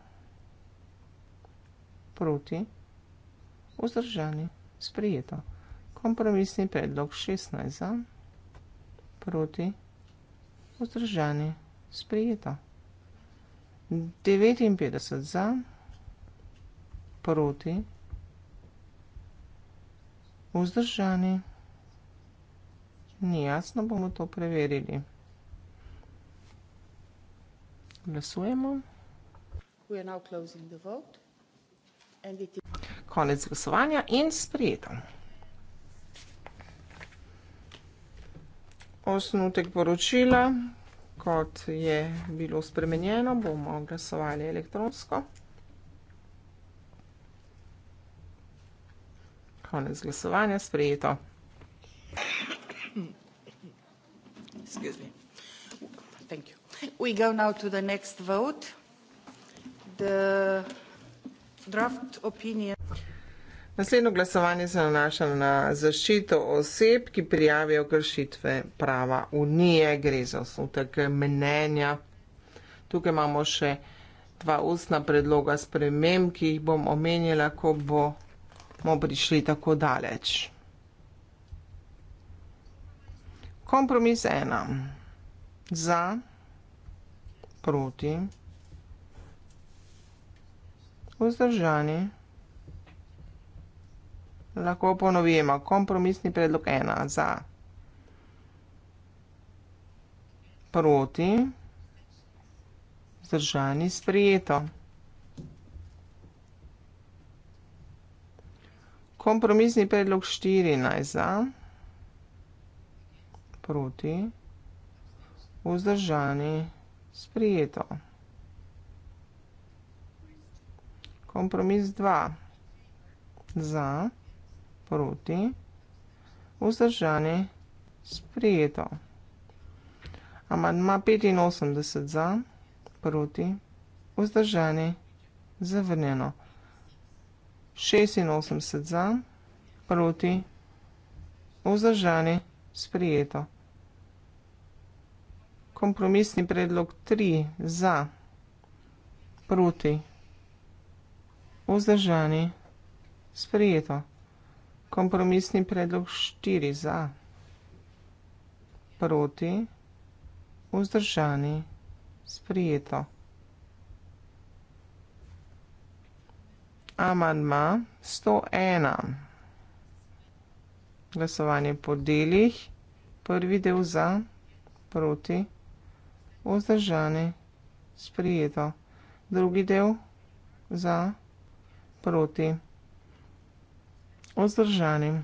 proti, vzdržanje, sprijeto. Kompromisni predlog 16 za, proti, vzdržanje, sprijeto. 59 za, proti, vzdržani. Ni jasno, bomo to preverili. Glasujemo. Konec glasovanja in sprejeto. Osnutek poročila kot je bilo spremenjeno, bomo glasovali elektronsko. Konec glasovanja, sprejeto. Excuse me. Thank you. We go now to the next vote. The draft opinion. Naslednjo glasovanje se nanaša na zaščito oseb, ki prijavijo kršitve prava unije, gre za osnutek mnenja. Tukaj imamo še dva ustna predloga spremem, ki jih bom omenjala, ko bomo prišli tako daleč. Kompromis ena. Za, proti, vzdržani. Lahko ponovimo. Kompromisni predlog ena. Za. Proti. Zdržani sprijeto. Kompromisni predlog 14 za, proti, vzdržani, sprijeto. Kompromis 2 za, proti proti, vzdržani, sprijeto. Amadma 85 za, proti, vzdržani, zavrnjeno. 86 za, proti, vzdržani, sprijeto. Kompromisni predlog 3 za, proti, vzdržani, sprijeto. Sprijeto. Kompromisni predlog štiri za, proti, vzdržani, sprijeto. Amandma 101. Glasovanje po delih. Prvi del za, proti, vzdržani, sprijeto. Drugi del za, proti, vzdržani vzdržani.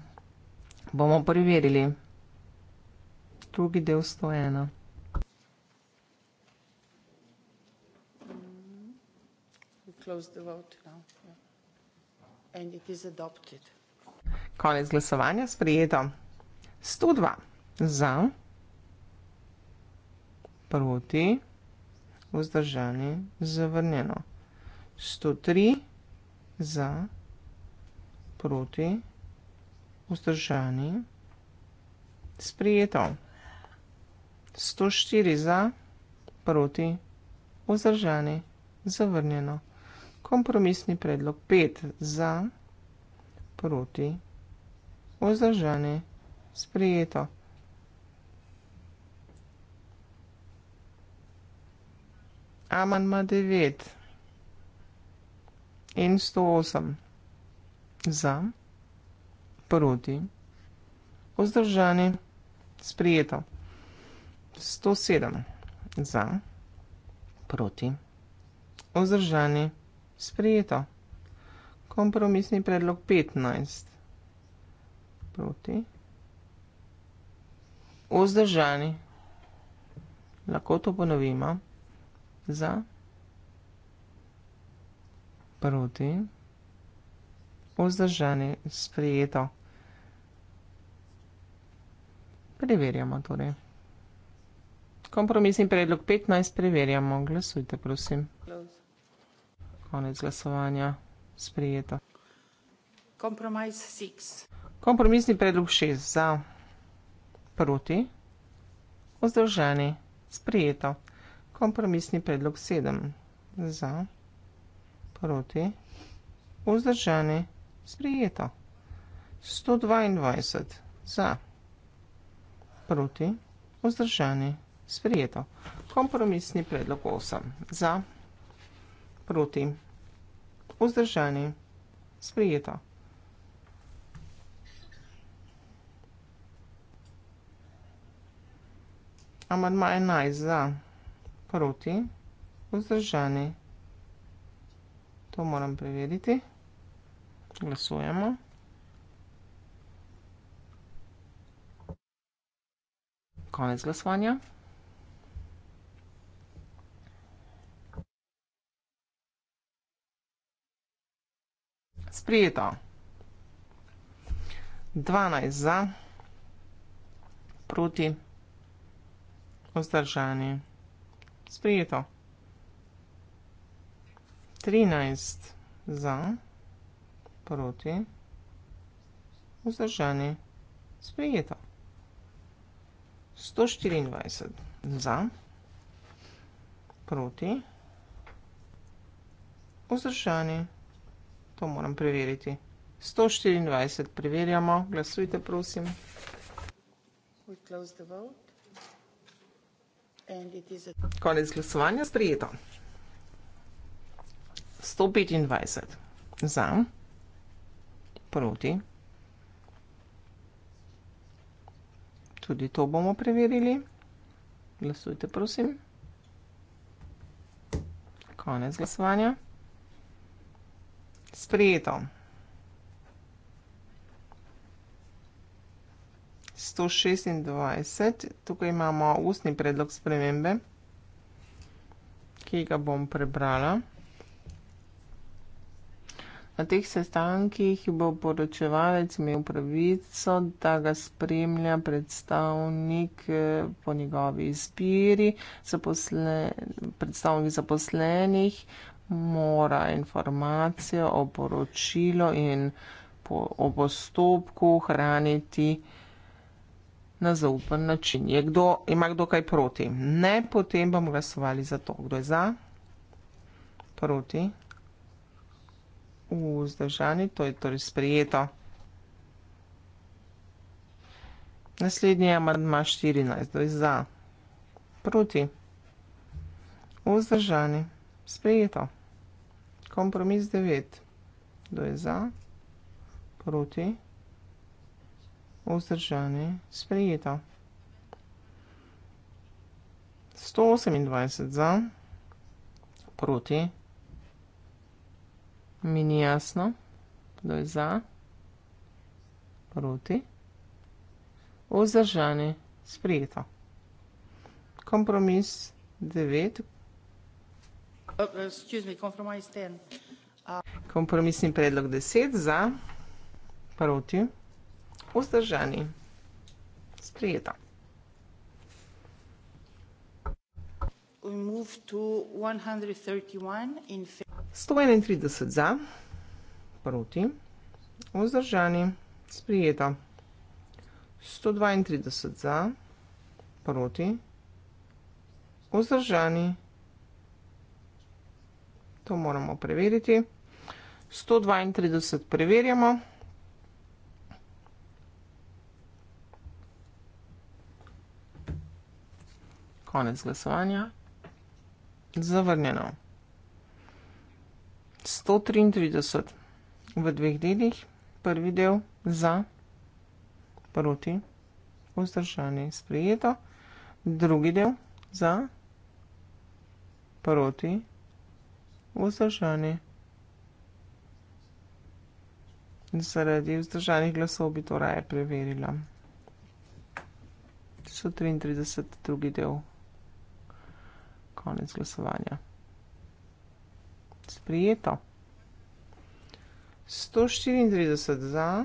Bomo preverili drugi del 101. Konec glasovanja sprejeto. 102 za, proti, vzdržani, zavrnjeno. 103 za, proti proti, vzdržani, sprijeto. 104 za, proti, vzdržani, zavrnjeno. Kompromisni predlog 5 za, proti, vzdržani, sprijeto. Amanma 9 in 108 za, proti, vzdržani, sprijeto. 107, za, proti, vzdržani, sprijeto. Kompromisni predlog 15, proti, vzdržani, lahko to ponovimo, za, proti, vzdržani, sprijeto vzdržani, sprijeto. Preverjamo torej. Kompromisni predlog 15 preverjamo. Glasujte, prosim. Konec glasovanja. Sprijeto. Kompromisni predlog 6 za proti. Vzdržani. Sprijeto. Kompromisni predlog 7 za proti. Vzdržani. Sprijeta. 122 za. Proti. Vzdržani. Sprijeto. Kompromisni predlog 8. Za. Proti. Vzdržani. Sprijeto. Amadma 11 za. Proti. Vzdržani. To moram preveriti. Proti. Glasujemo. Konec glasovanja. Sprijeto. 12 za, proti, vzdržani. Sprijeto. 13 za, proti, vzdržani proti, vzdržani, sprejeto. 124 za, proti, vzdržani, to moram preveriti. 124 preverjamo, glasujte prosim. Konec glasovanja, sprejeto. 125 za, proti, vzdržani, sprejeto proti. Tudi to bomo preverili. Glasujte, prosim. Konec glasovanja. Sprejeto. 126, tukaj imamo ustni predlog spremembe, ki ga bom prebrala. Na teh sestankih bo poročevalec imel pravico, da ga spremlja predstavnik eh, po njegovi izbiri, zaposle, predstavnik zaposlenih mora informacijo o poročilu in po, o postopku hraniti na zaupen način. Je kdo, ima kdo kaj proti? Ne, potem bomo glasovali za to. Kdo je za? Proti? vzdržani, to je torej sprijeto. Naslednji je amadma 14, to je za, proti, vzdržani, sprijeto. Kompromis 9, to je za, proti, vzdržani, sprijeto. 128 za, proti, vzdržani. Mi ni jasno. Kdo je za? Proti? Vzdržani? Sprijeto. Kompromis devet. Kompromisni predlog deset za, proti, vzdržani, sprijeta. 131 za, proti, vzdržani, sprijeta. 132 za, proti, vzdržani, to moramo preveriti. 132 preverjamo. Konec glasovanja. Zavrnjeno. 133 v dveh delih, prvi del za, proti, vzdržanje in sprejeto, drugi del za, proti, vzdržanje. Zaradi vzdržanih glasov bi to raje preverila. 133 drugi del, konec glasovanja. Sprijeto. 134 za,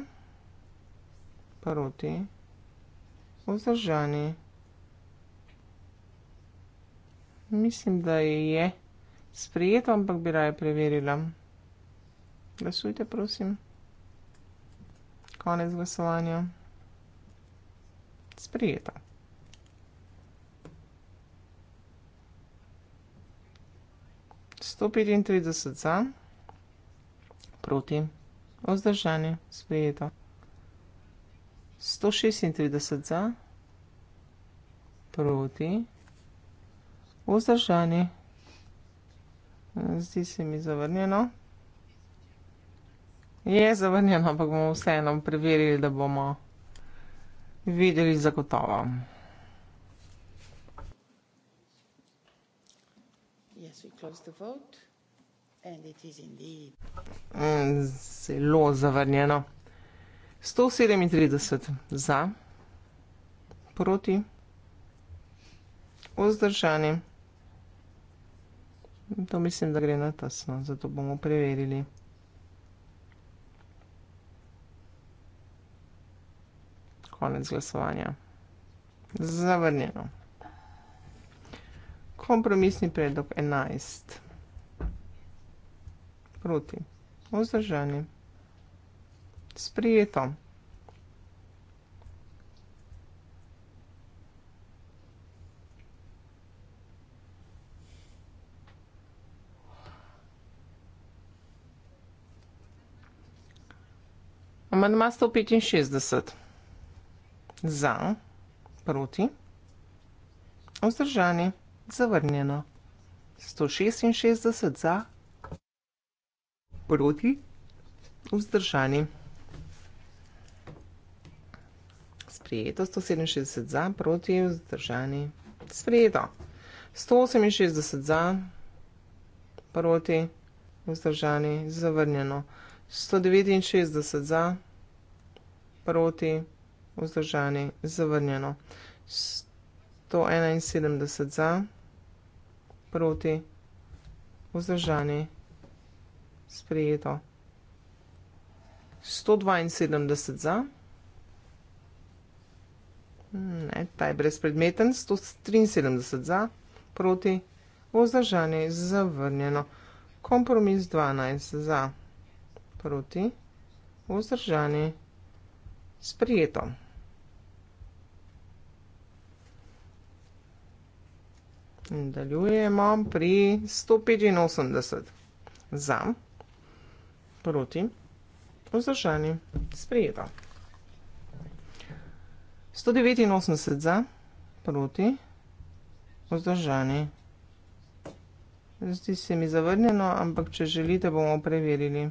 proti, vzdržani. Mislim, da je sprijeto, ampak bi raje preverila. Glasujte, prosim. Konec glasovanja. Sprijeto. sto petintrideset za, proti, vzdržani, sprejeto. Sto šestintrideset za, proti, vzdržani. Zdi se mi zavrnjeno. Je zavrnjeno, ampak bomo vseeno preverili, da bomo vedeli zagotovo. Mm, zelo zavrnjeno. 137 za, proti, vzdržani. To mislim, da gre na tasno, zato bomo preverili. Konec glasovanja. Zavrnjeno kompromisni predlog 11. Proti. Vzdržani. Sprijeto. Amandma 165. Za. Proti. Vzdržani. Sprijeto zavrnjeno. 166 za, proti, vzdržani. Sprejeto, 167 za, proti, vzdržani. Sprejeto, 168 za, proti, vzdržani, zavrnjeno. 169 za, proti, vzdržani, zavrnjeno. 171 za, proti, vzdržani proti, vzdržani, sprejeto. 172 za. Ne, ta je brezpredmeten. 173 za, proti, vzdržani, zavrnjeno. Kompromis 12 za, proti, vzdržani, sprijeto. Nadaljujemo pri 185. Za, proti, vzdržani, sprejeto. 189 za, proti, vzdržani. Zdi se mi zavrnjeno, ampak če želite, bomo preverili.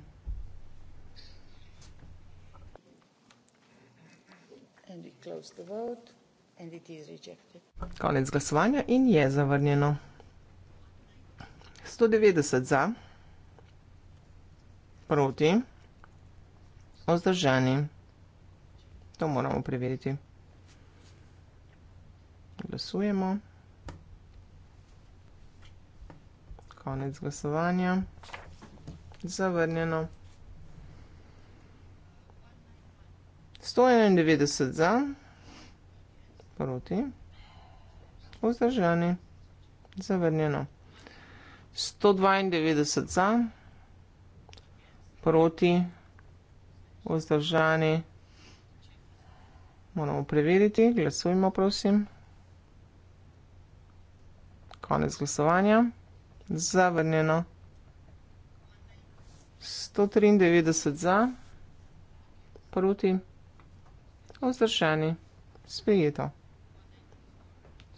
And we close the vote. Konec glasovanja in je zavrnjeno. 190 za, proti, ozdržani. To moramo preveriti. Glasujemo. Konec glasovanja. Zavrnjeno. 191 za, proti, ozdržani proti, vzdržani, zavrnjeno. 192 za, proti, vzdržani, moramo preveriti, glasujmo prosim. Konec glasovanja, zavrnjeno. 193 za, proti, vzdržani, sprejeto.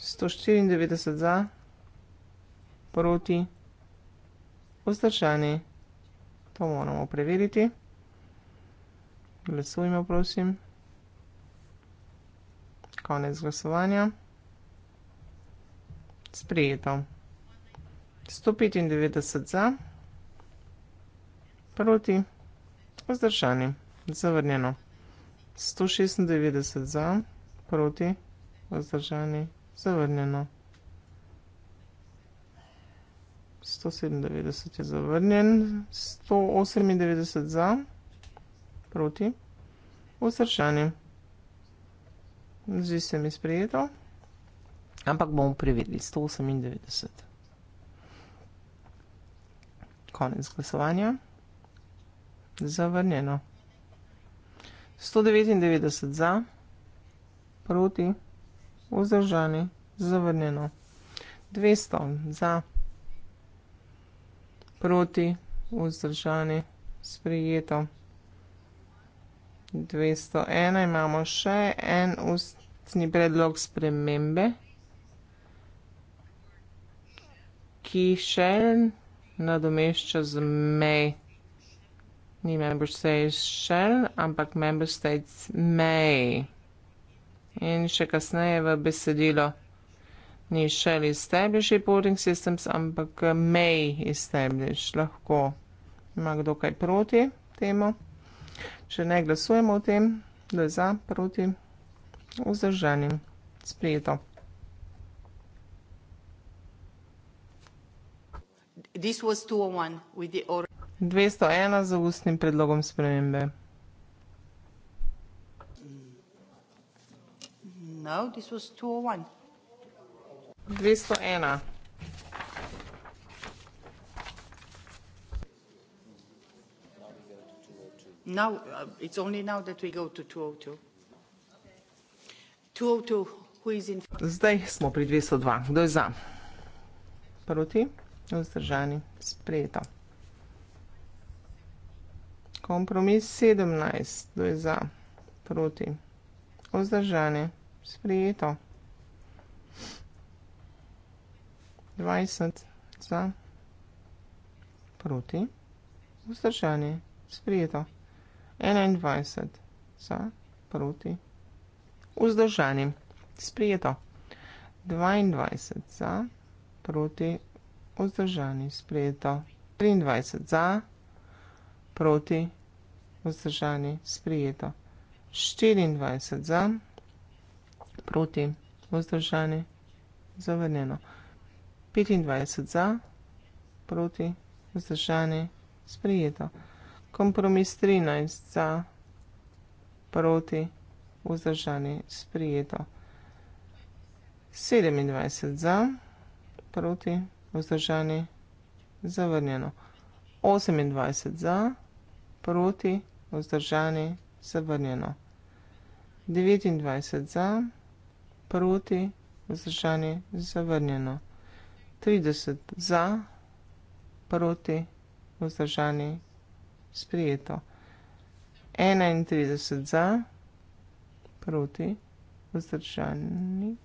194 za, proti, vzdržani. To moramo preveriti. Glasujmo, prosim. Konec glasovanja. Sprijeto. 195 za, proti, vzdržani. Zavrnjeno. 196 za, proti, vzdržani zavrnjeno. 197 je zavrnjen, 198 za, proti, vzdržani. Zdi se mi sprejeto, ampak bomo preverili 198. Konec glasovanja. Zavrnjeno. 199 za, proti, vzdržani. Vzdržani. Zavrnjeno. 200. Za. Proti. Vzdržani. Sprijeto. 201. Imamo še en ustni predlog spremembe, ki še nadomešča z may. Ni member states shall, ampak member states may. 202 in še kasneje v besedilo ni shall establish reporting systems, ampak may establish, lahko ima kdo kaj proti temu. Če ne glasujemo o tem, da je za, proti, vzdržanim, sprijeto. This was 201 with the order. 201 za ustnim predlogom spremembe. Zdaj smo pri dvesto dva. Kdo je za? Proti? Vzdržani? Sprejeto. Kompromis sedemnajst. Kdo je za? Proti? Vzdržani? sprejeto. 20 za proti, vzdržani, sprejeto. 21 za proti, vzdržani, sprejeto. 22 za proti, vzdržani, sprejeto. 23 za proti, vzdržani, sprejeto. 24 za proti, vzdržani, sprejeto proti, vzdržani, zavrnjeno. 25 za, proti, vzdržani, sprijeto. Kompromis 13 za, proti, vzdržani, sprijeto. 27 za, proti, vzdržani, zavrnjeno. 28 za, proti, vzdržani, zavrnjeno. 29 za, proti, vzdržani, zavrnjeno. Proti, vzdržani, zavrnjeno. 30 za, proti, vzdržani, sprijeto. 31 za, proti, vzdržani.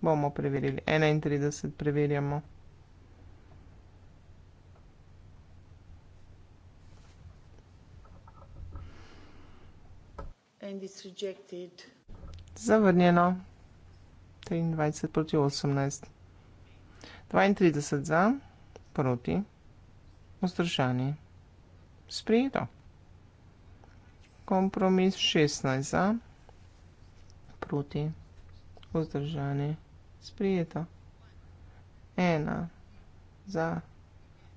Bomo preverili. 31 preverjamo. And it's rejected. Zavrnjeno. 23 proti 18. 32 za, proti, vzdržani. Sprijeto. Kompromis 16 za, proti, vzdržani. Sprijeto. 1 za,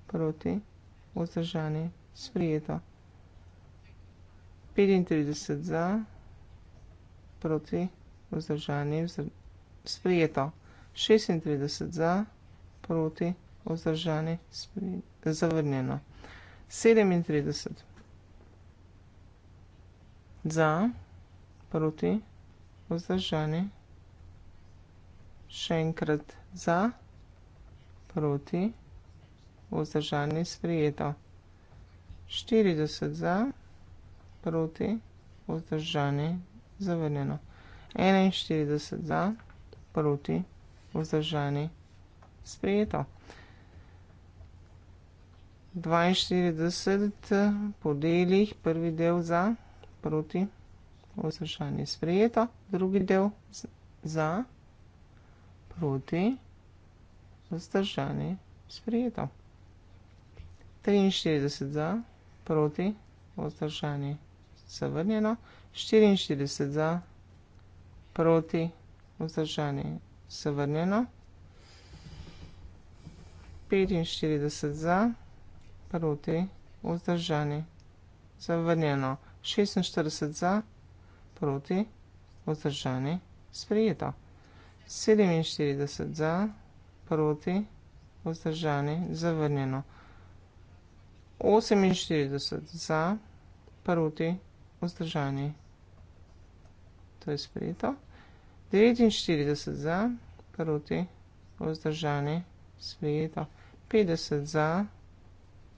proti, vzdržani. Sprijeto. 35 za, proti, vzdržani proti vzdržanje sprejeto. 36 za proti vzdržanje zavrnjeno. 37 za proti vzdržanje še enkrat za proti vzdržanje sprejeto. 40 za proti vzdržanje zavrnjeno. 41 za, proti, vzdržani, sprejeto. 42 po delih, prvi del za, proti, vzdržani, sprejeto. Drugi del za, proti, vzdržani, sprejeto. 43 za, proti, vzdržani, sprejeto zavrnjeno, 44 za, proti, vzdržani, zavrnjeno, 45 za, proti, vzdržani, zavrnjeno, 46 za, proti, vzdržani, sprijeto, 47 za, proti, vzdržani, zavrnjeno, 48 za, proti, vzdržani, vzdržani. To je sprejeto. 49 za, proti, vzdržani, sprejeto. 50 za,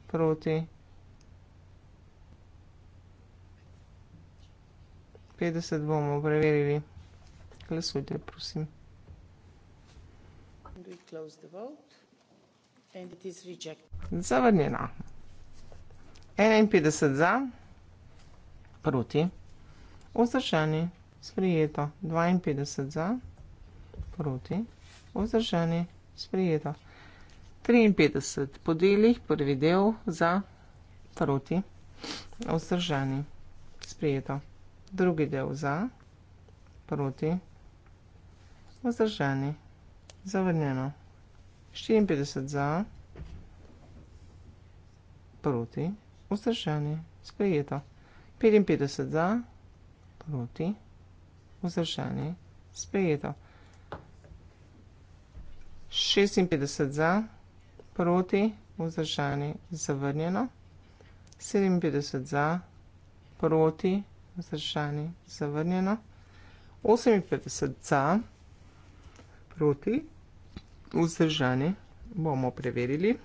proti, 50 bomo preverili. Glasujte, prosim. Zavrnjena. 51 za, proti, vzdržani, sprijeto, 52 za, proti, vzdržani, sprijeto, 53 podeljih, prvi del za, proti, vzdržani, sprijeto, drugi del za, proti, vzdržani, zavrnjeno, 54 za, proti, vzdržani, sprijeto, 53 za, proti, vzdržani, sprijeto, 55 za, proti, vzdržani, sprejeto. 56 za, proti, vzdržani, zavrnjeno. 57 za, proti, vzdržani, zavrnjeno. 58 za, proti, vzdržani, bomo preverili.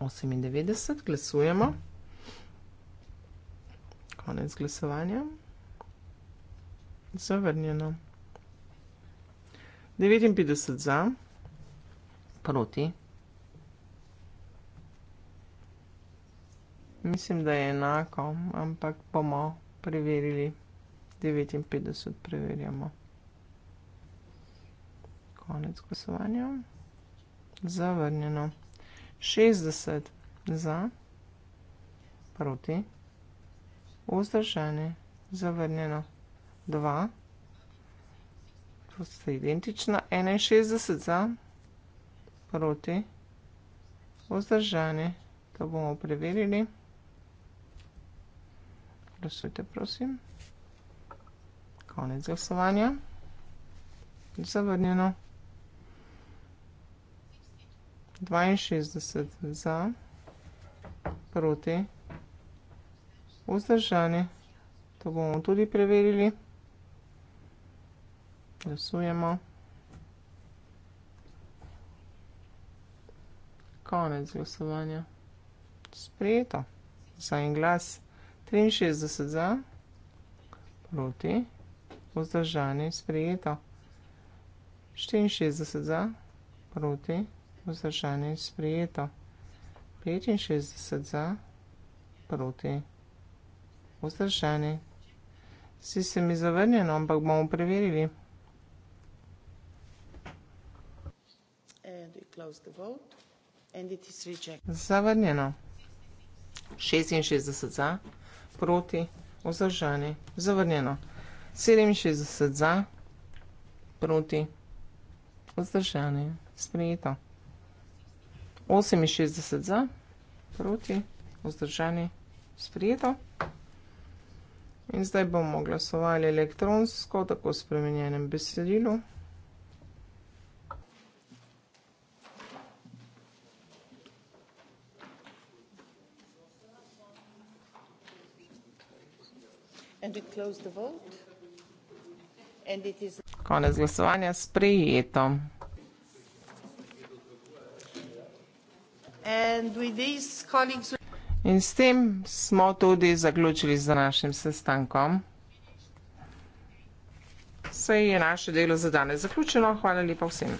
98, glasujemo konec glasovanja. Zavrnjeno. 59 za, proti. Mislim, da je enako, ampak bomo preverili. 59 preverjamo. Konec glasovanja. Zavrnjeno. 60 za, proti vzdržane, zavrnjeno, dva, to sta identična, 61 za, proti, vzdržane, to bomo preverili, glasujte prosim, konec glasovanja, zavrnjeno, 62 za, proti, vzdržane, vzdržani. To bomo tudi preverili. Glasujemo. Konec glasovanja. Sprejeto. Za en glas. 63 za. Proti. Vzdržani. Sprejeto. 64 za. Proti. Vzdržani. Sprejeto. 65 za. Proti. Vzdržani vzdržani. Vsi se mi zavrnjeno, ampak bomo preverili. Zavrnjeno. 66 za, proti, vzdržani. Zavrnjeno. 67 za, proti, vzdržani. Sprejeto. 68 za, proti, vzdržani. Sprejeto. In zdaj bomo glasovali elektronsko, tako v spremenjenem besedilu. Konec glasovanja sprejeto. In s tem smo tudi zaključili z našim sestankom. Sej je naše delo za danes zaključeno. Hvala lepa vsem.